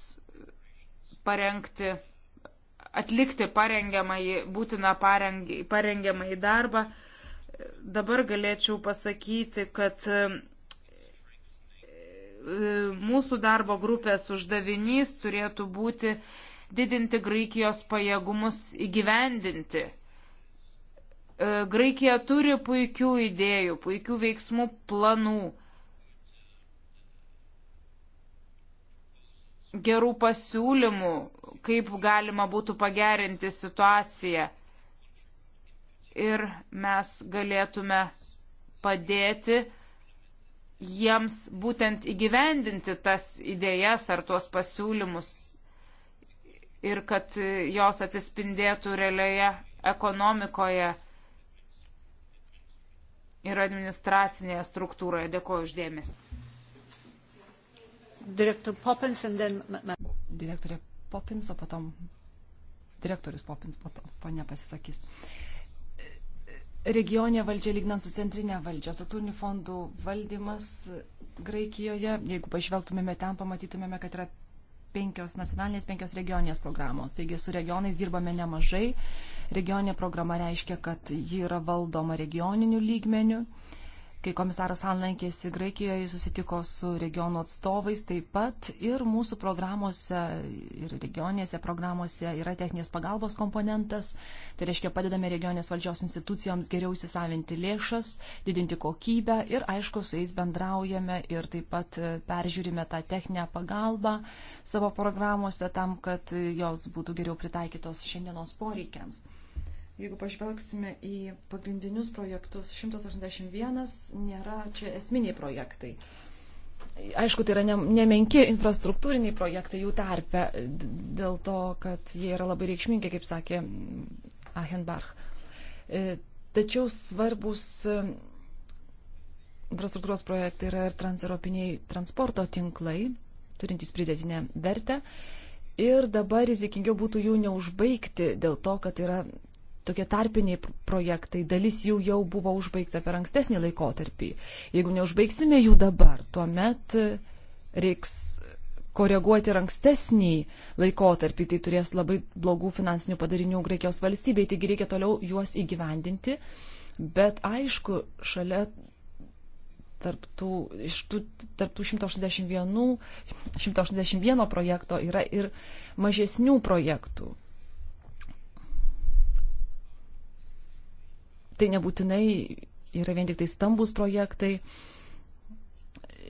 parengti atlikti parengiamąjį, būtiną parengiamąjį darbą. Dabar galėčiau pasakyti, kad e, mūsų darbo grupės uždavinys turėtų būti didinti Graikijos pajėgumus įgyvendinti. E, Graikija turi puikių idėjų, puikių veiksmų planų gerų pasiūlymų, kaip galima būtų pagerinti situaciją. Ir mes galėtume padėti jiems būtent įgyvendinti tas idėjas ar tuos pasiūlymus ir kad jos atsispindėtų realioje ekonomikoje ir administracinėje struktūroje. Dėkuoju uždėmesi. Direktor Poppins and then... Direktorė Poppins, o potom direktorius Poppins, po to ponia pasisakys. Regionė valdžia lygnant su centrinė valdžia, statūrinių fondų valdymas Graikijoje, jeigu pažvelgtumėme ten, pamatytumėme, kad yra penkios nacionalinės, penkios regioninės programos. Taigi su regionais dirbame nemažai. Regioninė programa reiškia, kad ji yra valdoma regioniniu lygmeniu. Uh, Kai komisaras Han lankėsi Graikijoje, jis susitiko su regiono atstovais taip pat ir mūsų programuose ir regioninėse programuose yra techninės pagalbos komponentas. Tai reiškia, padedame regioninės valdžios institucijoms geriau įsisavinti lėšas, didinti kokybę ir aišku, su jais bendraujame ir taip pat e, peržiūrime tą techninę pagalbą savo programuose tam, kad jos būtų geriau pritaikytos šiandienos poreikiams. Jeigu pažvelgsime į pagrindinius projektus, 181 nėra čia esminiai projektai. Aišku, tai yra ne, nemenki infrastruktūriniai projektai jų tarpe, dėl to, kad jie yra labai reikšmingi, kaip sakė Achenbach. E, tačiau svarbus e, infrastruktūros projektai yra ir transeuropiniai transporto tinklai, turintys pridėtinę vertę. Ir dabar rizikingiau būtų jų neužbaigti dėl to, kad yra tokie tarpiniai projektai, dalis jų jau buvo užbaigta per ankstesnį laikotarpį. Jeigu neužbaigsime jų dabar, tuomet e, reiks koreguoti ir ankstesnį laikotarpį, tai turės labai blogų finansinių padarinių Graikijos valstybei, taigi reikia toliau juos įgyvendinti. Bet aišku, šalia tarptų, iš tų, tarptų 181, 181 projekto yra ir mažesnių projektų tai nebūtinai yra vien tik tai stambus projektai.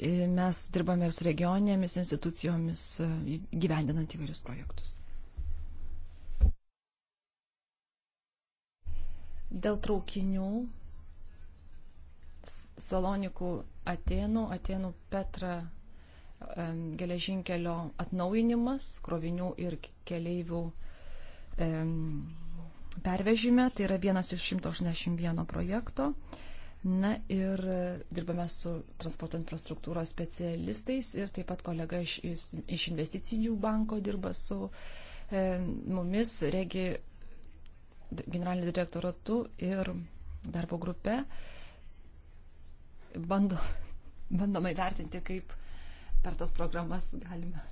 E, mes dirbame ir su regioninėmis institucijomis e, gyvendinant įvairius projektus. Dėl traukinių Salonikų Atenų, Atenų Petra e, geležinkelio atnaujinimas, krovinių ir keleivių pervežime, tai yra vienas iš 181 projekto. Na ir e, dirbame su transporto infrastruktūros specialistais ir taip pat kolega iš, iš investicijų banko dirba su e, mumis, regi generaliniu direktoratu ir darbo grupe. Bando, bandoma įvertinti, kaip per tas programas galime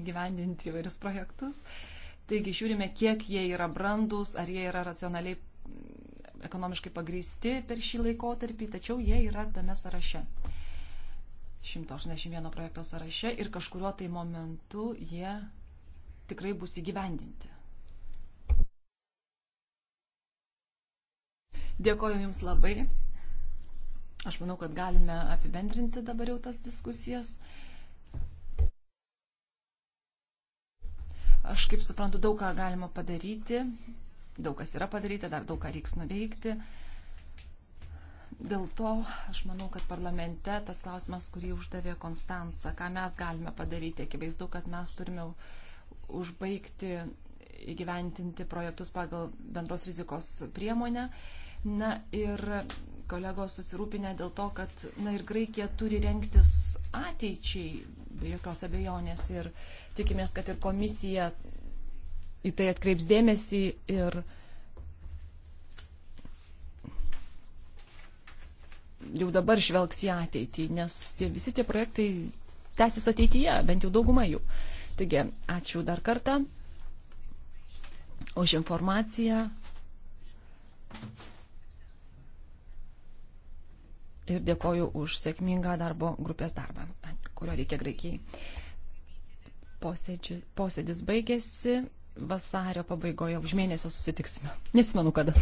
įgyvendinti įvairius projektus. E, Taigi žiūrime, kiek jie yra brandus, ar jie yra racionaliai mm, ekonomiškai pagrysti per šį laikotarpį, tačiau jie yra tame sąraše. 181 projekto sąraše ir kažkurio tai momentu jie tikrai bus įgyvendinti. Dėkoju Jums labai. Aš manau, kad galime apibendrinti dabar jau tas diskusijas. Aš kaip suprantu, daug ką galima padaryti, daug kas yra padaryta, dar daug ką reiks nuveikti. Dėl to aš manau, kad parlamente tas klausimas, kurį uždavė Konstanca, ką mes galime padaryti, akivaizdu, kad mes turime užbaigti įgyventinti projektus pagal bendros rizikos priemonę. Na ir kolegos susirūpinę dėl to, kad na, ir Graikija turi renktis ateičiai, be jokios abejonės ir tikimės, kad ir komisija į tai atkreips dėmesį ir jau dabar žvelgs į ateitį, nes tie, visi tie projektai tęsis ateityje, bent jau dauguma jų. Taigi, ačiū dar kartą už informaciją ir dėkoju už sėkmingą darbo grupės darbą, kurio reikia Graikijai. Posėdži, posėdis baigėsi, vasario pabaigoje už mėnesio susitiksime. Neatsimenu kada.